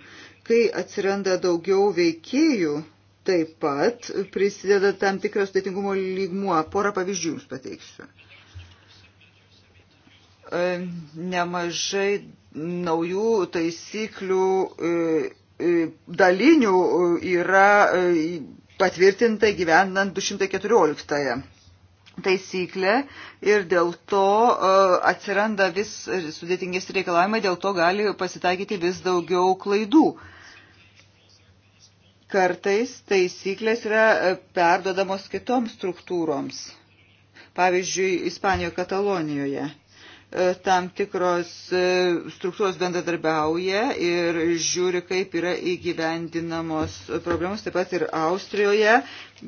Kai atsiranda daugiau veikėjų, taip pat prisideda tam tikras sudėtingumo lygmuo. Porą pavyzdžių jums pateiksiu. E, nemažai naujų taisyklių e, e, dalinių yra patvirtinta gyvendant 214 taisyklę ir dėl to atsiranda vis sudėtingesni reikalavimai, dėl to gali pasitaikyti vis daugiau klaidų kartais taisyklės yra e, perdodamos kitoms struktūroms. Pavyzdžiui, Ispanijoje, Katalonijoje e, tam tikros e, struktūros bendradarbiauja ir žiūri, kaip yra įgyvendinamos problemos. Taip pat ir Austrijoje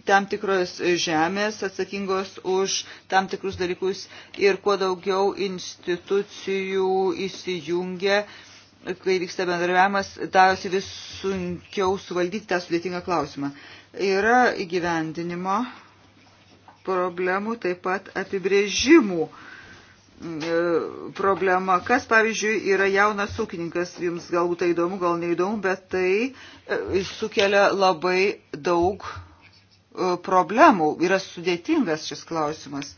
tam tikros žemės atsakingos už tam tikrus dalykus ir kuo daugiau institucijų įsijungia, kai vyksta bendravimas, darosi vis sunkiau suvaldyti tą sudėtingą klausimą. Yra įgyvendinimo problemų, taip pat apibrėžimų e, problema. Kas, pavyzdžiui, yra jaunas ūkininkas, jums galbūt tai įdomu, gal neįdomu, bet tai e, sukelia labai daug e, problemų. Yra sudėtingas šis klausimas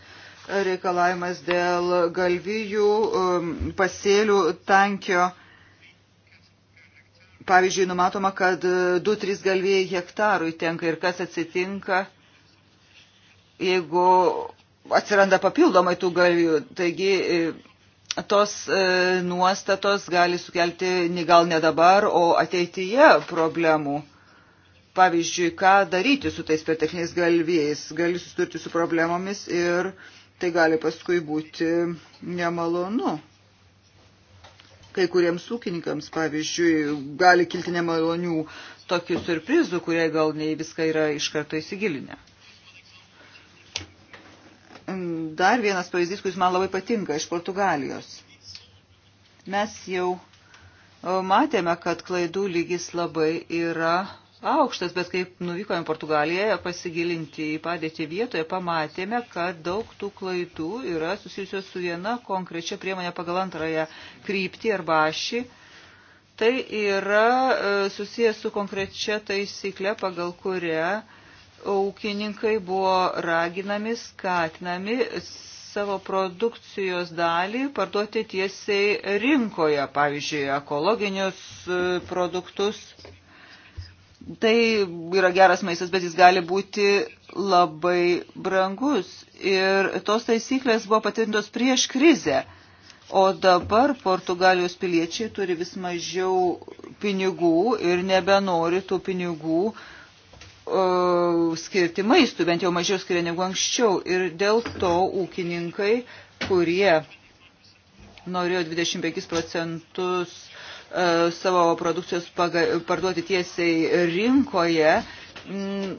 reikalavimas dėl galvijų pasėlių tankio pavyzdžiui, numatoma, kad 2-3 e, galvėjai hektarui tenka ir kas atsitinka, jeigu atsiranda papildomai tų galvijų. Taigi e, tos e, nuostatos gali sukelti ne gal ne dabar, o ateityje problemų. Pavyzdžiui, ką daryti su tais pertekliniais galvėjais. Gali susidurti su problemomis ir tai gali paskui būti nemalonu. Kai kuriems ūkininkams, pavyzdžiui, gali kilti nemalonių tokių surprizų, kurie gal nei viską yra iš karto įsigilinę. Dar vienas pavyzdys, kuris man labai patinka, iš Portugalijos. Mes jau matėme, kad klaidų lygis labai yra aukštas, bet kaip nuvykome Portugalijoje pasigilinti į padėtį vietoje, pamatėme, kad daug tų klaidų yra susijusios su viena konkrečia priemonė pagal antrąją kryptį arba ašį. Tai yra e, susijęs su konkrečia taisykle, pagal kurią ūkininkai buvo raginami, skatinami savo produkcijos dalį parduoti tiesiai rinkoje, pavyzdžiui, ekologinius e, produktus Tai yra geras maistas, bet jis gali būti labai brangus. Ir tos taisyklės buvo patvirtintos prieš krizę. O dabar Portugalijos piliečiai turi vis mažiau pinigų ir nebenori tų pinigų uh, skirti maistui, bent jau mažiau skiria negu anksčiau. Ir dėl to ūkininkai, kurie norėjo 25 procentus E, savo produkcijos parduoti tiesiai rinkoje, mm,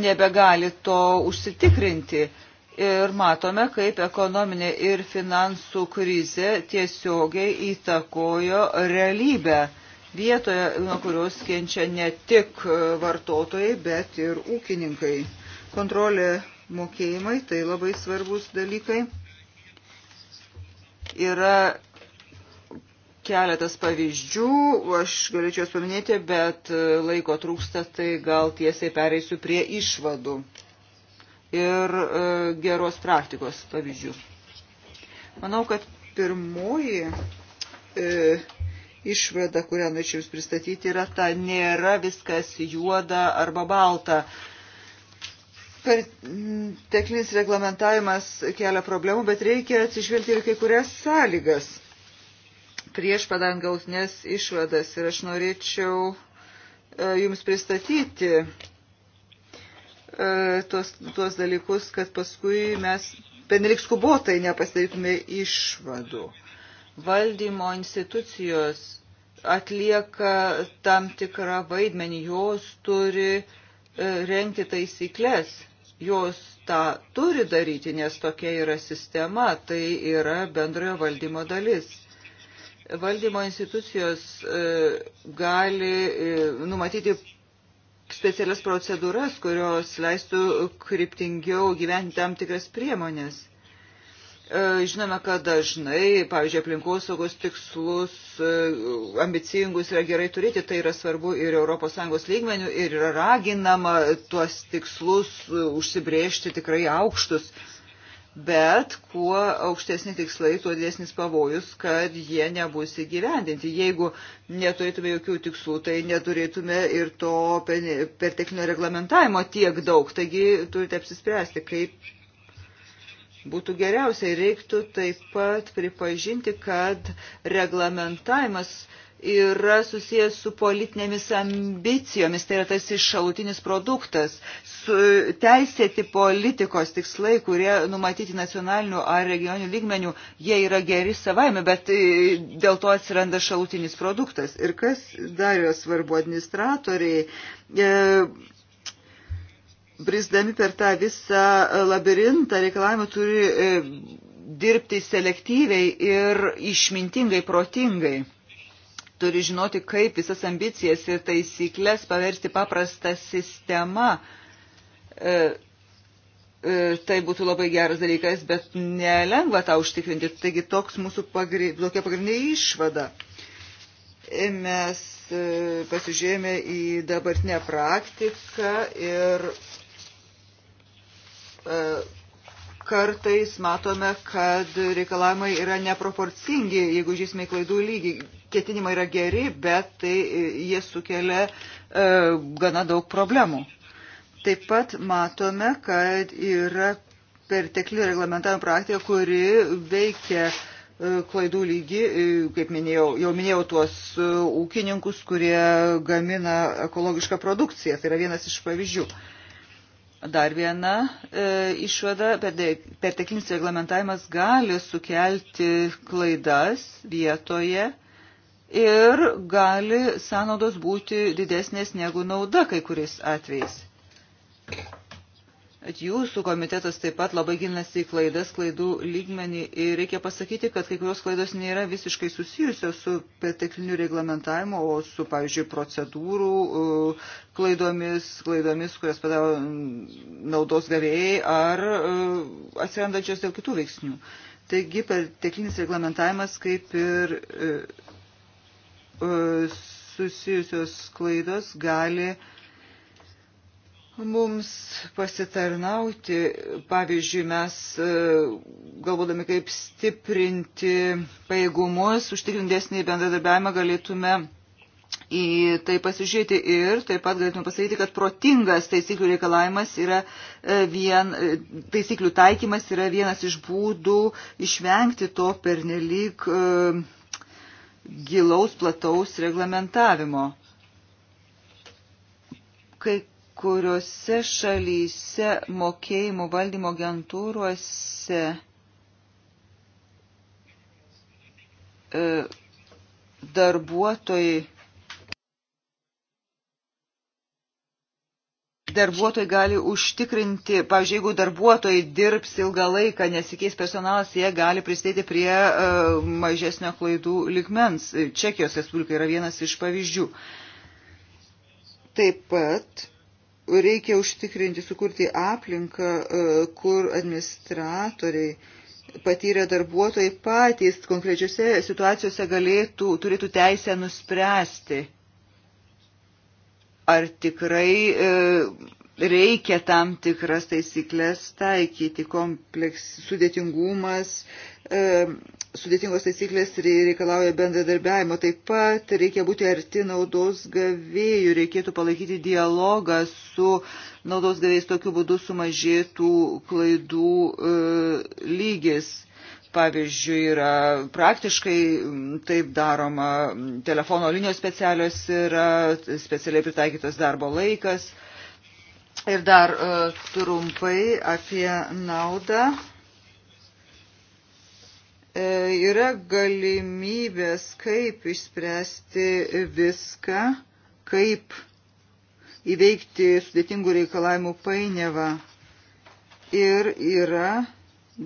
nebegali to užsitikrinti. Ir matome, kaip ekonominė ir finansų krizė tiesiogiai įtakojo realybę vietoje, nuo kurios kenčia ne tik vartotojai, bet ir ūkininkai. Kontrolė mokėjimai, tai labai svarbus dalykai. Yra keletas pavyzdžių, aš galėčiau juos paminėti, bet e, laiko trūksta, tai gal tiesiai pereisiu prie išvadų ir e, geros praktikos pavyzdžių. Manau, kad pirmoji e, išvada, kurią norėčiau Jums pristatyti, yra ta nėra viskas juoda arba balta. Perteklinis reglamentavimas kelia problemų, bet reikia atsižvelgti ir kai kurias sąlygas prieš padant gautinės išvadas ir aš norėčiau e, jums pristatyti e, tuos, tuos dalykus, kad paskui mes penelik skubotai nepasidarytume išvadų. Valdymo institucijos atlieka tam tikrą vaidmenį, jos turi e, renkti taisyklės, jos tą turi daryti, nes tokia yra sistema, tai yra bendrojo valdymo dalis. Valdymo institucijos e, gali e, numatyti specialias procedūras, kurios leistų kryptingiau gyventi tam tikras priemonės. E, žinome, kad dažnai, pavyzdžiui, aplinkosaugos tikslus ambicingus yra gerai turėti, tai yra svarbu ir ES lygmenių, ir yra raginama tuos tikslus užsibriežti tikrai aukštus bet kuo aukštesni tikslai, tuo didesnis pavojus, kad jie nebus įgyvendinti. Jeigu neturėtume jokių tikslų, tai neturėtume ir to perteklinio reglamentavimo tiek daug. Taigi turite apsispręsti, kaip būtų geriausiai. Reiktų taip pat pripažinti, kad reglamentavimas yra susijęs su politinėmis ambicijomis, tai yra tas iššalutinis produktas, su teisėti politikos tikslai, kurie numatyti nacionalinių ar regionių lygmenių, jie yra geri savaime, bet e, dėl to atsiranda šalutinis produktas. Ir kas dar yra svarbu administratoriai? E, Brisdami per tą visą labirintą reikalavimą turi e, dirbti selektyviai ir išmintingai, protingai turi žinoti, kaip visas ambicijas ir taisyklės paversti paprastą sistemą. E, e, tai būtų labai geras dalykas, bet nelengva tą užtikrinti. Taigi toks mūsų pagri, tokia pagrindinė išvada. E, mes e, pasižiūrėjome į dabartinę praktiką ir e, kartais matome, kad reikalavimai yra neproporcingi, jeigu žiūrėsime klaidų lygį ketinimai yra geri, bet tai e, jie sukelia e, gana daug problemų. Taip pat matome, kad yra perteklių reglamentavimo praktika, kuri veikia e, klaidų lygį, kaip minėjau, jau minėjau tuos ūkininkus, kurie gamina ekologišką produkciją. Tai yra vienas iš pavyzdžių. Dar viena e, išvada, perteklinis reglamentavimas gali sukelti klaidas vietoje ir gali sąnaudos būti didesnės negu nauda kai kuriais atvejais. Jūsų komitetas taip pat labai gilinasi į klaidas, klaidų lygmenį ir reikia pasakyti, kad kai kurios klaidos nėra visiškai susijusios su pertekliniu reglamentavimu, o su, pavyzdžiui, procedūrų uh, klaidomis, klaidomis, kurias padaro mm, naudos gavėjai ar uh, atsirandančios dėl kitų veiksnių. Taigi perteklinis reglamentavimas kaip ir uh, E, susijusios klaidos gali mums pasitarnauti. Pavyzdžiui, mes e, galvodami, kaip stiprinti pajėgumus, užtikrindesnį bendradarbiavimą galėtume į tai pasižiūrėti ir taip pat galėtume pasakyti, kad protingas taisyklių reikalavimas yra e, vien, taisyklių taikymas yra vienas iš būdų išvengti to pernelyg uh, gilaus plataus reglamentavimo. Kai kuriuose šalyse mokėjimų valdymo agentūruose e, darbuotojai darbuotojai gali užtikrinti, pavyzdžiui, jeigu darbuotojai dirbs ilgą laiką, nesikeis personalas, jie gali prisidėti prie e, mažesnio klaidų ligmens. Čekijos Respublika yra vienas iš pavyzdžių. Taip pat reikia užtikrinti, sukurti aplinką, e, kur administratoriai patyrę darbuotojai patys konkrečiose situacijose galėtų, turėtų teisę nuspręsti ar tikrai e, reikia tam tikras taisyklės taikyti, kompleks, sudėtingumas, e, sudėtingos taisyklės reikalauja bendradarbiavimo. Taip pat reikia būti arti naudos gavėjų, reikėtų palaikyti dialogą su naudos gavėjais, tokiu būdu sumažėtų klaidų e, lygis Pavyzdžiui, yra praktiškai taip daroma, telefono linijos specialios yra, specialiai pritaikytas darbo laikas. Ir dar e, trumpai apie naudą e, yra galimybės, kaip išspręsti viską, kaip įveikti sudėtingų reikalavimų painiavą. Ir yra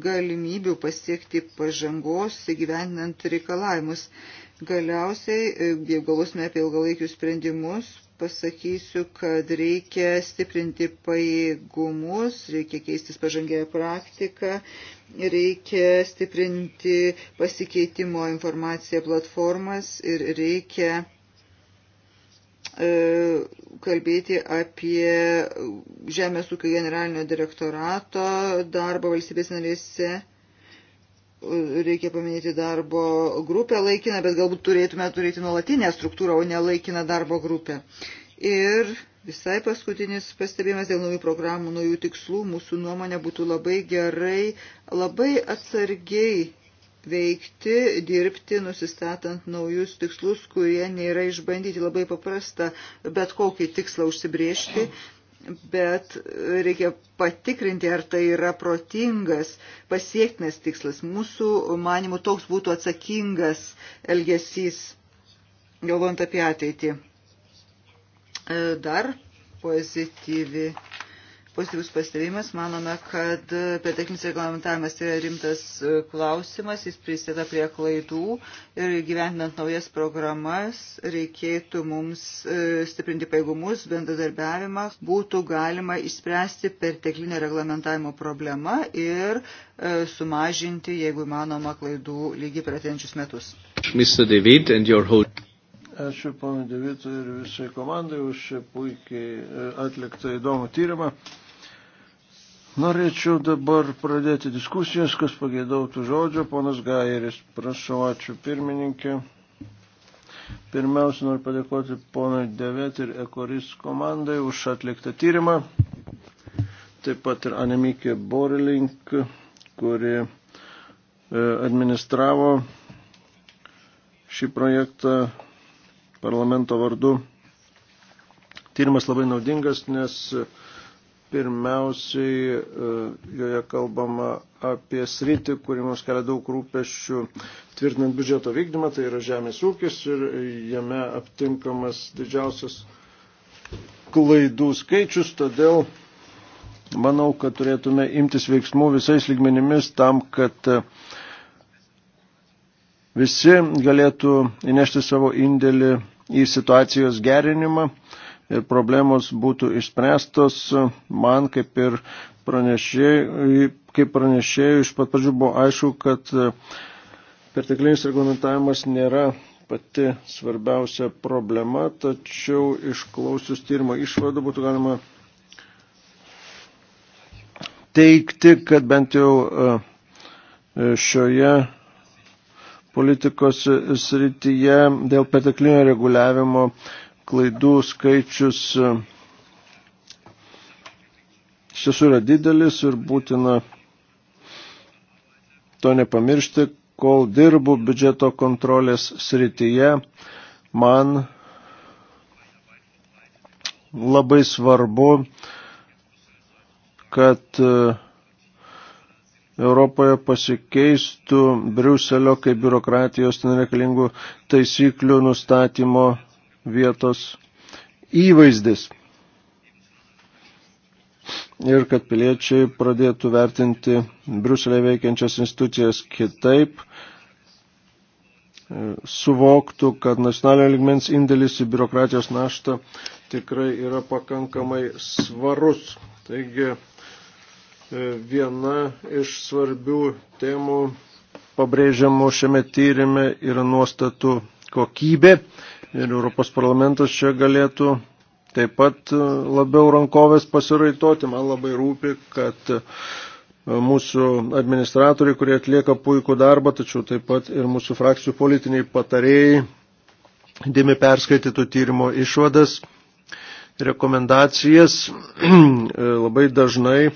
galimybių pasiekti pažangos įgyvendinant reikalavimus. Galiausiai, e, jeigu galvosime apie ilgalaikius sprendimus, pasakysiu, kad reikia stiprinti pajėgumus, reikia keistis pažangėją praktiką, reikia stiprinti pasikeitimo informaciją platformas ir reikia E, kalbėti apie Žemės ūkio generalinio direktorato darbą valstybės narėse. Reikia paminėti darbo grupę laikiną, bet galbūt turėtume turėti nuolatinę struktūrą, o ne laikiną darbo grupę. Ir visai paskutinis pastebėjimas dėl naujų programų, naujų tikslų, mūsų nuomonė būtų labai gerai, labai atsargiai veikti, dirbti, nusistatant naujus tikslus, kurie nėra išbandyti. Labai paprasta bet kokį tikslą užsibriežti, bet reikia patikrinti, ar tai yra protingas, pasiektinas tikslas. Mūsų manimų toks būtų atsakingas elgesys, galvojant apie ateitį. E, dar pozityvi pozityvus pastebėjimas. Manome, kad perteklinis reglamentavimas yra rimtas e, klausimas, jis prisėda prie klaidų ir gyventinant naujas programas reikėtų mums e, stiprinti paėgumus, bendradarbiavimą, būtų galima išspręsti perteklinę reglamentavimo problemą ir e, sumažinti, jeigu įmanoma, klaidų lygį per atėjančius metus. Mr. David and your whole... Ačiū ponui Devitui ir visai komandai už puikiai atliktą įdomų tyrimą. Norėčiau dabar pradėti diskusijas, kas pageidautų žodžio. Ponas Gairis, prašau, ačiū pirmininkė. Pirmiausia, noriu padėkoti ponui Devet ir Ekoris komandai už atliktą tyrimą. Taip pat ir Anemikė Borelink, kuri e, administravo šį projektą parlamento vardu. Tyrimas labai naudingas, nes Pirmiausiai e, joje kalbama apie sritį, kuri mums kelia daug rūpeščių tvirtinant biudžeto vykdymą, tai yra žemės ūkis ir jame aptinkamas didžiausias klaidų skaičius, todėl manau, kad turėtume imtis veiksmų visais lygmenimis tam, kad e, visi galėtų įnešti savo indėlį į situacijos gerinimą ir problemos būtų išspręstos. Man kaip ir pranešėjai, kaip pranešėjai iš pat pradžių buvo aišku, kad perteklinis reglamentavimas nėra pati svarbiausia problema, tačiau išklausius tyrimo išvadą būtų galima teikti, kad bent jau e, šioje politikos srityje dėl perteklinio reguliavimo uh, klaidų skaičius e, iš tiesų yra didelis ir būtina to nepamiršti, kol dirbu biudžeto kontrolės srityje, man labai svarbu, kad e, Europoje pasikeistų Briuselio kaip biurokratijos nereikalingų taisyklių nustatymo vietos įvaizdis. Ir kad piliečiai pradėtų vertinti Bruselė veikiančias institucijas kitaip, suvoktų, kad nacionalinio ligmens indėlis į biurokratijos naštą tikrai yra pakankamai svarus. Taigi e, viena iš svarbių temų pabrėžiamų šiame tyrimė yra nuostatų kokybė ir Europos parlamentas čia galėtų taip pat e, labiau rankovės pasiraitoti. Man labai rūpi, kad e, mūsų administratoriai, kurie atlieka puikų darbą, tačiau taip pat ir mūsų frakcijų politiniai patarėjai, dėmi perskaitytų tyrimo išvadas, rekomendacijas e, labai dažnai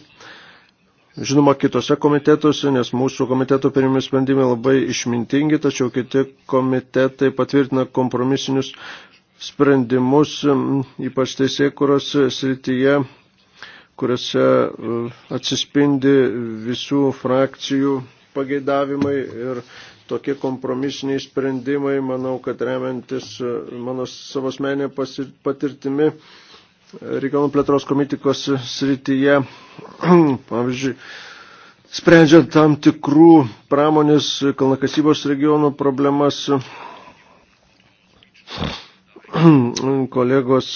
žinoma, kitose komitetuose, nes mūsų komiteto pirmimi sprendimai labai išmintingi, tačiau kiti komitetai patvirtina kompromisinius sprendimus, ypač teisėkuros srityje, kuriuose e, atsispindi visų frakcijų pageidavimai ir tokie kompromisiniai sprendimai, manau, kad remiantis e, mano savo asmenė patirtimi, regionų plėtros komitikos srityje, pavyzdžiui, sprendžiant tam tikrų pramonės kalnakasybos regionų problemas, kolegos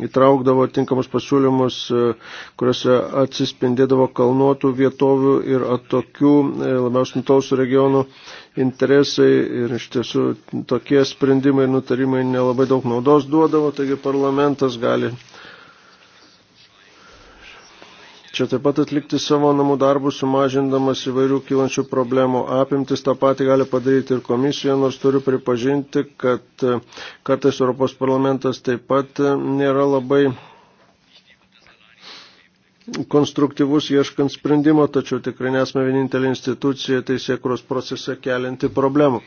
įtraukdavo tinkamus pasiūlymus, kuriuose atsispindėdavo kalnuotų vietovių ir atokių e, labiausiai nutausių regionų interesai ir iš tiesų tokie sprendimai ir nutarimai nelabai daug naudos duodavo, taigi parlamentas gali Čia taip pat atlikti savo namų darbus, sumažindamas įvairių kylančių problemų apimtis. Ta pati gali padaryti ir komisija, nors turiu pripažinti, kad e, kartais Europos parlamentas taip pat e, nėra labai konstruktyvus ieškant sprendimo, tačiau tikrai nesame vienintelė institucija teisėkuros procese kelinti problemų.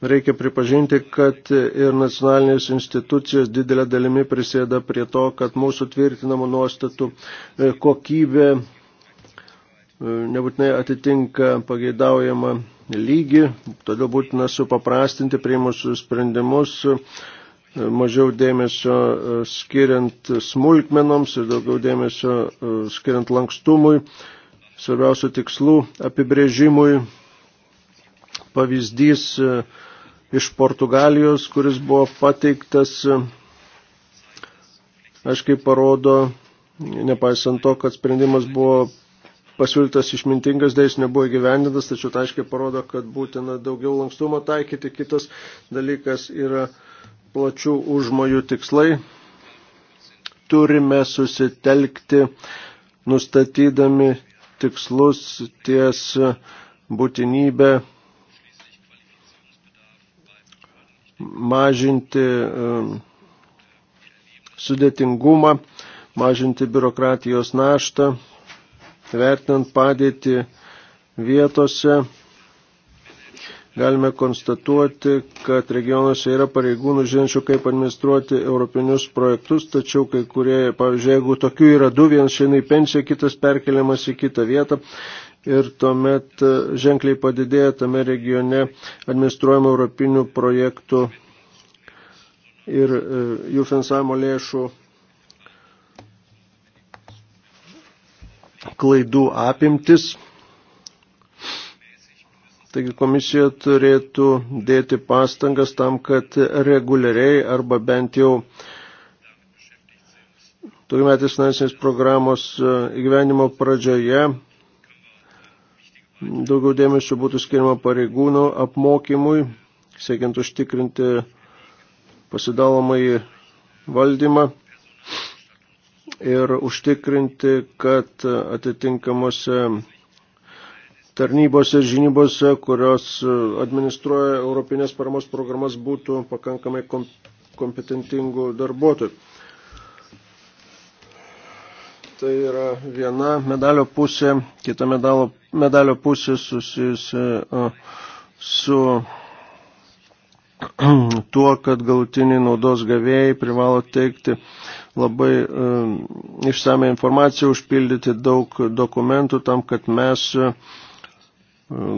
Reikia pripažinti, kad ir nacionalinės institucijos didelė dalimi prisėda prie to, kad mūsų tvirtinamų nuostatų e, kokybė e, nebūtinai atitinka pageidaujamą lygį, todėl būtina supaprastinti priimusius sprendimus, e, mažiau dėmesio skiriant smulkmenoms ir daugiau dėmesio skiriant lankstumui, svarbiausių tikslų apibrėžimui. Pavyzdys iš Portugalijos, kuris buvo pateiktas, aiškiai parodo, nepaisant to, kad sprendimas buvo pasiūlytas išmintingas, dėjas nebuvo įgyvendintas, tačiau tai aiškiai parodo, kad būtina daugiau lankstumo taikyti. Kitas dalykas yra plačių užmojų tikslai. Turime susitelkti, nustatydami tikslus ties būtinybę mažinti sudėtingumą, mažinti biurokratijos naštą, vertinant padėti vietose. Galime konstatuoti, kad regionuose yra pareigūnų žinančių, kaip administruoti europinius projektus, tačiau kai kurie, pavyzdžiui, jeigu tokių yra du, vienas šiandien į pensiją, kitas perkeliamas į kitą vietą, ir tuomet e, ženkliai padidėja tame regione administruojama europinių projektų ir e, jų finansavimo lėšų klaidų apimtis. Taigi komisija turėtų dėti pastangas tam, kad reguliariai arba bent jau turimetės finansinės programos e, įgyvenimo pradžioje daugiau dėmesio būtų skirima pareigūnų apmokymui, siekiant užtikrinti pasidalomai valdymą ir užtikrinti, kad atitinkamose tarnybose ir žinybose, kurios administruoja Europinės paramos programas, būtų pakankamai kompetentingų darbuotojų. Tai yra viena medalio pusė, kita medalo medalio pusė susijusi su tuo, kad galutiniai naudos gavėjai privalo teikti labai išsame informaciją, užpildyti daug dokumentų tam, kad mes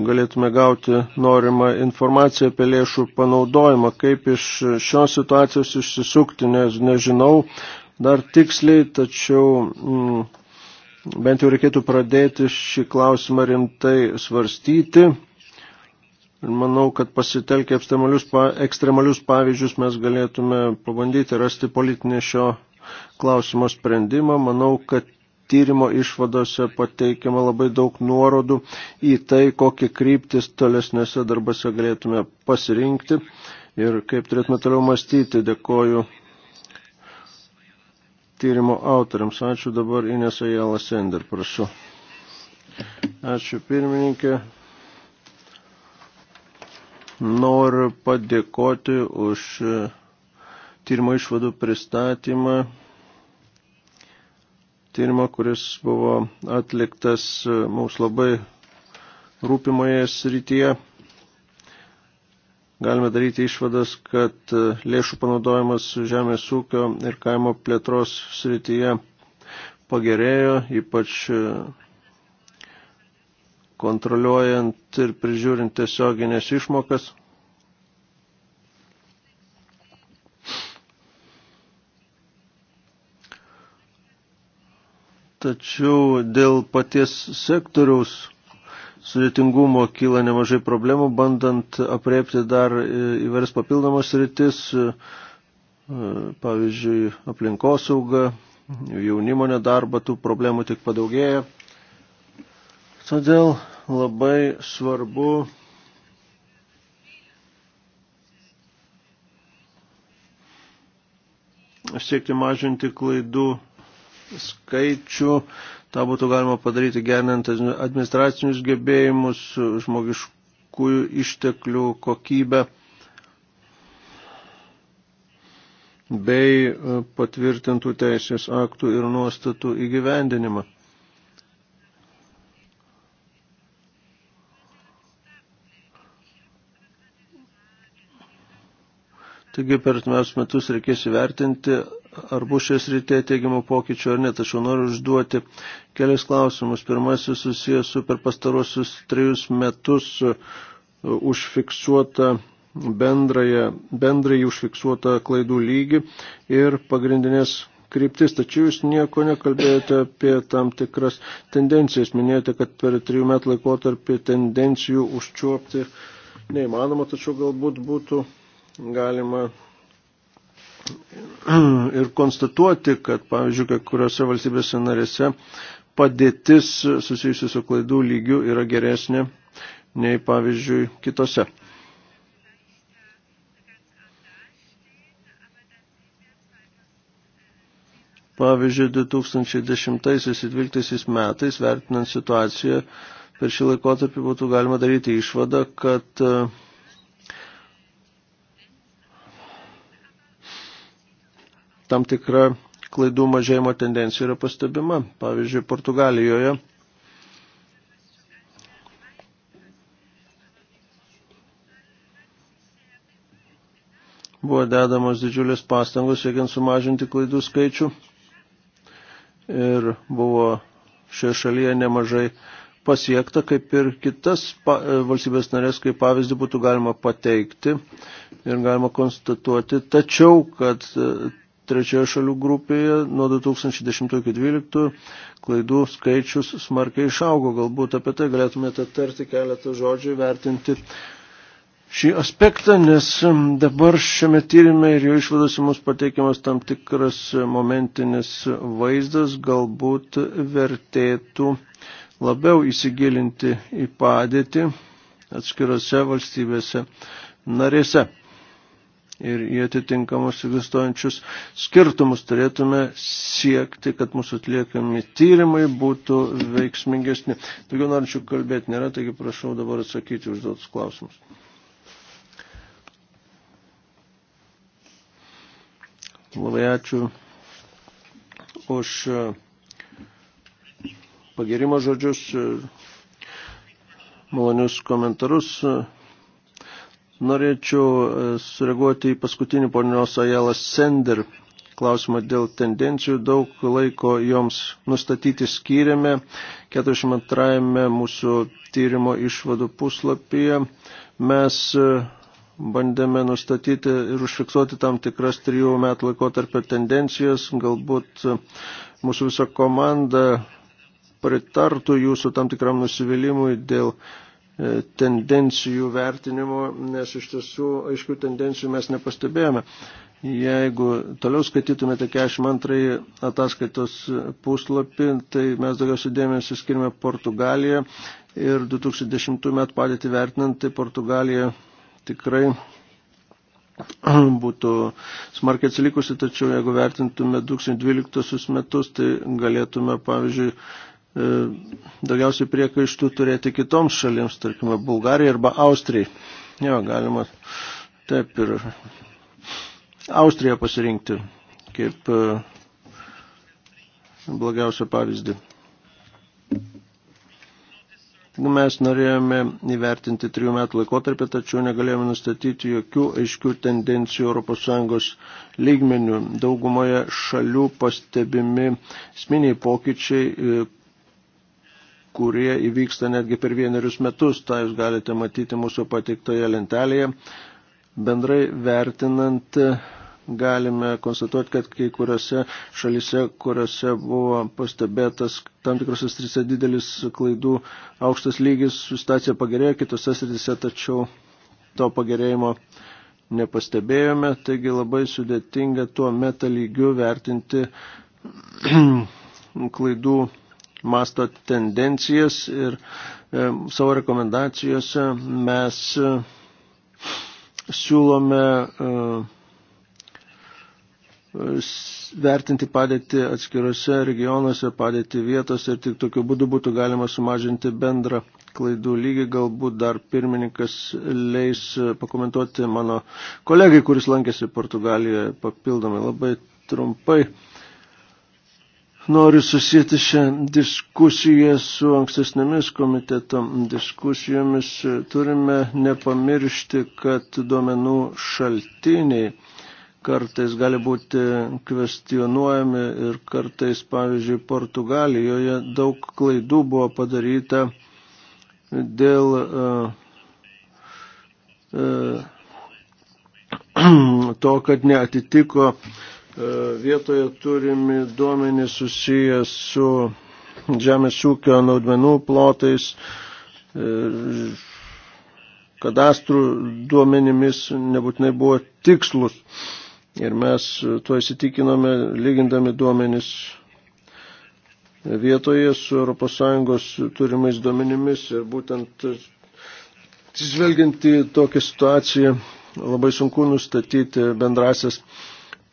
galėtume gauti norimą informaciją apie lėšų panaudojimą, kaip iš šios situacijos išsisukti, nes nežinau dar tiksliai, tačiau mm, bent jau reikėtų pradėti šį klausimą rimtai svarstyti. Ir manau, kad pasitelkę ekstremalius, ekstremalius pavyzdžius mes galėtume pabandyti rasti politinį šio klausimo sprendimą. Manau, kad tyrimo išvadose pateikiama labai daug nuorodų į tai, kokį kryptis tolesnėse darbose galėtume pasirinkti ir kaip turėtume toliau mąstyti. Dėkoju tyrimo autoriams. Ačiū dabar Inesa Jela Sender, prašau. Ačiū pirmininkė. Noriu padėkoti už e, tyrimo išvadų pristatymą. Tyrimo, kuris buvo atliktas e, mums labai rūpimoje srityje galime daryti išvadas, kad e, lėšų panaudojimas žemės ūkio ir kaimo plėtros srityje pagerėjo, ypač e, kontroliuojant ir prižiūrint tiesioginės išmokas. Tačiau dėl paties sektoriaus sudėtingumo kyla nemažai problemų, bandant apriepti dar įvairias papildomas rytis, e, pavyzdžiui, aplinkosaugą, jaunimo nedarbą, tų problemų tik padaugėja. Todėl labai svarbu siekti mažinti klaidų skaičių, tą būtų galima padaryti gerinant administracinius gebėjimus, žmogiškųjų išteklių kokybę bei patvirtintų teisės aktų ir nuostatų įgyvendinimą. Taigi per atmiausius metus reikės įvertinti, ar bus šias rytėje teigiamų pokyčių ar ne. Tačiau noriu užduoti kelias klausimus. Pirmasis susijęs su per pastarosius trejus metus e, užfiksuota bendrąją, bendrąjį užfiksuotą klaidų lygį ir pagrindinės kryptis, tačiau jūs nieko nekalbėjote apie tam tikras tendencijas. Minėjote, kad per trijų metų laikotarpį tendencijų užčiuopti neįmanoma, tačiau galbūt būtų galima ir konstatuoti, kad, pavyzdžiui, kai kuriuose valstybėse narėse padėtis susijusi su klaidų lygiu yra geresnė nei, pavyzdžiui, kitose. Pavyzdžiui, 2010-2012 metais, vertinant situaciją, per šį laikotarpį būtų galima daryti išvadą, kad uh, tam tikra klaidų mažėjimo tendencija yra pastebima. Pavyzdžiui, Portugalijoje buvo dedamos didžiulės pastangos, siekiant sumažinti klaidų skaičių ir buvo šioje šalyje nemažai pasiekta, kaip ir kitas pa, e, valstybės narės, kaip pavyzdį būtų galima pateikti ir galima konstatuoti, tačiau, kad e, trečioje šalių grupėje nuo 2010-2012 klaidų skaičius smarkiai išaugo. Galbūt apie tai galėtumėte tarti keletą žodžių vertinti šį aspektą, nes dabar šiame tyrimė ir jo išvadose mums pateikiamas tam tikras momentinis vaizdas, galbūt vertėtų labiau įsigilinti į padėtį atskirose valstybėse narėse ir į atitinkamus egzistuojančius skirtumus turėtume siekti, kad mūsų atliekami tyrimai būtų veiksmingesni. Daugiau norinčių kalbėti nėra, taigi prašau dabar atsakyti užduotus klausimus. Labai ačiū už uh, pagirimo žodžius, uh, malonius komentarus. Uh, Norėčiau e, sureaguoti į paskutinį ponios Ajelas Sender klausimą dėl tendencijų. Daug laiko joms nustatyti skyrėme 42 mūsų tyrimo išvadų puslapyje. Mes e, bandėme nustatyti ir užfiksuoti tam tikras trijų metų laikotarpio tendencijas. Galbūt e, mūsų visa komanda pritartų jūsų tam tikram nusivylimui dėl E, tendencijų vertinimo, nes iš tiesų aiškių tendencijų mes nepastebėjome. Jeigu toliau skaitytumėte 42 ataskaitos puslapį, tai mes daugiausiai dėmesio skirime Portugaliją ir 2010 metų padėtį vertinant, tai Portugalija tikrai būtų smarkiai atsilikusi, tačiau jeigu vertintume 2012 metus, tai galėtume, pavyzdžiui, E, daugiausiai priekaištų turėti kitoms šalims, tarkime, Bulgarijai arba Austrijai. Jo, galima taip ir Austriją pasirinkti kaip e, blogiausią pavyzdį. Mes norėjome įvertinti trijų metų laikotarpį, tačiau negalėjome nustatyti jokių aiškių tendencijų ES lygmenių. Daugumoje šalių pastebimi sminiai pokyčiai, e, kurie įvyksta netgi per vienerius metus. Ta jūs galite matyti mūsų pateiktoje lentelėje. Bendrai vertinant, galime konstatuoti, kad kai kuriuose šalise, kuriuose buvo pastebėtas tam tikrose strise didelis klaidų aukštas lygis, situacija pagerėjo, kitose strise tačiau to pagerėjimo nepastebėjome, taigi labai sudėtinga tuo metalygiu vertinti klaidų masto tendencijas ir e, savo rekomendacijose mes e, siūlome e, e vertinti padėti atskiruose regionuose, padėti vietose ir tik tokiu būdu būtų galima sumažinti bendrą klaidų lygį. Galbūt dar pirmininkas leis e, pakomentuoti mano kolegai, kuris lankėsi Portugalijoje papildomai labai trumpai. E, noriu susijęti šią diskusiją su ankstesnėmis komiteto diskusijomis. Turime nepamiršti, kad duomenų šaltiniai kartais gali būti kvestionuojami ir kartais, pavyzdžiui, Portugalijoje daug klaidų buvo padaryta dėl uh, uh, to, kad neatitiko uh, E, vietoje turimi duomenys susijęs su žemės ūkio naudmenų plotais, kadastrų duomenimis nebūtinai buvo tikslus. Ir mes tuo įsitikinome, lygindami duomenis vietoje su ES turimais duomenimis ir būtent atsižvelgiant į tokią situaciją labai sunku nustatyti bendrasias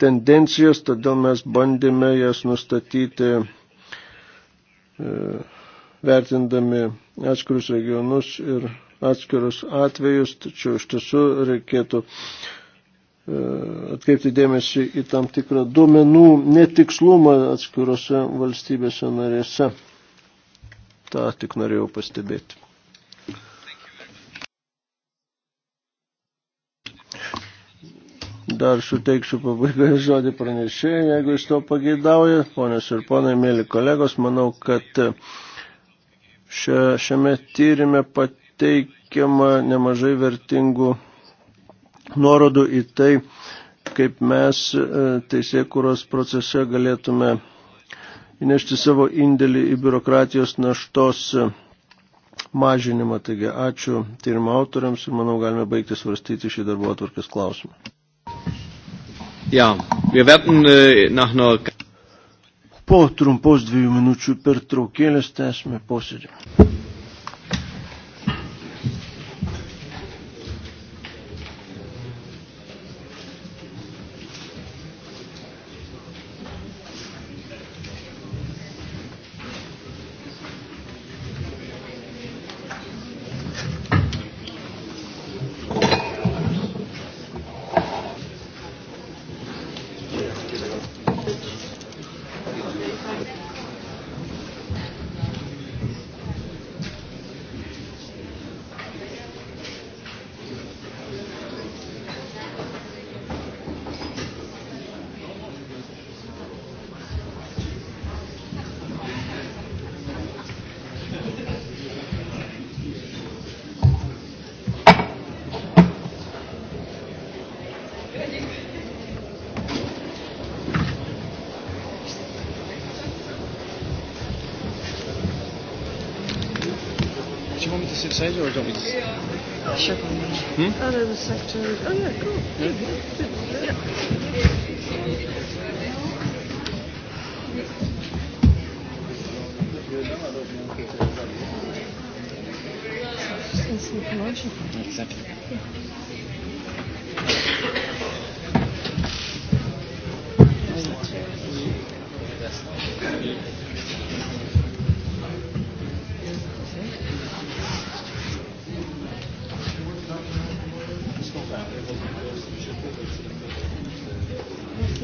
tendencijas, todėl mes bandėme jas nustatyti e, vertindami atskirus regionus ir atskirus atvejus, tačiau iš tiesų reikėtų e, atkreipti dėmesį į tam tikrą duomenų netikslumą atskirose valstybėse narėse. Ta tik norėjau pastebėti. Dar suteiksiu pabaigoje žodį pranešėjai, jeigu jis to pageidauja. Ponės ir ponai, mėly kolegos, manau, kad e, šia, šiame tyrimė pateikiama nemažai vertingų nuorodų į tai, kaip mes e, teisėkūros procese galėtume įnešti savo indėlį į biurokratijos naštos e, mažinimą. Taigi ačiū tyrimo autoriams ir manau galime baigti svarstyti šį darbo atvarkės klausimą. Ja, wir werden äh, nach einer. Po trumpos dviejų minučių pertraukėlės tęsime posėdį.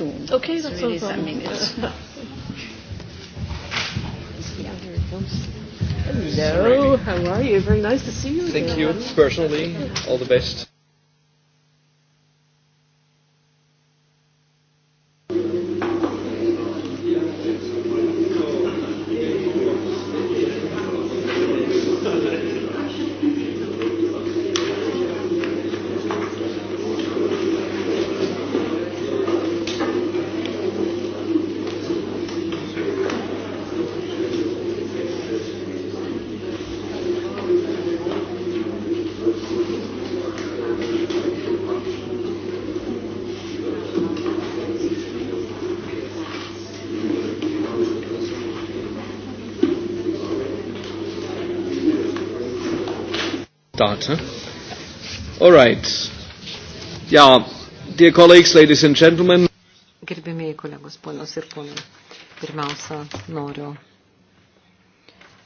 soon. Okay, it's that's really no problem. yeah. Hello, how are you? Very nice to see you. Thank again. you personally. All the best. start. Huh? All right. Yeah, dear colleagues, ladies and gentlemen. Gerbėmėjai kolegos, ponios ir ponai, pirmiausia, noriu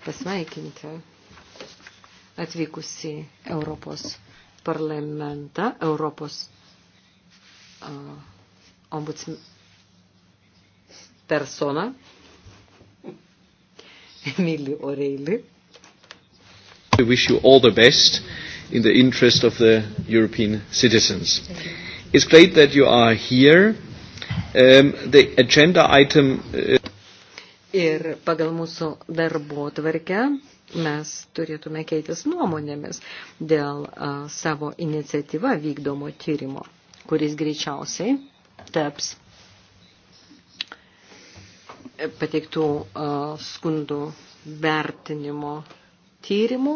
pasveikinti atvykusi Europos parlamentą, Europos uh, ombudsmeną personą, Emilį Oreilį We wish you all the best in the interest of the European citizens. It's great that you are here. Um, the agenda item. Uh, Ir pagal mūsų darbo tvarkę mes turėtume keitis nuomonėmis dėl uh, savo iniciatyvą vykdomo tyrimo, kuris greičiausiai taps e, pateiktų uh, skundų vertinimo tyrimų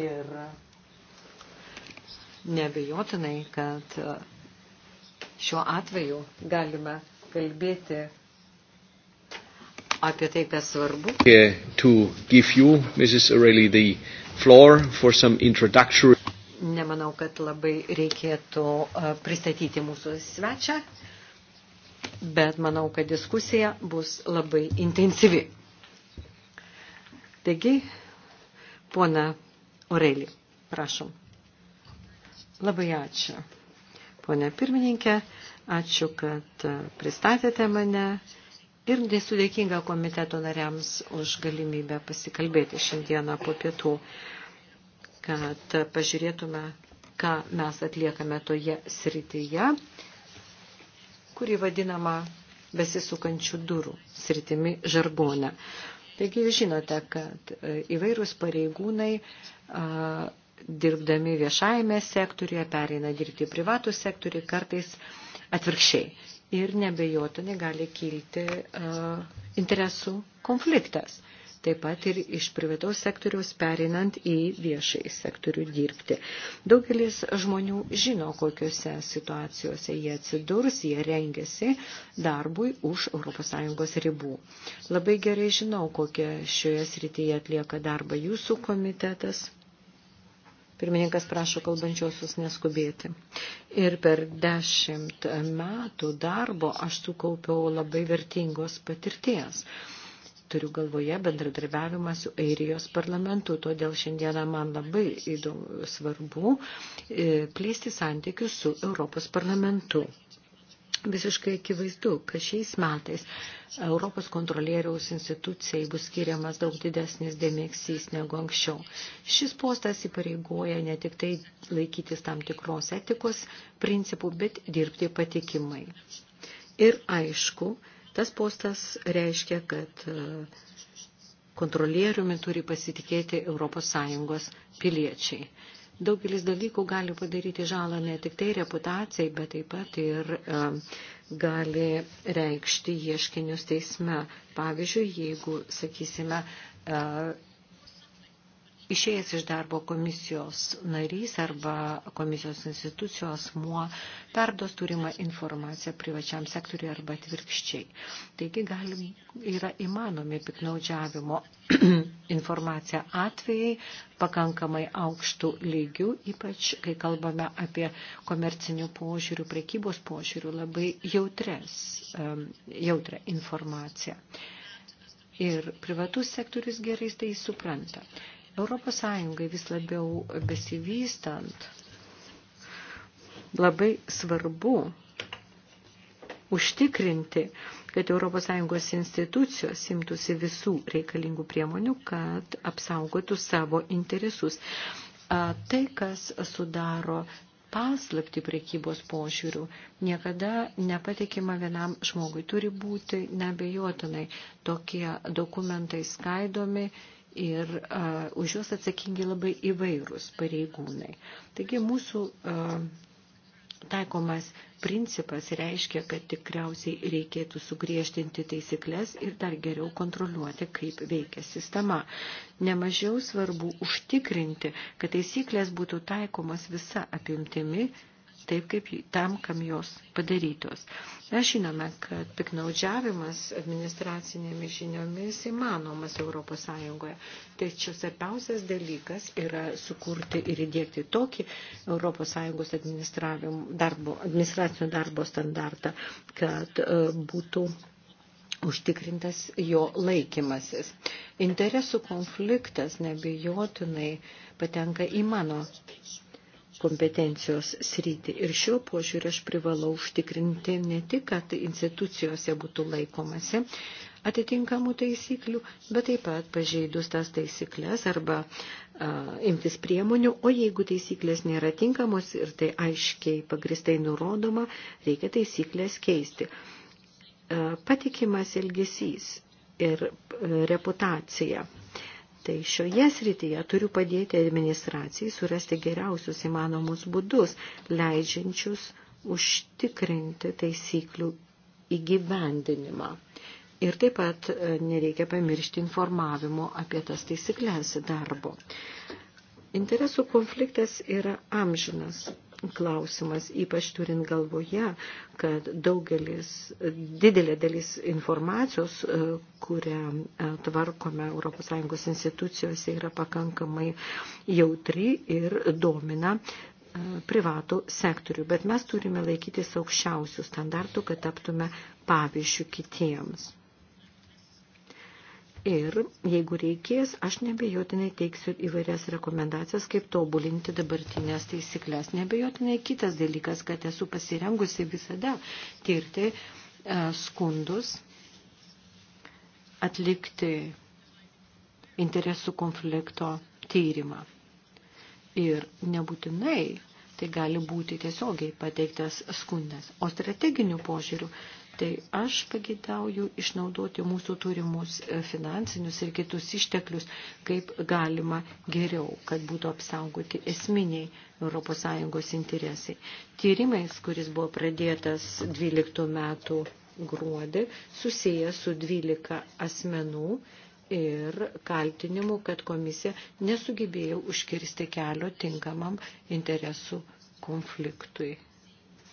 ir nebejotinai, kad šiuo atveju galime kalbėti apie tai, kas svarbu. To give you, Mrs. O'Reilly, the floor for some introductory. Nemanau, kad labai reikėtų e, pristatyti mūsų svečią, bet manau, kad diskusija bus labai intensyvi. Taigi, pona Orelį, prašom. Labai ačiū. Pone pirmininkė, ačiū, kad pristatėte mane ir nesu dėkinga komiteto nariams už galimybę pasikalbėti šiandieną po pietų, kad pažiūrėtume, ką mes atliekame toje srityje, kuri vadinama besisukančių durų sritimi žargonę. Taigi jūs žinote, kad e, įvairūs pareigūnai dirbdami viešajame sektoriuje pereina dirbti privatų sektorių kartais atvirkščiai. Ir nebejotinai gali kilti interesų konfliktas taip pat ir iš privataus sektoriaus perinant į viešai sektorių dirbti. Daugelis žmonių žino, kokiuose situacijose jie atsidurs, jie rengiasi darbui už ES ribų. Labai gerai žinau, kokią šioje srityje atlieka darbą jūsų komitetas. Pirmininkas prašo kalbančiosius neskubėti. Ir per dešimt metų darbo aš sukaupiau labai vertingos patirties turiu galvoje bendradarbiavimą su Airijos parlamentu. Todėl šiandieną man labai įdomu, svarbu e, plėsti santykius su Europos parlamentu. Visiškai akivaizdu, kad šiais metais Europos kontrolieriaus institucijai bus skiriamas daug didesnis dėmesys negu anksčiau. Šis postas įpareigoja ne tik tai laikytis tam tikros etikos principų, bet dirbti patikimai. Ir aišku, Tas postas reiškia, kad e, kontrolieriumi turi pasitikėti ES piliečiai. Daugelis dalykų gali padaryti žalą ne tik tai reputacijai, bet taip pat ir e, gali reikšti ieškinius teisme. Pavyzdžiui, jeigu, sakysime, e, išėjęs iš darbo komisijos narys arba komisijos institucijos muo perdos turimą informaciją privačiam sektoriui arba atvirkščiai. Taigi gali, yra įmanomi piknaudžiavimo informacija atvejai pakankamai aukštų lygių, ypač kai kalbame apie komercinių požiūrių, prekybos požiūrių labai jautres, jautrę informaciją. Ir privatus sektorius gerai tai supranta. Europos Sąjungai vis labiau besivystant labai svarbu užtikrinti, kad ES institucijos simtųsi visų reikalingų priemonių, kad apsaugotų savo interesus. Tai, kas sudaro paslapti prekybos požiūrių, niekada nepatikima vienam žmogui. Turi būti nebejotinai tokie dokumentai skaidomi ir a, už juos atsakingi labai įvairūs pareigūnai. Taigi mūsų a, taikomas principas reiškia, kad tikriausiai reikėtų sugriežtinti taisyklės ir dar geriau kontroliuoti, kaip veikia sistema. Nemažiau svarbu užtikrinti, kad taisyklės būtų taikomas visa apimtimi taip kaip tam, kam jos padarytos. Mes žinome, kad piknaudžiavimas administracinėmis žiniomis įmanomas Europos Sąjungoje. Tačiau svarbiausias dalykas yra sukurti ir įdėkti tokį Europos Sąjungos darbo, administracinio darbo standartą, kad e, būtų užtikrintas jo laikymasis. Interesų konfliktas nebejotinai patenka į mano kompetencijos sritį. Ir šio požiūrį aš privalau užtikrinti ne tik, kad institucijose būtų laikomasi atitinkamų taisyklių, bet taip pat pažeidus tas taisyklės arba a, imtis priemonių, o jeigu taisyklės nėra tinkamos ir tai aiškiai pagristai nurodoma, reikia taisyklės keisti. A, patikimas elgesys ir reputacija Tai šioje srityje turiu padėti administracijai surasti geriausius įmanomus būdus, leidžiančius užtikrinti taisyklių įgyvendinimą. Ir taip pat e, nereikia pamiršti informavimo apie tas taisyklės darbo. Interesų konfliktas yra amžinas klausimas, ypač turint galvoje, kad daugelis, didelė dalis informacijos, e, kurią e, tvarkome ES institucijose, yra pakankamai jautri ir domina e, privatų sektorių, bet mes turime laikytis aukščiausių standartų, kad taptume pavyzdžių kitiems. Ir jeigu reikės, aš nebejotinai teiksiu įvairias rekomendacijas, kaip tobulinti dabartinės taisyklės. Nebejotinai kitas dalykas, kad esu pasirengusi visada tirti e, skundus, atlikti interesų konflikto tyrimą. Ir nebūtinai tai gali būti tiesiogiai pateiktas skundas. O strateginių požiūrių Tai aš pagėdauju išnaudoti mūsų turimus e, finansinius ir kitus išteklius, kaip galima geriau, kad būtų apsaugoti esminiai ES interesai. Tyrimais, kuris buvo pradėtas 12 metų gruodį, susijęs su 12 asmenų ir kaltinimu, kad komisija nesugebėjo užkirsti kelio tinkamam interesų konfliktui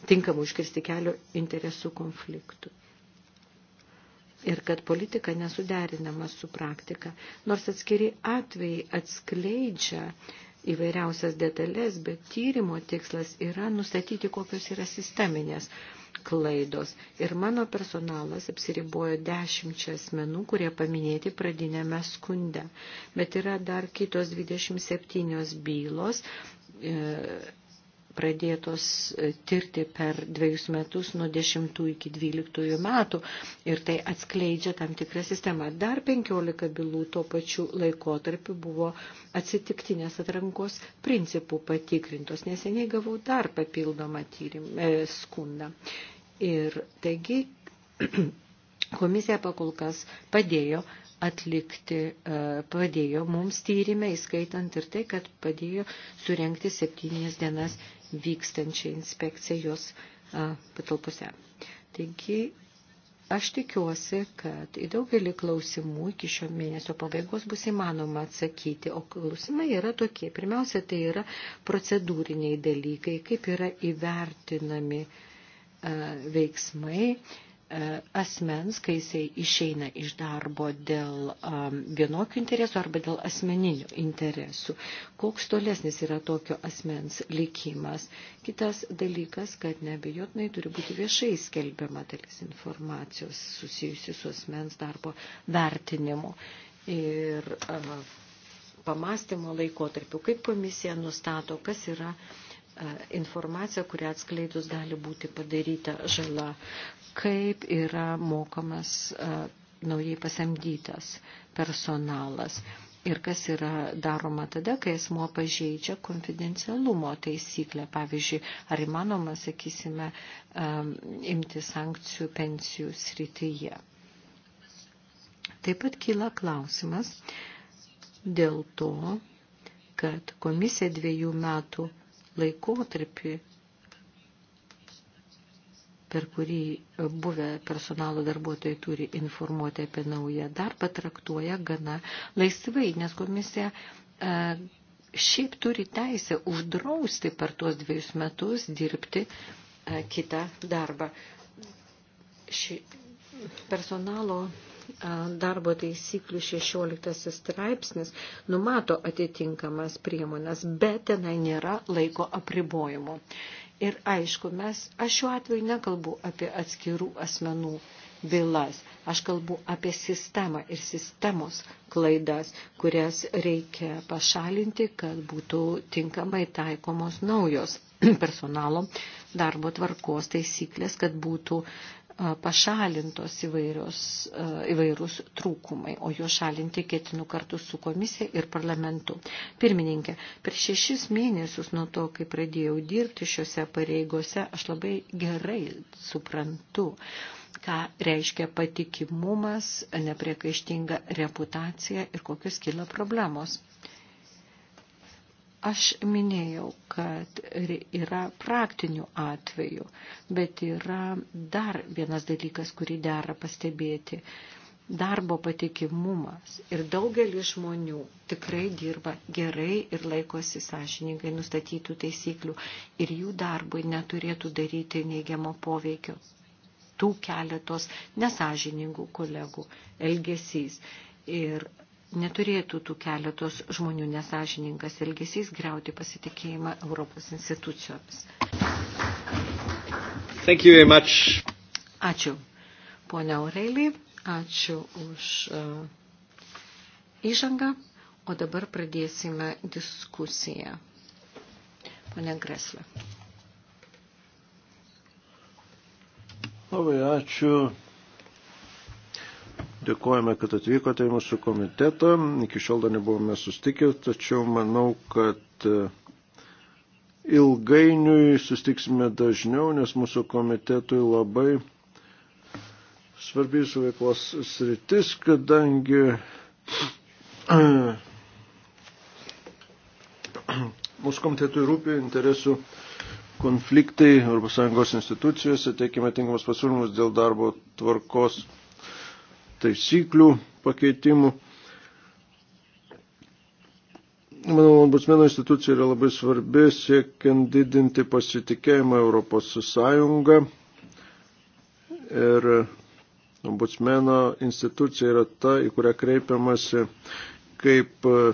tinkamų užkirsti kelio interesų konfliktų. Ir kad politika nesuderinama su praktika, nors atskiri atvejai atskleidžia įvairiausias detalės, bet tyrimo tikslas yra nustatyti, kokios yra sisteminės klaidos. Ir mano personalas apsiribojo dešimčia asmenų, kurie paminėti pradinėme skunde. Bet yra dar kitos 27 bylos, e, pradėtos e, tirti per dviejus metus nuo 10 iki 12 metų ir tai atskleidžia tam tikrą sistemą. Dar 15 bylų tuo pačiu laikotarpiu buvo atsitiktinės atrankos principų patikrintos. Neseniai gavau dar papildomą tyrim, e, skundą. Ir taigi komisija pakol kas padėjo atlikti, e, padėjo mums tyrimę, įskaitant ir tai, kad padėjo surenkti septynės dienas vykstančią inspekciją jos patalpose. Taigi, aš tikiuosi, kad į daugelį klausimų iki šio mėnesio pabaigos bus įmanoma atsakyti, o klausimai yra tokie. Pirmiausia, tai yra procedūriniai dalykai, kaip yra įvertinami veiksmai E, asmens, kai jisai išeina iš darbo dėl vienokių interesų arba dėl asmeninių interesų. Koks tolesnis yra tokio asmens likimas. Kitas dalykas, kad nebejotinai turi būti viešai skelbiama dalis informacijos susijusi su asmens darbo vertinimu. Ir pamastymo laikotarpiu, kaip komisija nustato, kas yra uh, E, informacija, kurią atskleidus gali būti padaryta žala, kaip yra mokamas e, naujai pasamdytas personalas. Ir kas yra daroma tada, kai asmuo pažeidžia konfidencialumo taisyklę. Pavyzdžiui, ar įmanoma, sakysime, e, imti sankcijų pensijų srityje. Taip pat kyla klausimas dėl to, kad komisija dviejų metų laikotarpį, per kurį buvę personalo darbuotojai turi informuoti apie naują darbą, traktuoja gana laisvai, nes komisija e, šiaip turi teisę uždrausti per tuos dviejus metus dirbti e, kitą darbą. Ši personalo darbo taisyklių 16 straipsnis numato atitinkamas priemonės, bet tenai nėra laiko apribojimo. Ir aišku, mes, aš šiuo atveju nekalbu apie atskirų asmenų bylas, aš kalbu apie sistemą ir sistemos klaidas, kurias reikia pašalinti, kad būtų tinkamai taikomos naujos personalo darbo tvarkos taisyklės, kad būtų pašalintos įvairios, įvairūs trūkumai, o juos šalinti ketinu kartu su komisija ir parlamentu. Pirmininkė, per šešis mėnesius nuo to, kai pradėjau dirbti šiuose pareigose, aš labai gerai suprantu, ką reiškia patikimumas, nepriekaištinga reputacija ir kokios kyla problemos. Aš minėjau, kad yra praktinių atvejų, bet yra dar vienas dalykas, kurį dera pastebėti - darbo patikimumas. Ir daugelis žmonių tikrai dirba gerai ir laikosi sąžiningai nustatytų taisyklių ir jų darbui neturėtų daryti neigiamo poveikio tų keletos nesažiningų kolegų elgesys. Ir neturėtų tų keletos žmonių nesažininkas elgesys greuti pasitikėjimą Europos institucijomis. Thank you very much. Ačiū, ponia Aurelį, ačiū už uh, įžangą, o dabar pradėsime diskusiją. Pone Greslė. Labai ačiū. Dėkojame, kad atvykote į mūsų komitetą. Iki šiol dar nebuvome sustikę, tačiau manau, kad e, ilgainiui sustiksime dažniau, nes mūsų komitetui labai svarbi jūsų veiklos sritis, kadangi e, mūsų komitetui rūpi interesų konfliktai ES institucijose, teikime tinkamus pasiūlymus dėl darbo tvarkos taisyklių pakeitimų. Manau, ombudsmeno institucija yra labai svarbi, siekiant didinti pasitikėjimą Europos Sąjungą. Ir ombudsmeno institucija yra ta, į kurią kreipiamasi kaip e,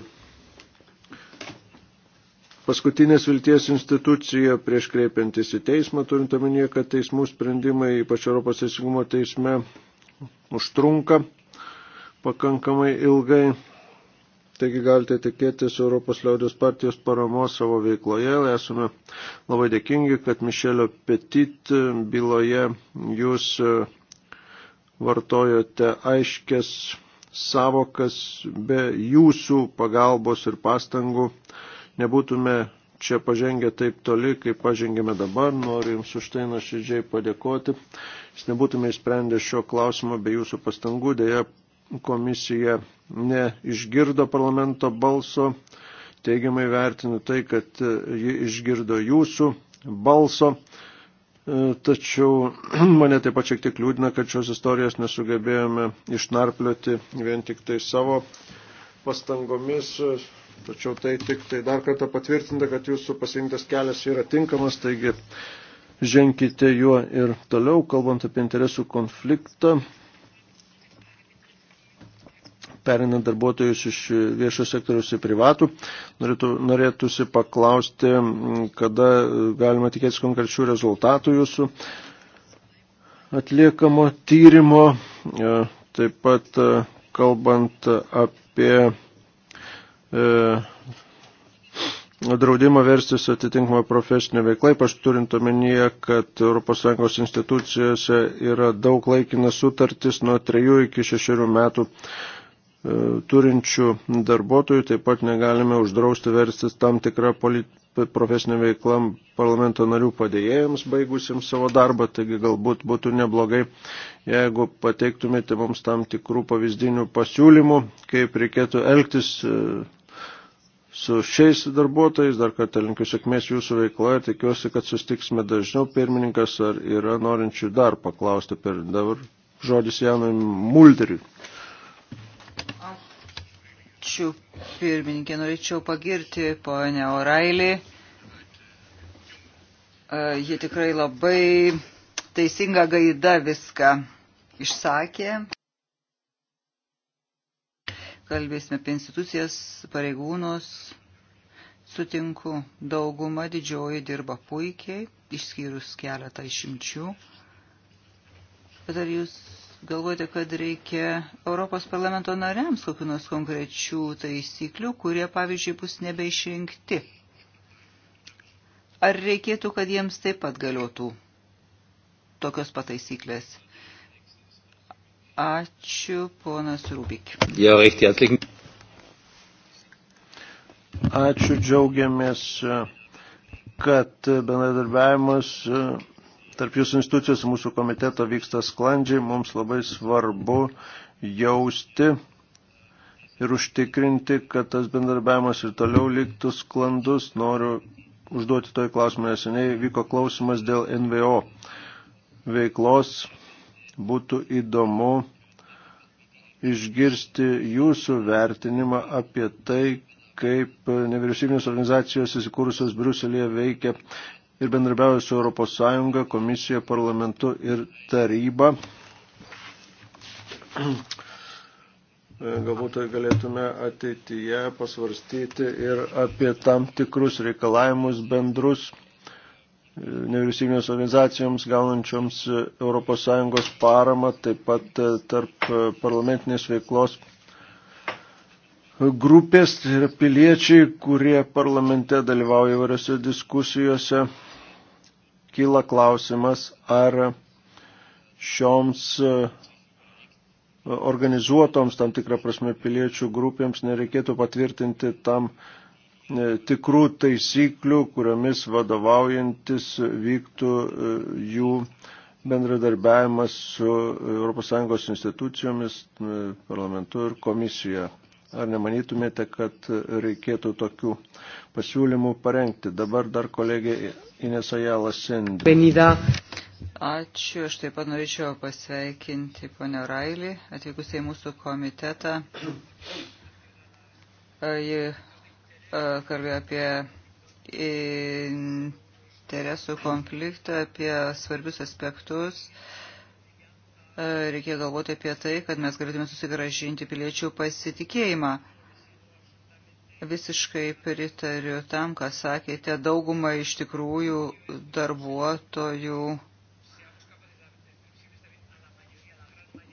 paskutinės vilties institucija prieš kreipiantis į teismą, turint omenyje, kad teismų sprendimai, ypač Europos teisingumo teisme, užtrunka pakankamai ilgai. Taigi galite tikėtis Europos liaudės partijos paramos savo veikloje. Esame labai dėkingi, kad Mišelio Petit byloje jūs vartojote aiškės savokas be jūsų pagalbos ir pastangų. Nebūtume čia pažengę taip toli, kaip pažengėme dabar. Noriu Jums už tai nuoširdžiai padėkoti. Mes nebūtume įsprendę šio klausimo be jūsų pastangų, dėja komisija neišgirdo parlamento balso, teigiamai vertinu tai, kad e, ji išgirdo jūsų balso, e, tačiau mane taip pat šiek tiek liūdina, kad šios istorijos nesugebėjome išnarplioti vien tik tai savo pastangomis, e, tačiau tai tik tai dar kartą patvirtinta, kad jūsų pasirinktas kelias yra tinkamas, taigi Ženkite juo ir toliau, kalbant apie interesų konfliktą, perinant darbuotojus iš viešo sektoriaus į privatų. Norėtų, norėtųsi paklausti, kada galima tikėtis konkrečių rezultatų jūsų atliekamo tyrimo, e, taip pat e, kalbant apie e, draudimą verstis atitinkamą profesinę veiklą, ypač turint omenyje, kad ES institucijose yra daug laikinas sutartis nuo 3 iki 6 metų e, turinčių darbuotojų, taip pat negalime uždrausti verstis tam tikrą profesinę veiklą parlamento narių padėjėjams baigusiems savo darbą, taigi galbūt būtų neblogai, jeigu pateiktumėte mums tam tikrų pavyzdinių pasiūlymų, kaip reikėtų elgtis e, su šiais darbuotojais. Dar kartą linkiu sėkmės jūsų veikloje. Tikiuosi, kad sustiksime dažniau. Pirmininkas, ar yra norinčių dar paklausti per dabar žodis Janui Mulderiui. Ačiū, pirmininkė. Norėčiau pagirti ponę Orailį. E, ji tikrai labai teisinga gaida viską išsakė kalbėsime apie institucijas, pareigūnus, sutinku, dauguma didžioji dirba puikiai, išskyrus keletą išimčių. Bet ar jūs galvojate, kad reikia Europos parlamento nariams kokiu nors konkrečių taisyklių, kurie, pavyzdžiui, bus nebeišrinkti? Ar reikėtų, kad jiems taip pat galiotų tokios pataisyklės? Ačiū, ponas Rubik. Ja, richtig, herzlichen. Ačiū, džiaugiamės, kad bendradarbiavimas tarp jūsų institucijos mūsų komiteto vyksta sklandžiai. Mums labai svarbu jausti ir užtikrinti, kad tas bendarbiavimas ir toliau liktų sklandus. Noriu užduoti toj klausimą, neseniai vyko klausimas dėl NVO veiklos būtų įdomu išgirsti jūsų vertinimą apie tai, kaip nevyriausybinės organizacijos įsikūrusios Briuselėje veikia ir bendrabiauja su ES, komisija, parlamentu ir taryba. Galbūt tai galėtume ateityje pasvarstyti ir apie tam tikrus reikalavimus bendrus nevyriausybinės organizacijoms gaunančioms ES paramą, taip pat e, tarp e, parlamentinės veiklos grupės, tai yra piliečiai, kurie parlamente dalyvauja įvairiose diskusijose, kyla klausimas, ar šioms e, organizuotoms tam tikrą prasme piliečių grupėms nereikėtų patvirtinti tam E, tikrų taisyklių, kuriomis vadovaujantis vyktų e, jų bendradarbiavimas su ES institucijomis, e, parlamentu ir komisija. Ar nemanytumėte, kad reikėtų tokių pasiūlymų parengti? Dabar dar kolegė Inesa Jala Sendė. Ačiū, aš taip pat norėčiau pasveikinti ponę Railį, atvykusiai mūsų komitetą. Ji kalbėjo apie interesų konfliktą, apie svarbius aspektus. E, Reikia galvoti apie tai, kad mes galėtume susigražinti piliečių pasitikėjimą. Visiškai pritariu tam, ką sakėte, dauguma iš tikrųjų darbuotojų,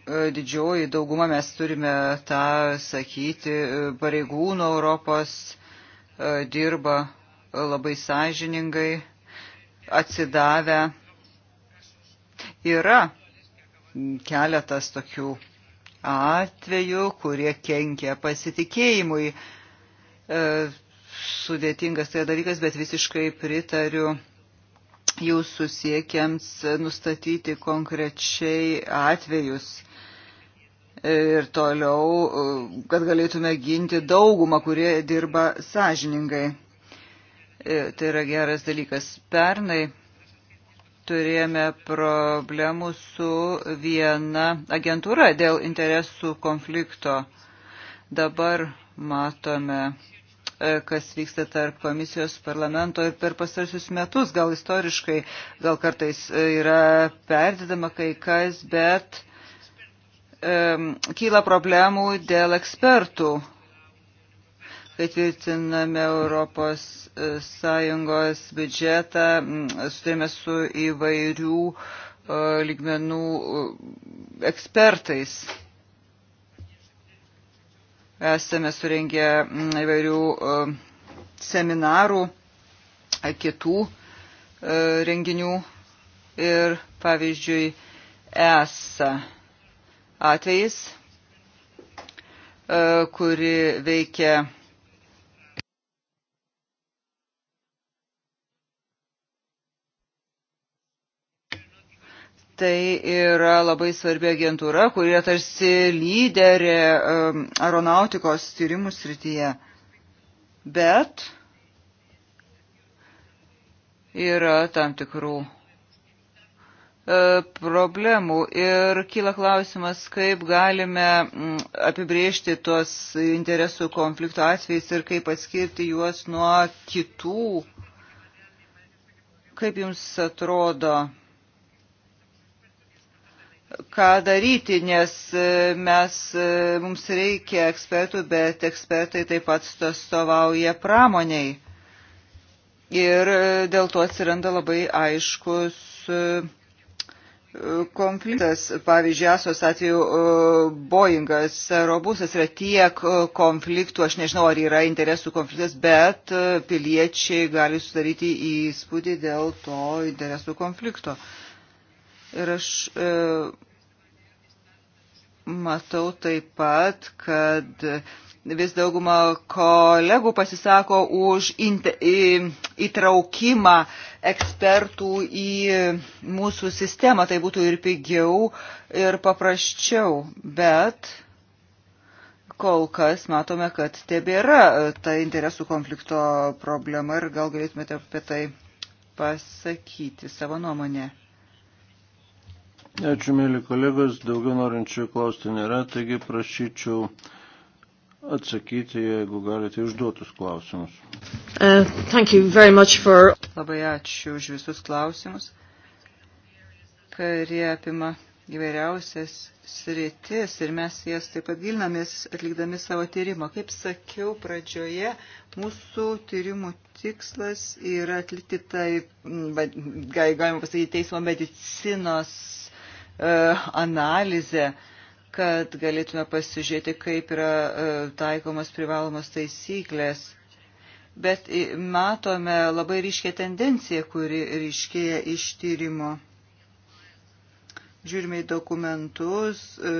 e, didžioji dauguma mes turime tą sakyti pareigūnų Europos E, dirba e, labai sąžiningai, atsidavę. Yra keletas tokių atvejų, kurie kenkia pasitikėjimui. E, sudėtingas tai dalykas, bet visiškai pritariu jūsų siekiams nustatyti konkrečiai atvejus ir toliau, e, kad galėtume ginti daugumą, kurie dirba sąžiningai. E, tai yra geras dalykas. Pernai turėjome problemų su viena agentūra dėl interesų konflikto. Dabar matome, e, kas vyksta tarp komisijos parlamento ir per pastarsius metus, gal istoriškai, gal kartais yra perdedama kai kas, bet uh, kyla problemų dėl ekspertų, kai tvirtiname Europos e, Sąjungos biudžetą, sutarėme su įvairių e, lygmenų e, ekspertais. Esame surengę įvairių seminarų, kitų renginių ir, pavyzdžiui, ESA atvejais, e, kuri veikia tai yra labai svarbi agentūra, kuri yra tarsi lyderė aeronautikos tyrimų srityje. Bet yra tam tikrų E, problemų ir kyla klausimas, kaip galime mm, apibriežti tuos interesų konflikto atvejais ir kaip atskirti juos nuo kitų. Kaip jums atrodo, ką daryti, nes e, mes, e, mums reikia ekspertų, bet ekspertai taip pat stovauja pramoniai. Ir dėl to atsiranda labai aiškus konfliktas, pavyzdžiui, Asos atveju e, Boeingas, Robusas yra tiek e, konfliktų, aš nežinau, ar yra interesų konfliktas, bet e, piliečiai gali sudaryti įspūdį dėl to interesų konflikto. Ir aš e, matau taip pat, kad vis dauguma kolegų pasisako už įtraukimą ekspertų į mūsų sistemą. Tai būtų ir pigiau, ir paprasčiau. Bet kol kas matome, kad tebėra e, ta interesų konflikto problema ir gal galėtumėte apie tai pasakyti savo nuomonę. Ačiū, mėly kolegos, daugiau norinčių klausti nėra, taigi prašyčiau atsakyti, jeigu galite, užduotus klausimus. Uh, for... Labai ačiū už visus klausimus, kurie apima įvairiausias sritis ir mes jas taip pat gilinamės atlikdami savo tyrimą. Kaip sakiau pradžioje, mūsų tyrimų tikslas yra atlikti tai, galima pasakyti, teismo medicinos uh, analizę. Uh, kad galėtume pasižiūrėti, kaip yra e, taikomos privalomos taisyklės. Bet matome labai ryškę tendenciją, kuri ryškėja iš tyrimo žiūrime į dokumentus, e,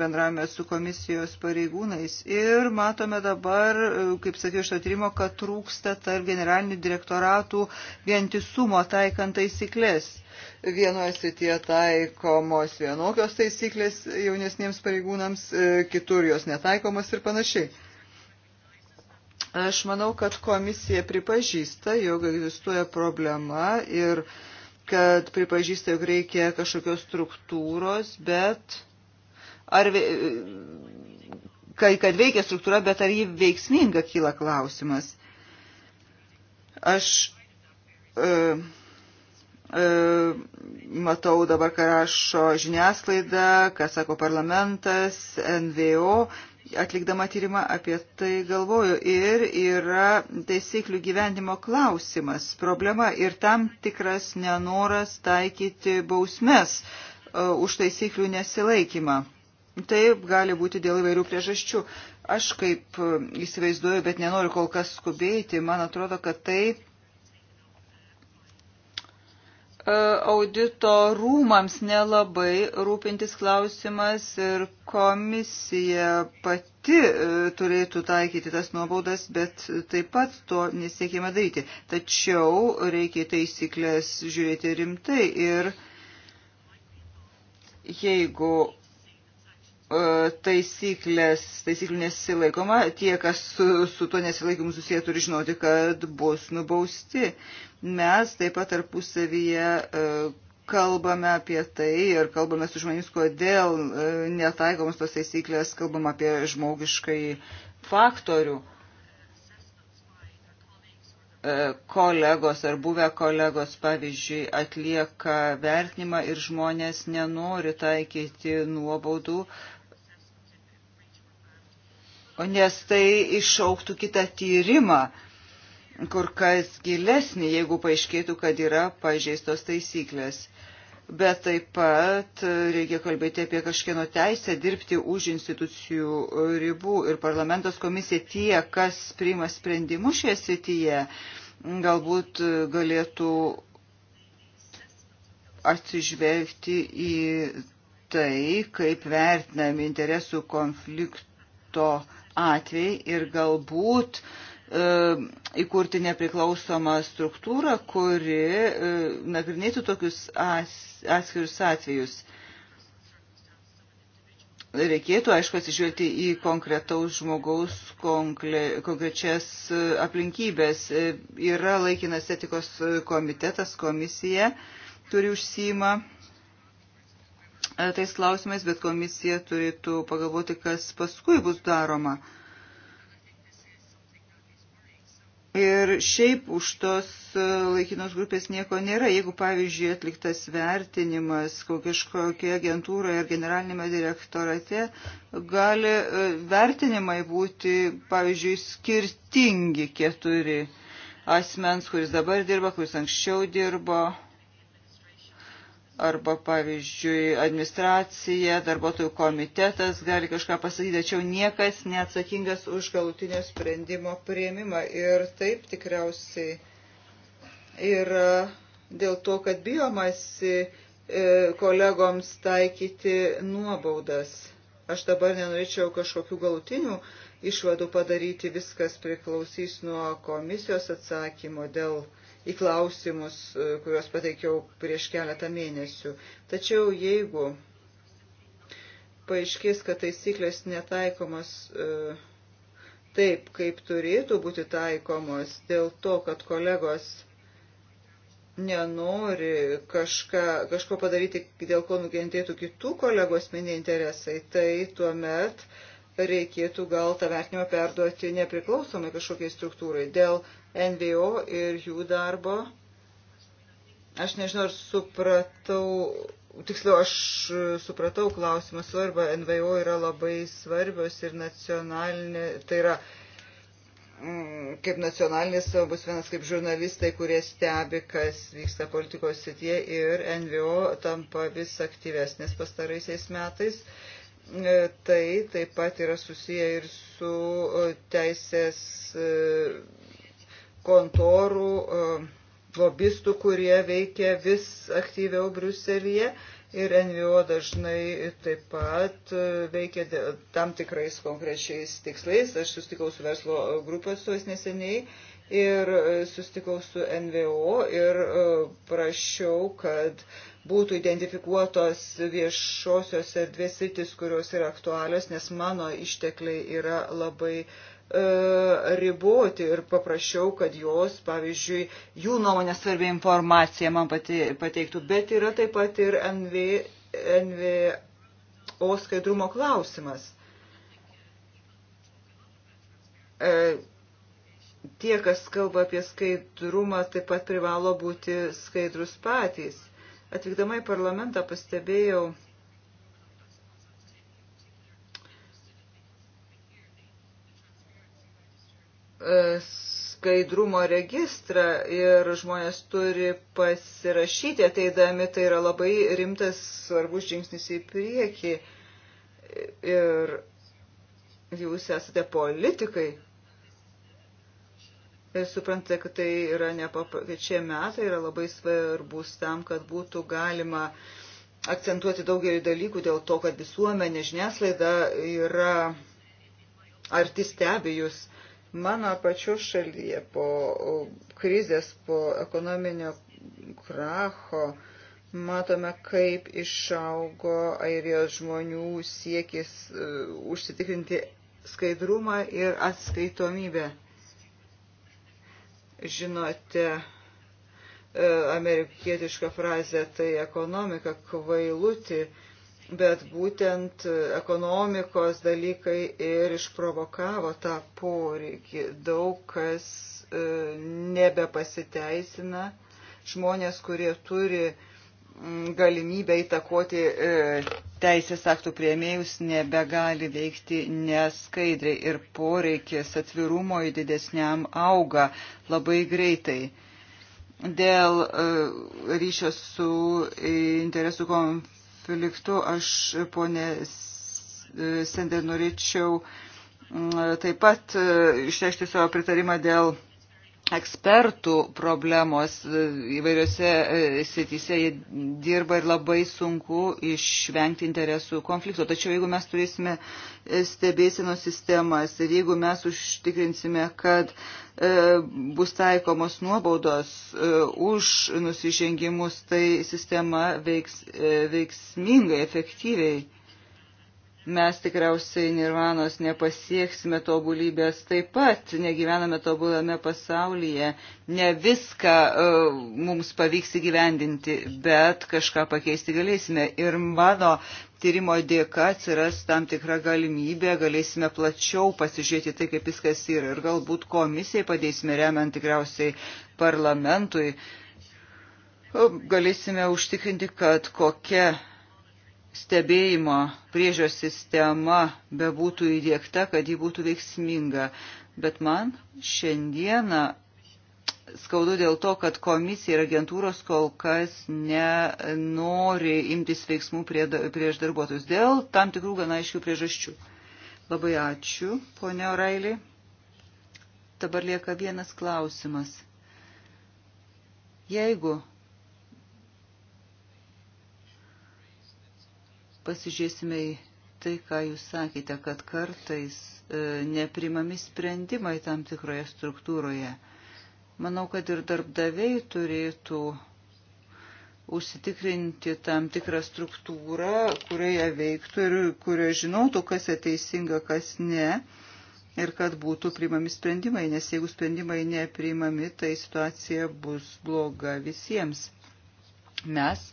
bendravome su komisijos pareigūnais ir matome dabar, e, kaip sakiau, iš atrimo, kad trūksta tarp generalinių direktoratų vientisumo taikant taisyklės. Vienoje srityje taikomos vienokios taisyklės jaunesniems pareigūnams, e, kitur jos netaikomos ir panašiai. Aš manau, kad komisija pripažįsta, jog egzistuoja problema ir uh, kad pripažįsta, jog reikia kažkokios struktūros, bet ar kad, kad veikia struktūra, bet ar ji veiksminga kyla klausimas. Aš e, e, matau dabar, ką rašo žiniasklaida, ką sako parlamentas, NVO, atlikdama tyrimą apie tai galvoju. Ir yra taisyklių gyvenimo klausimas, problema ir tam tikras nenoras taikyti bausmes e, už taisyklių nesilaikymą. Taip gali būti dėl įvairių priežasčių. Aš kaip e, įsivaizduoju, bet nenoriu kol kas skubėti, man atrodo, kad tai E, audito rūmams nelabai rūpintis klausimas ir komisija pati e, turėtų taikyti tas nuobaudas, bet taip pat to nesiekime daryti. Tačiau reikia taisyklės žiūrėti rimtai ir jeigu E, taisyklės, taisyklių nesilaikoma, tie, kas su, su tuo nesilaikymu susiję, turi žinoti, kad bus nubausti. Mes taip pat tarpusavyje e, kalbame apie tai ir kalbame su žmonėmis, kodėl e, netaikomos tos taisyklės, kalbam apie žmogiškai faktorių kolegos ar buvę kolegos, pavyzdžiui, atlieka vertinimą ir žmonės nenori taikyti nuobaudų, nes tai išauktų kitą tyrimą, kur kas gilesnį, jeigu paaiškėtų, kad yra pažeistos taisyklės. Bet taip pat reikia kalbėti apie kažkieno teisę dirbti už institucijų ribų ir parlamentos komisija tie, kas priima sprendimus šioje srityje, galbūt galėtų atsižvelgti į tai, kaip vertinami interesų konflikto atvejai ir galbūt e, įkurti nepriklausomą struktūrą, kuri e, nagrinėtų tokius atskirius atvejus. Reikėtų, aišku, atsižvelgti į konkretaus žmogaus konkre, konkrečias e, aplinkybės. Yra laikinas etikos komitetas, komisija turi užsima E, tais klausimais, bet komisija turėtų pagalvoti, kas paskui bus daroma. Ir šiaip už tos e, laikinos grupės nieko nėra. Jeigu, pavyzdžiui, atliktas vertinimas kažkokioje agentūroje ar generalinėme direktorate, gali e, vertinimai būti, pavyzdžiui, skirtingi keturi asmens, kuris dabar dirba, kuris anksčiau dirbo arba, pavyzdžiui, administracija, darbuotojų komitetas gali kažką pasakyti, tačiau niekas neatsakingas už galutinio sprendimo prieimimą. Ir taip tikriausiai yra dėl to, kad bijomasi e, kolegoms taikyti nuobaudas. Aš dabar nenorėčiau kažkokių galutinių išvadų padaryti, viskas priklausys nuo komisijos atsakymo dėl uh, į klausimus, e, kuriuos pateikiau prieš keletą mėnesių. Tačiau jeigu paaiškės, kad taisyklės netaikomas e, taip, kaip turėtų būti taikomos, dėl to, kad kolegos nenori kažką, kažko padaryti, dėl ko nukentėtų kitų kolegų asmeniai interesai, tai tuomet reikėtų gal tą vertinimą perduoti nepriklausomai kažkokiai struktūrai. Dėl NVO ir jų darbo. Aš nežinau, ar supratau, tiksliau, aš supratau klausimą svarbą. NVO yra labai svarbios ir nacionalinė, tai yra mm, kaip nacionalinis bus vienas kaip žurnalistai, kurie stebi, kas vyksta politikos sitie ir NVO tampa vis aktyvesnės pastaraisiais metais. E, tai taip pat yra susiję ir su e, teisės e, kontorų, e, lobistų, kurie veikia vis aktyviau Briuselyje ir NVO dažnai taip pat e, veikia tam tikrais konkrečiais tikslais. Aš sustikau su verslo grupės su jais neseniai ir e, sustikau su NVO ir prašiau, kad būtų identifikuotos viešosios erdvės rytis, kurios yra aktualios, nes mano ištekliai yra labai uh, E, riboti ir paprašiau, kad jos, pavyzdžiui, jų nuomonė svarbi informacija man pati, pateiktų, bet yra taip pat ir NV, NVO skaidrumo klausimas. E, tie, kas kalba apie skaidrumą, taip pat privalo būti skaidrus patys. Atvykdama į parlamentą pastebėjau, E, skaidrumo registrą ir žmonės turi pasirašyti ateidami, tai yra labai rimtas svarbus žingsnis į priekį. Ir jūs esate politikai. Ir suprantate, kad tai yra nepaprastai, šie metai yra labai svarbus tam, kad būtų galima akcentuoti daugelį dalykų dėl to, kad visuomenė žiniaslaida yra arti stebi jūs Mano pačių šalyje po krizės, po ekonominio kracho matome, kaip išaugo airijos žmonių siekis e, užsitikrinti skaidrumą ir atskaitomybę. Žinote, e, amerikietišką frazę, tai ekonomika kvailuti bet būtent ekonomikos dalykai ir išprovokavo tą poreikį. Daug kas e, nebepasiteisina. Žmonės, kurie turi galimybę įtakoti e, teisės aktų prieimėjus, nebegali veikti neskaidriai ir poreikis atvirumo į didesniam auga labai greitai dėl e, ryšio su interesų konfliktu konfliktu. Aš, ponė Sender, norėčiau mm, taip pat e, išreikšti savo pritarimą dėl ekspertų problemos e, įvairiose e, srityse dirba ir labai sunku išvengti interesų konflikto. Tačiau jeigu mes turėsime e, stebėsienos sistemas ir jeigu mes užtikrinsime, kad bus taikomos nuobaudos už nusižengimus, tai sistema veiks, veiksmingai, efektyviai mes tikriausiai nirvanos nepasieksime tobulybės, taip pat negyvename tobulame pasaulyje, ne viską uh, mums pavyks įgyvendinti, bet kažką pakeisti galėsime. Ir mano tyrimo dėka atsiras tam tikra galimybė, galėsime plačiau pasižiūrėti tai, kaip viskas yra. Ir galbūt komisijai padėsime remiant tikriausiai parlamentui. Galėsime užtikrinti, kad kokia stebėjimo priežios sistema bebūtų įdėkta, kad ji būtų veiksminga. Bet man šiandieną skaudu dėl to, kad komisija ir agentūros kol kas nenori imtis veiksmų prie, prieš darbuotojus dėl tam tikrų gana aiškių priežasčių. Labai ačiū, ponia Orailė. Dabar lieka vienas klausimas. Jeigu pasižiūrėsime į tai, ką jūs sakėte, kad kartais e, neprimami sprendimai tam tikroje struktūroje. Manau, kad ir darbdaviai turėtų užsitikrinti tam tikrą struktūrą, kurioje veiktų ir kurioje žinotų, kas ateisinga, kas ne, ir kad būtų priimami sprendimai, nes jeigu sprendimai nepriimami, tai situacija bus bloga visiems. Mes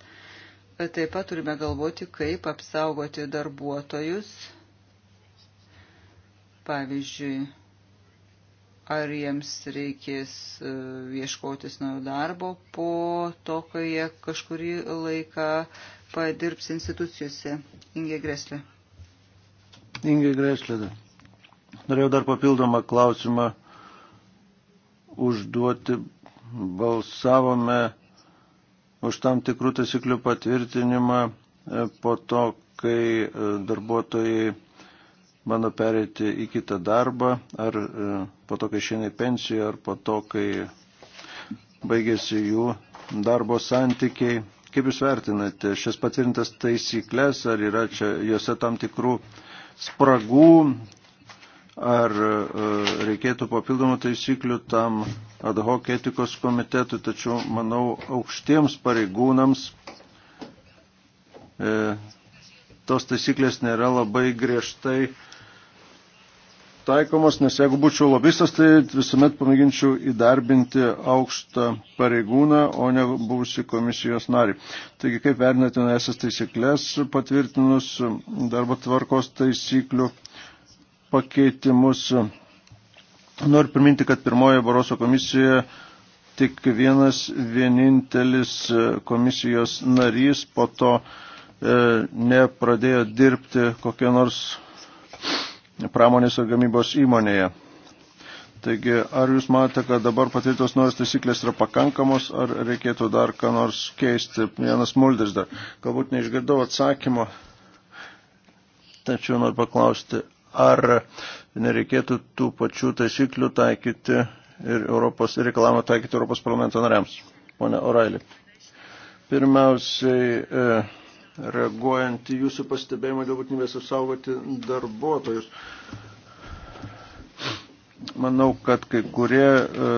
Taip pat turime galvoti, kaip apsaugoti darbuotojus. Pavyzdžiui, ar jiems reikės e, ieškotis naujo darbo po to, kai jie kažkurį laiką padirbs institucijose. Inge Greslė. Inge Greslė. Norėjau dar papildomą klausimą užduoti. Balsavome už tam tikrų taisyklių patvirtinimą e, po to, kai e, darbuotojai mano pereiti į kitą darbą, ar e, po to, kai išeina į pensiją, ar po to, kai baigėsi jų darbo santykiai. Kaip Jūs vertinate šias patvirtintas taisyklės, ar yra čia jose tam tikrų spragų, ar e, reikėtų papildomų taisyklių tam ad hoc etikos komitetui, tačiau manau aukštiems pareigūnams e, tos taisyklės nėra labai griežtai taikomos, nes jeigu būčiau lobistas, tai visuomet pamėginčiau įdarbinti aukštą pareigūną, o ne buvusi komisijos narį. Taigi, kaip vertinate esas taisyklės patvirtinus darbo tvarkos taisyklių pakeitimus. Noriu priminti, kad pirmoje Baroso komisijoje tik vienas vienintelis e, komisijos narys po to e, nepradėjo dirbti kokie nors pramonės ir gamybos įmonėje. Taigi, ar jūs matote, kad dabar patirtos nors taisyklės yra pakankamos, ar reikėtų dar ką nors keisti? Vienas mulderis dar. Galbūt neišgirdau atsakymo, tačiau noriu paklausti, ar nereikėtų tų pačių taisyklių taikyti ir Europos, reikalavimo taikyti Europos parlamento nariams. Pone Orailį. Pirmiausiai, e, reaguojant į jūsų pastebėjimą dėl būtinybės apsaugoti darbuotojus. Manau, kad kai kurie e,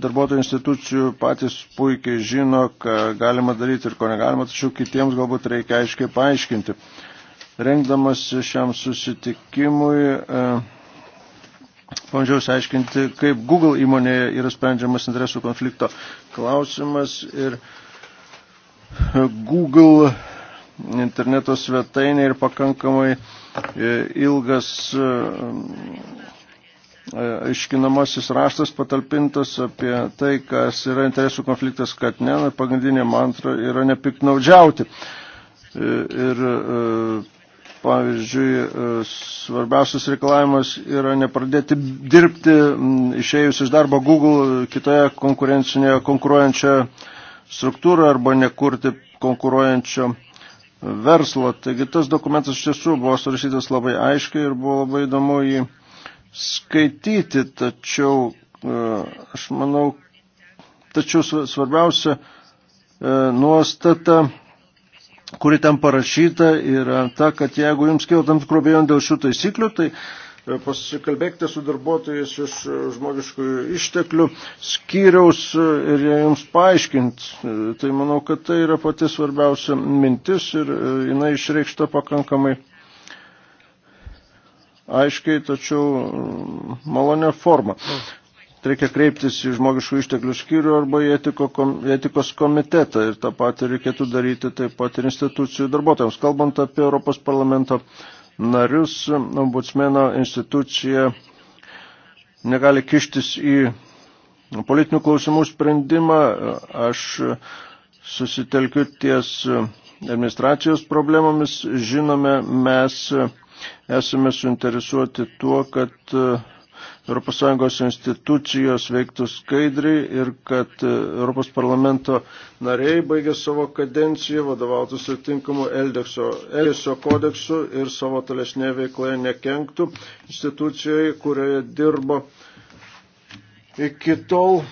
darbuotojų institucijų patys puikiai žino, ką galima daryti ir ko negalima, tačiau kitiems galbūt reikia aiškiai paaiškinti. Rengdamas šiam susitikimui, e, bandžiau aiškinti, kaip Google įmonėje yra sprendžiamas interesų konflikto klausimas ir e, Google interneto svetainė ir pakankamai e, ilgas aiškinamasis raštas patalpintas apie tai, kas yra interesų konfliktas, kad ne, pagrindinė mantra yra nepiknaudžiauti. Ir Pavyzdžiui, e, svarbiausias reikalavimas yra nepradėti dirbti išėjus iš darbo Google kitoje konkurencinėje konkuruojančioje struktūroje arba nekurti konkuruojančio e, verslo. Taigi tas dokumentas iš tiesų buvo surašytas labai aiškiai ir buvo labai įdomu jį skaityti, tačiau e, aš manau, tačiau svarbiausia nuostata kuri ten parašyta, yra ta, kad jeigu jums kilo tam tikrų abejonių dėl šių taisyklių, tai e, pasikalbėkite su darbuotojais iš e, žmogiškųjų išteklių skyriaus e, ir jie jums paaiškint. Tai manau, kad tai yra pati svarbiausia mintis ir jinai išreikšta pakankamai aiškiai, tačiau malonė forma. Mm reikia kreiptis į žmogiškų išteklių skyrių arba į etiko, etikos komitetą ir tą patį reikėtų daryti taip pat ir institucijų darbuotojams. Kalbant apie Europos parlamento narius, ombudsmeno institucija negali kištis į politinių klausimų sprendimą. Aš susitelkiu ties administracijos problemomis. Žinome, mes esame suinteresuoti tuo, kad ES institucijos veiktų skaidriai ir kad ES nariai baigė savo kadenciją, vadovautųsi tinkamu Elgesio kodeksu ir savo tolesnėje veikloje nekenktų institucijai, kurioje dirbo iki tol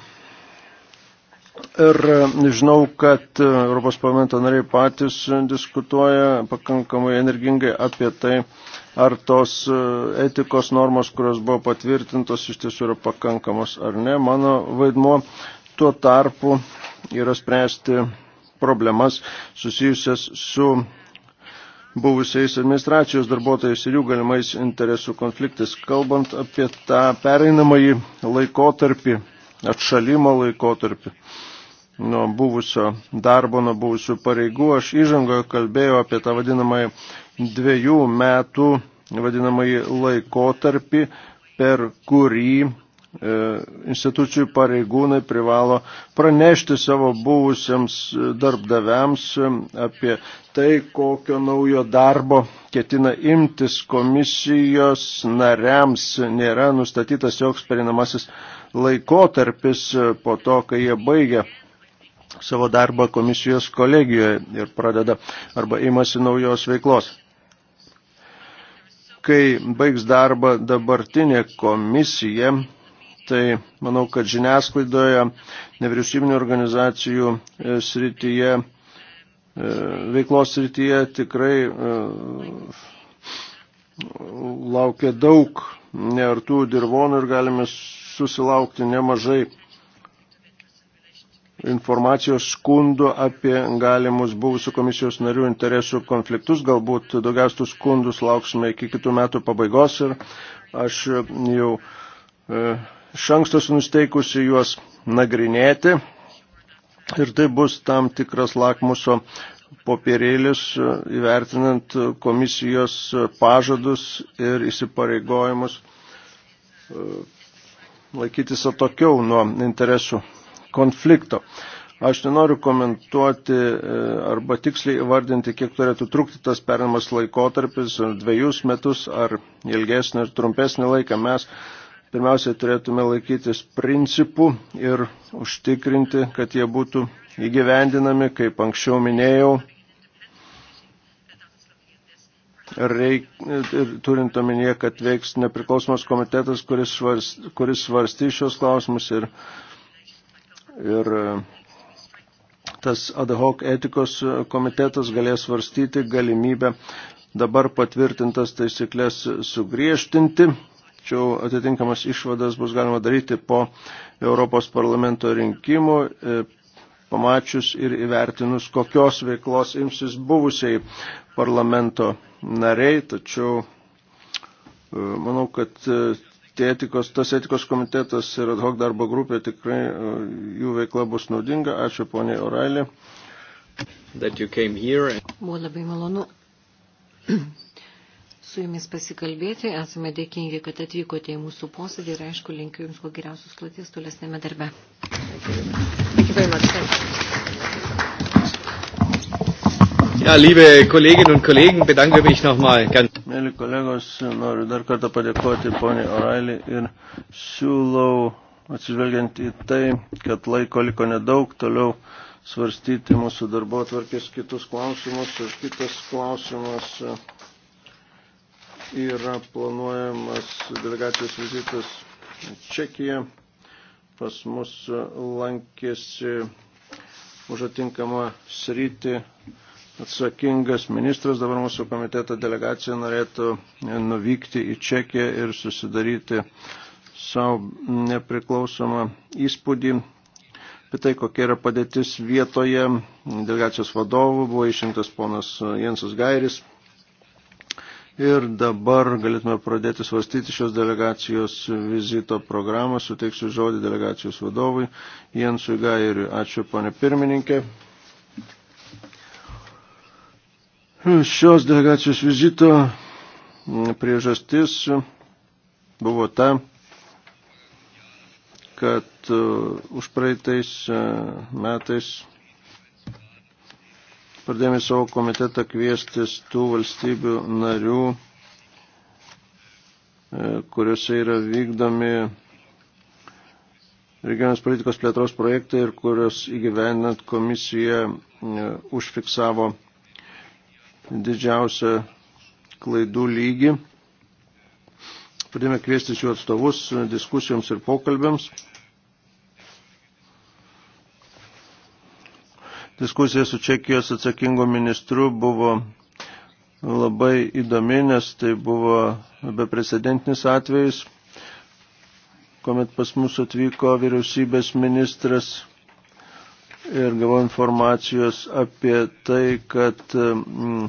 Ir e, žinau, kad e, Europos parlamento nariai patys diskutuoja pakankamai energingai apie tai, ar tos e, etikos normos, kurios buvo patvirtintos, iš tiesų yra pakankamos ar ne. Mano vaidmo tuo tarpu yra spręsti problemas susijusias su buvusiais administracijos darbuotojais ir jų galimais interesų konfliktais. Kalbant apie tą pereinamąjį laikotarpį, atšalimo laikotarpį nuo buvusio darbo, nuo buvusių pareigų. Aš įžangoje kalbėjau apie tą vadinamąjį dviejų metų vadinamąjį laikotarpį, per kurį e, institucijų pareigūnai privalo pranešti savo buvusiems darbdaviams apie tai, kokio naujo darbo ketina imtis komisijos nariams. Nėra nustatytas joks perinamasis laikotarpis po to, kai jie baigia savo darbą komisijos kolegijoje ir pradeda arba imasi naujos veiklos. Kai baigs darbą dabartinė komisija, tai manau, kad žiniasklaidoje, nevyriausybinio organizacijų e, srityje, e, veiklos srityje tikrai e, laukia daug neartų dirvonų ir galime susilaukti nemažai informacijos skundų apie galimus buvusių komisijos narių interesų konfliktus. Galbūt daugiausiai tų skundų lauksime iki kitų metų pabaigos ir aš jau e, šankstas nusteikusi juos nagrinėti. Ir tai bus tam tikras lakmuso popierėlis e, įvertinant komisijos pažadus ir įsipareigojimus e, laikytis atokiau nuo interesų konflikto. Aš nenoriu komentuoti e, arba tiksliai įvardinti, kiek turėtų trukti tas perinamas laikotarpis, dviejus metus ar ilgesnį ar trumpesnį laiką. Mes pirmiausiai turėtume laikytis principų ir užtikrinti, kad jie būtų įgyvendinami, kaip anksčiau minėjau. Reik, ir turint omenyje, kad veiks nepriklausomas komitetas, kuris, svars, kuris svarstys šios klausimus ir uh, ir e, tas ad hoc etikos e, komitetas galės svarstyti galimybę dabar patvirtintas taisyklės sugriežtinti, tačiau atitinkamas išvadas bus galima daryti po Europos parlamento rinkimų, e, pamačius ir įvertinus, kokios veiklos imsis buvusiai parlamento nariai, tačiau manau, kad etikos, tas etikos komitetas ir ad hoc darbo grupė tikrai e, jų veikla bus naudinga. Ačiū poniai Orailė. Buvo labai malonu su jumis pasikalbėti. Esame dėkingi, kad atvykote į mūsų posėdį ir aišku, linkiu jums kuo geriausios kloties tolesnėme darbe. Thank you very much. Thank you. Ja, liebe Kolleginnen und Kollegen, bedanke mich nochmal. Mėly kolegos, noriu dar kartą padėkoti poniai Orailį ir siūlau, atsižvelgiant į tai, kad laiko liko nedaug, toliau svarstyti mūsų darbo atvarkės kitus klausimus. Ir kitas klausimas e, yra planuojamas delegacijos vizitas Čekija. Pas mus lankėsi už atinkamą sritį atsakingas ministras, dabar mūsų komiteto delegacija norėtų nuvykti į Čekiją ir susidaryti savo nepriklausomą įspūdį apie tai, kokia yra padėtis vietoje. Delegacijos vadovų buvo išrinktas ponas Jensas Gairis. Ir dabar galėtume pradėti svarstyti šios delegacijos vizito programą. Suteiksiu žodį delegacijos vadovui Jensui Gairiui. Ačiū, ponė pirmininkė. Šios delegacijos vizito priežastis buvo ta, kad e, už praeitais e, metais pradėjome savo komitetą kviestis tų valstybių narių, e, kuriuose yra vykdomi regionės politikos plėtros projektai ir kurios įgyvendinant komisija užfiksavo didžiausią klaidų lygį. Pradėjome kviestis jų atstovus diskusijoms ir pokalbėms. Diskusija su Čekijos atsakingo ministru buvo labai įdomi, nes tai buvo beprecedentinis atvejis, kuomet pas mus atvyko vyriausybės ministras ir gavau informacijos apie tai, kad mm,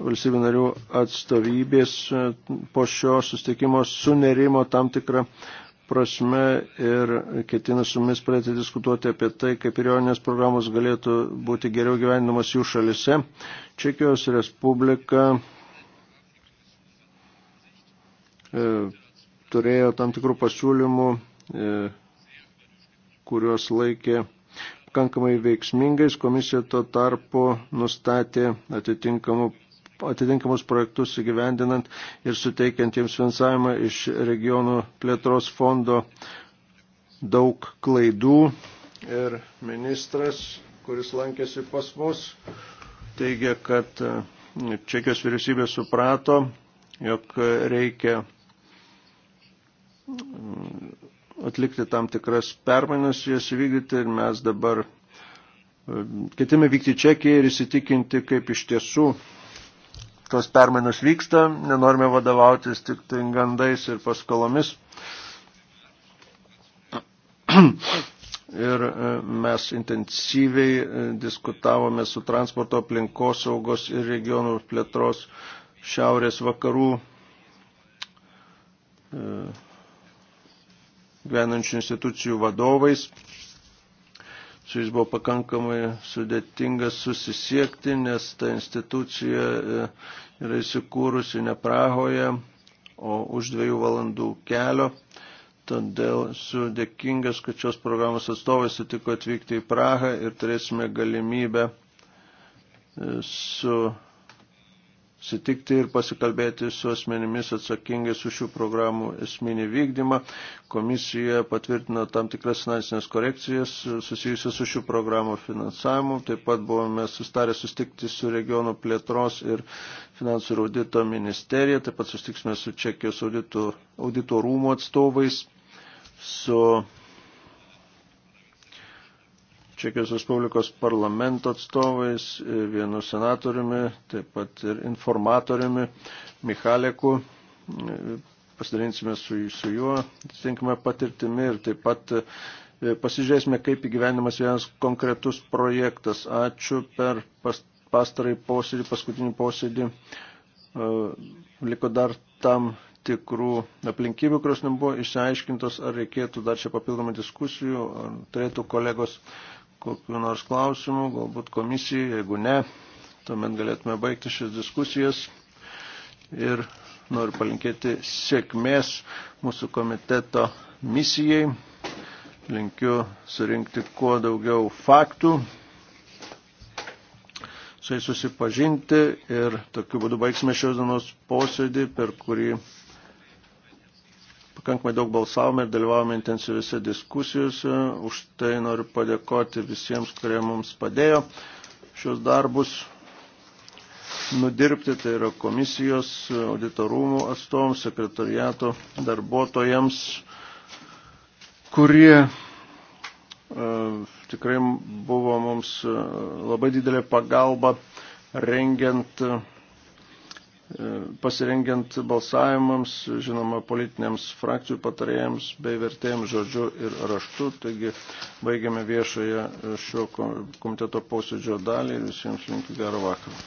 valstybių narių atstovybės mm, po šio sustikimo sunerimo tam tikrą prasme ir ketina su mumis pradėti diskutuoti apie tai, kaip perioninės programos galėtų būti geriau gyvenimas jų šalise. Čekijos Respublika e, turėjo tam tikrų pasiūlymų e, kuriuos laikė pakankamai veiksmingais, komisija tuo tarpu nustatė atitinkamus projektus įgyvendinant ir suteikiant jiems finansavimą iš regionų plėtros fondo daug klaidų. Ir ministras, kuris lankėsi pas mus, teigia, kad e, Čekijos vyriausybė suprato, jog reikia atlikti tam tikras permainas, jas įvykdyti ir mes dabar e, ketime vykti Čekiją ir įsitikinti, kaip iš tiesų tos permainos vyksta, nenorime vadovautis tik tai gandais ir paskolomis. Ir e, mes intensyviai e, diskutavome su transporto aplinkos saugos ir regionų plėtros šiaurės vakarų gyvenančių institucijų vadovais. Su jais buvo pakankamai sudėtingas susisiekti, nes ta institucija e, yra įsikūrusi ne Prahoje, o už dviejų valandų kelio. Todėl esu dėkingas, kad šios programos atstovai sutiko atvykti į Prahą ir turėsime galimybę e, su sutikti ir pasikalbėti su asmenimis atsakingais už šių programų esminį vykdymą. Komisija patvirtino tam tikras finansinės korekcijas susijusias su šių programų finansavimu. Taip pat buvome sustarę sustikti su regionų plėtros ir finansų ir audito ministerija. Taip pat sustiksime su Čekijos audito, audito rūmų atstovais, su Čekijos Respublikos parlamento atstovais, e, vienu senatoriumi, taip pat ir informatoriumi Michaleku. E, Pasidalinsime su, su juo, atsitinkame patirtimi ir taip pat e, pasižiūrėsime, kaip įgyvenimas vienas konkretus projektas. Ačiū per pastarąjį posėdį, paskutinį posėdį. Liko dar tam tikrų aplinkybių, kurios nebuvo išsiaiškintos, ar reikėtų dar čia papildomų diskusijų, ar turėtų kolegos uh, kokiu nors klausimu, galbūt komisijai, jeigu ne, tuomet galėtume baigti šias diskusijas ir noriu palinkėti sėkmės mūsų komiteto misijai. Linkiu surinkti kuo daugiau faktų, su jais susipažinti ir tokiu būdu baigsime šios dienos posėdį, per kurį pakankamai daug balsavome ir dalyvavome intensyviuose diskusijose. Už tai noriu padėkoti visiems, kurie mums padėjo šios darbus nudirbti. Tai yra komisijos, auditorumų atstovams, sekretariato darbuotojams, kurie e, tikrai buvo mums e, labai didelė pagalba rengiant E, pasirengiant balsavimams, žinoma, politiniams frakcijų patarėjams bei vertėjams žodžiu ir raštu. Taigi baigiame viešoje šio komiteto posėdžio dalį ir visiems linkiu gerą vakarą.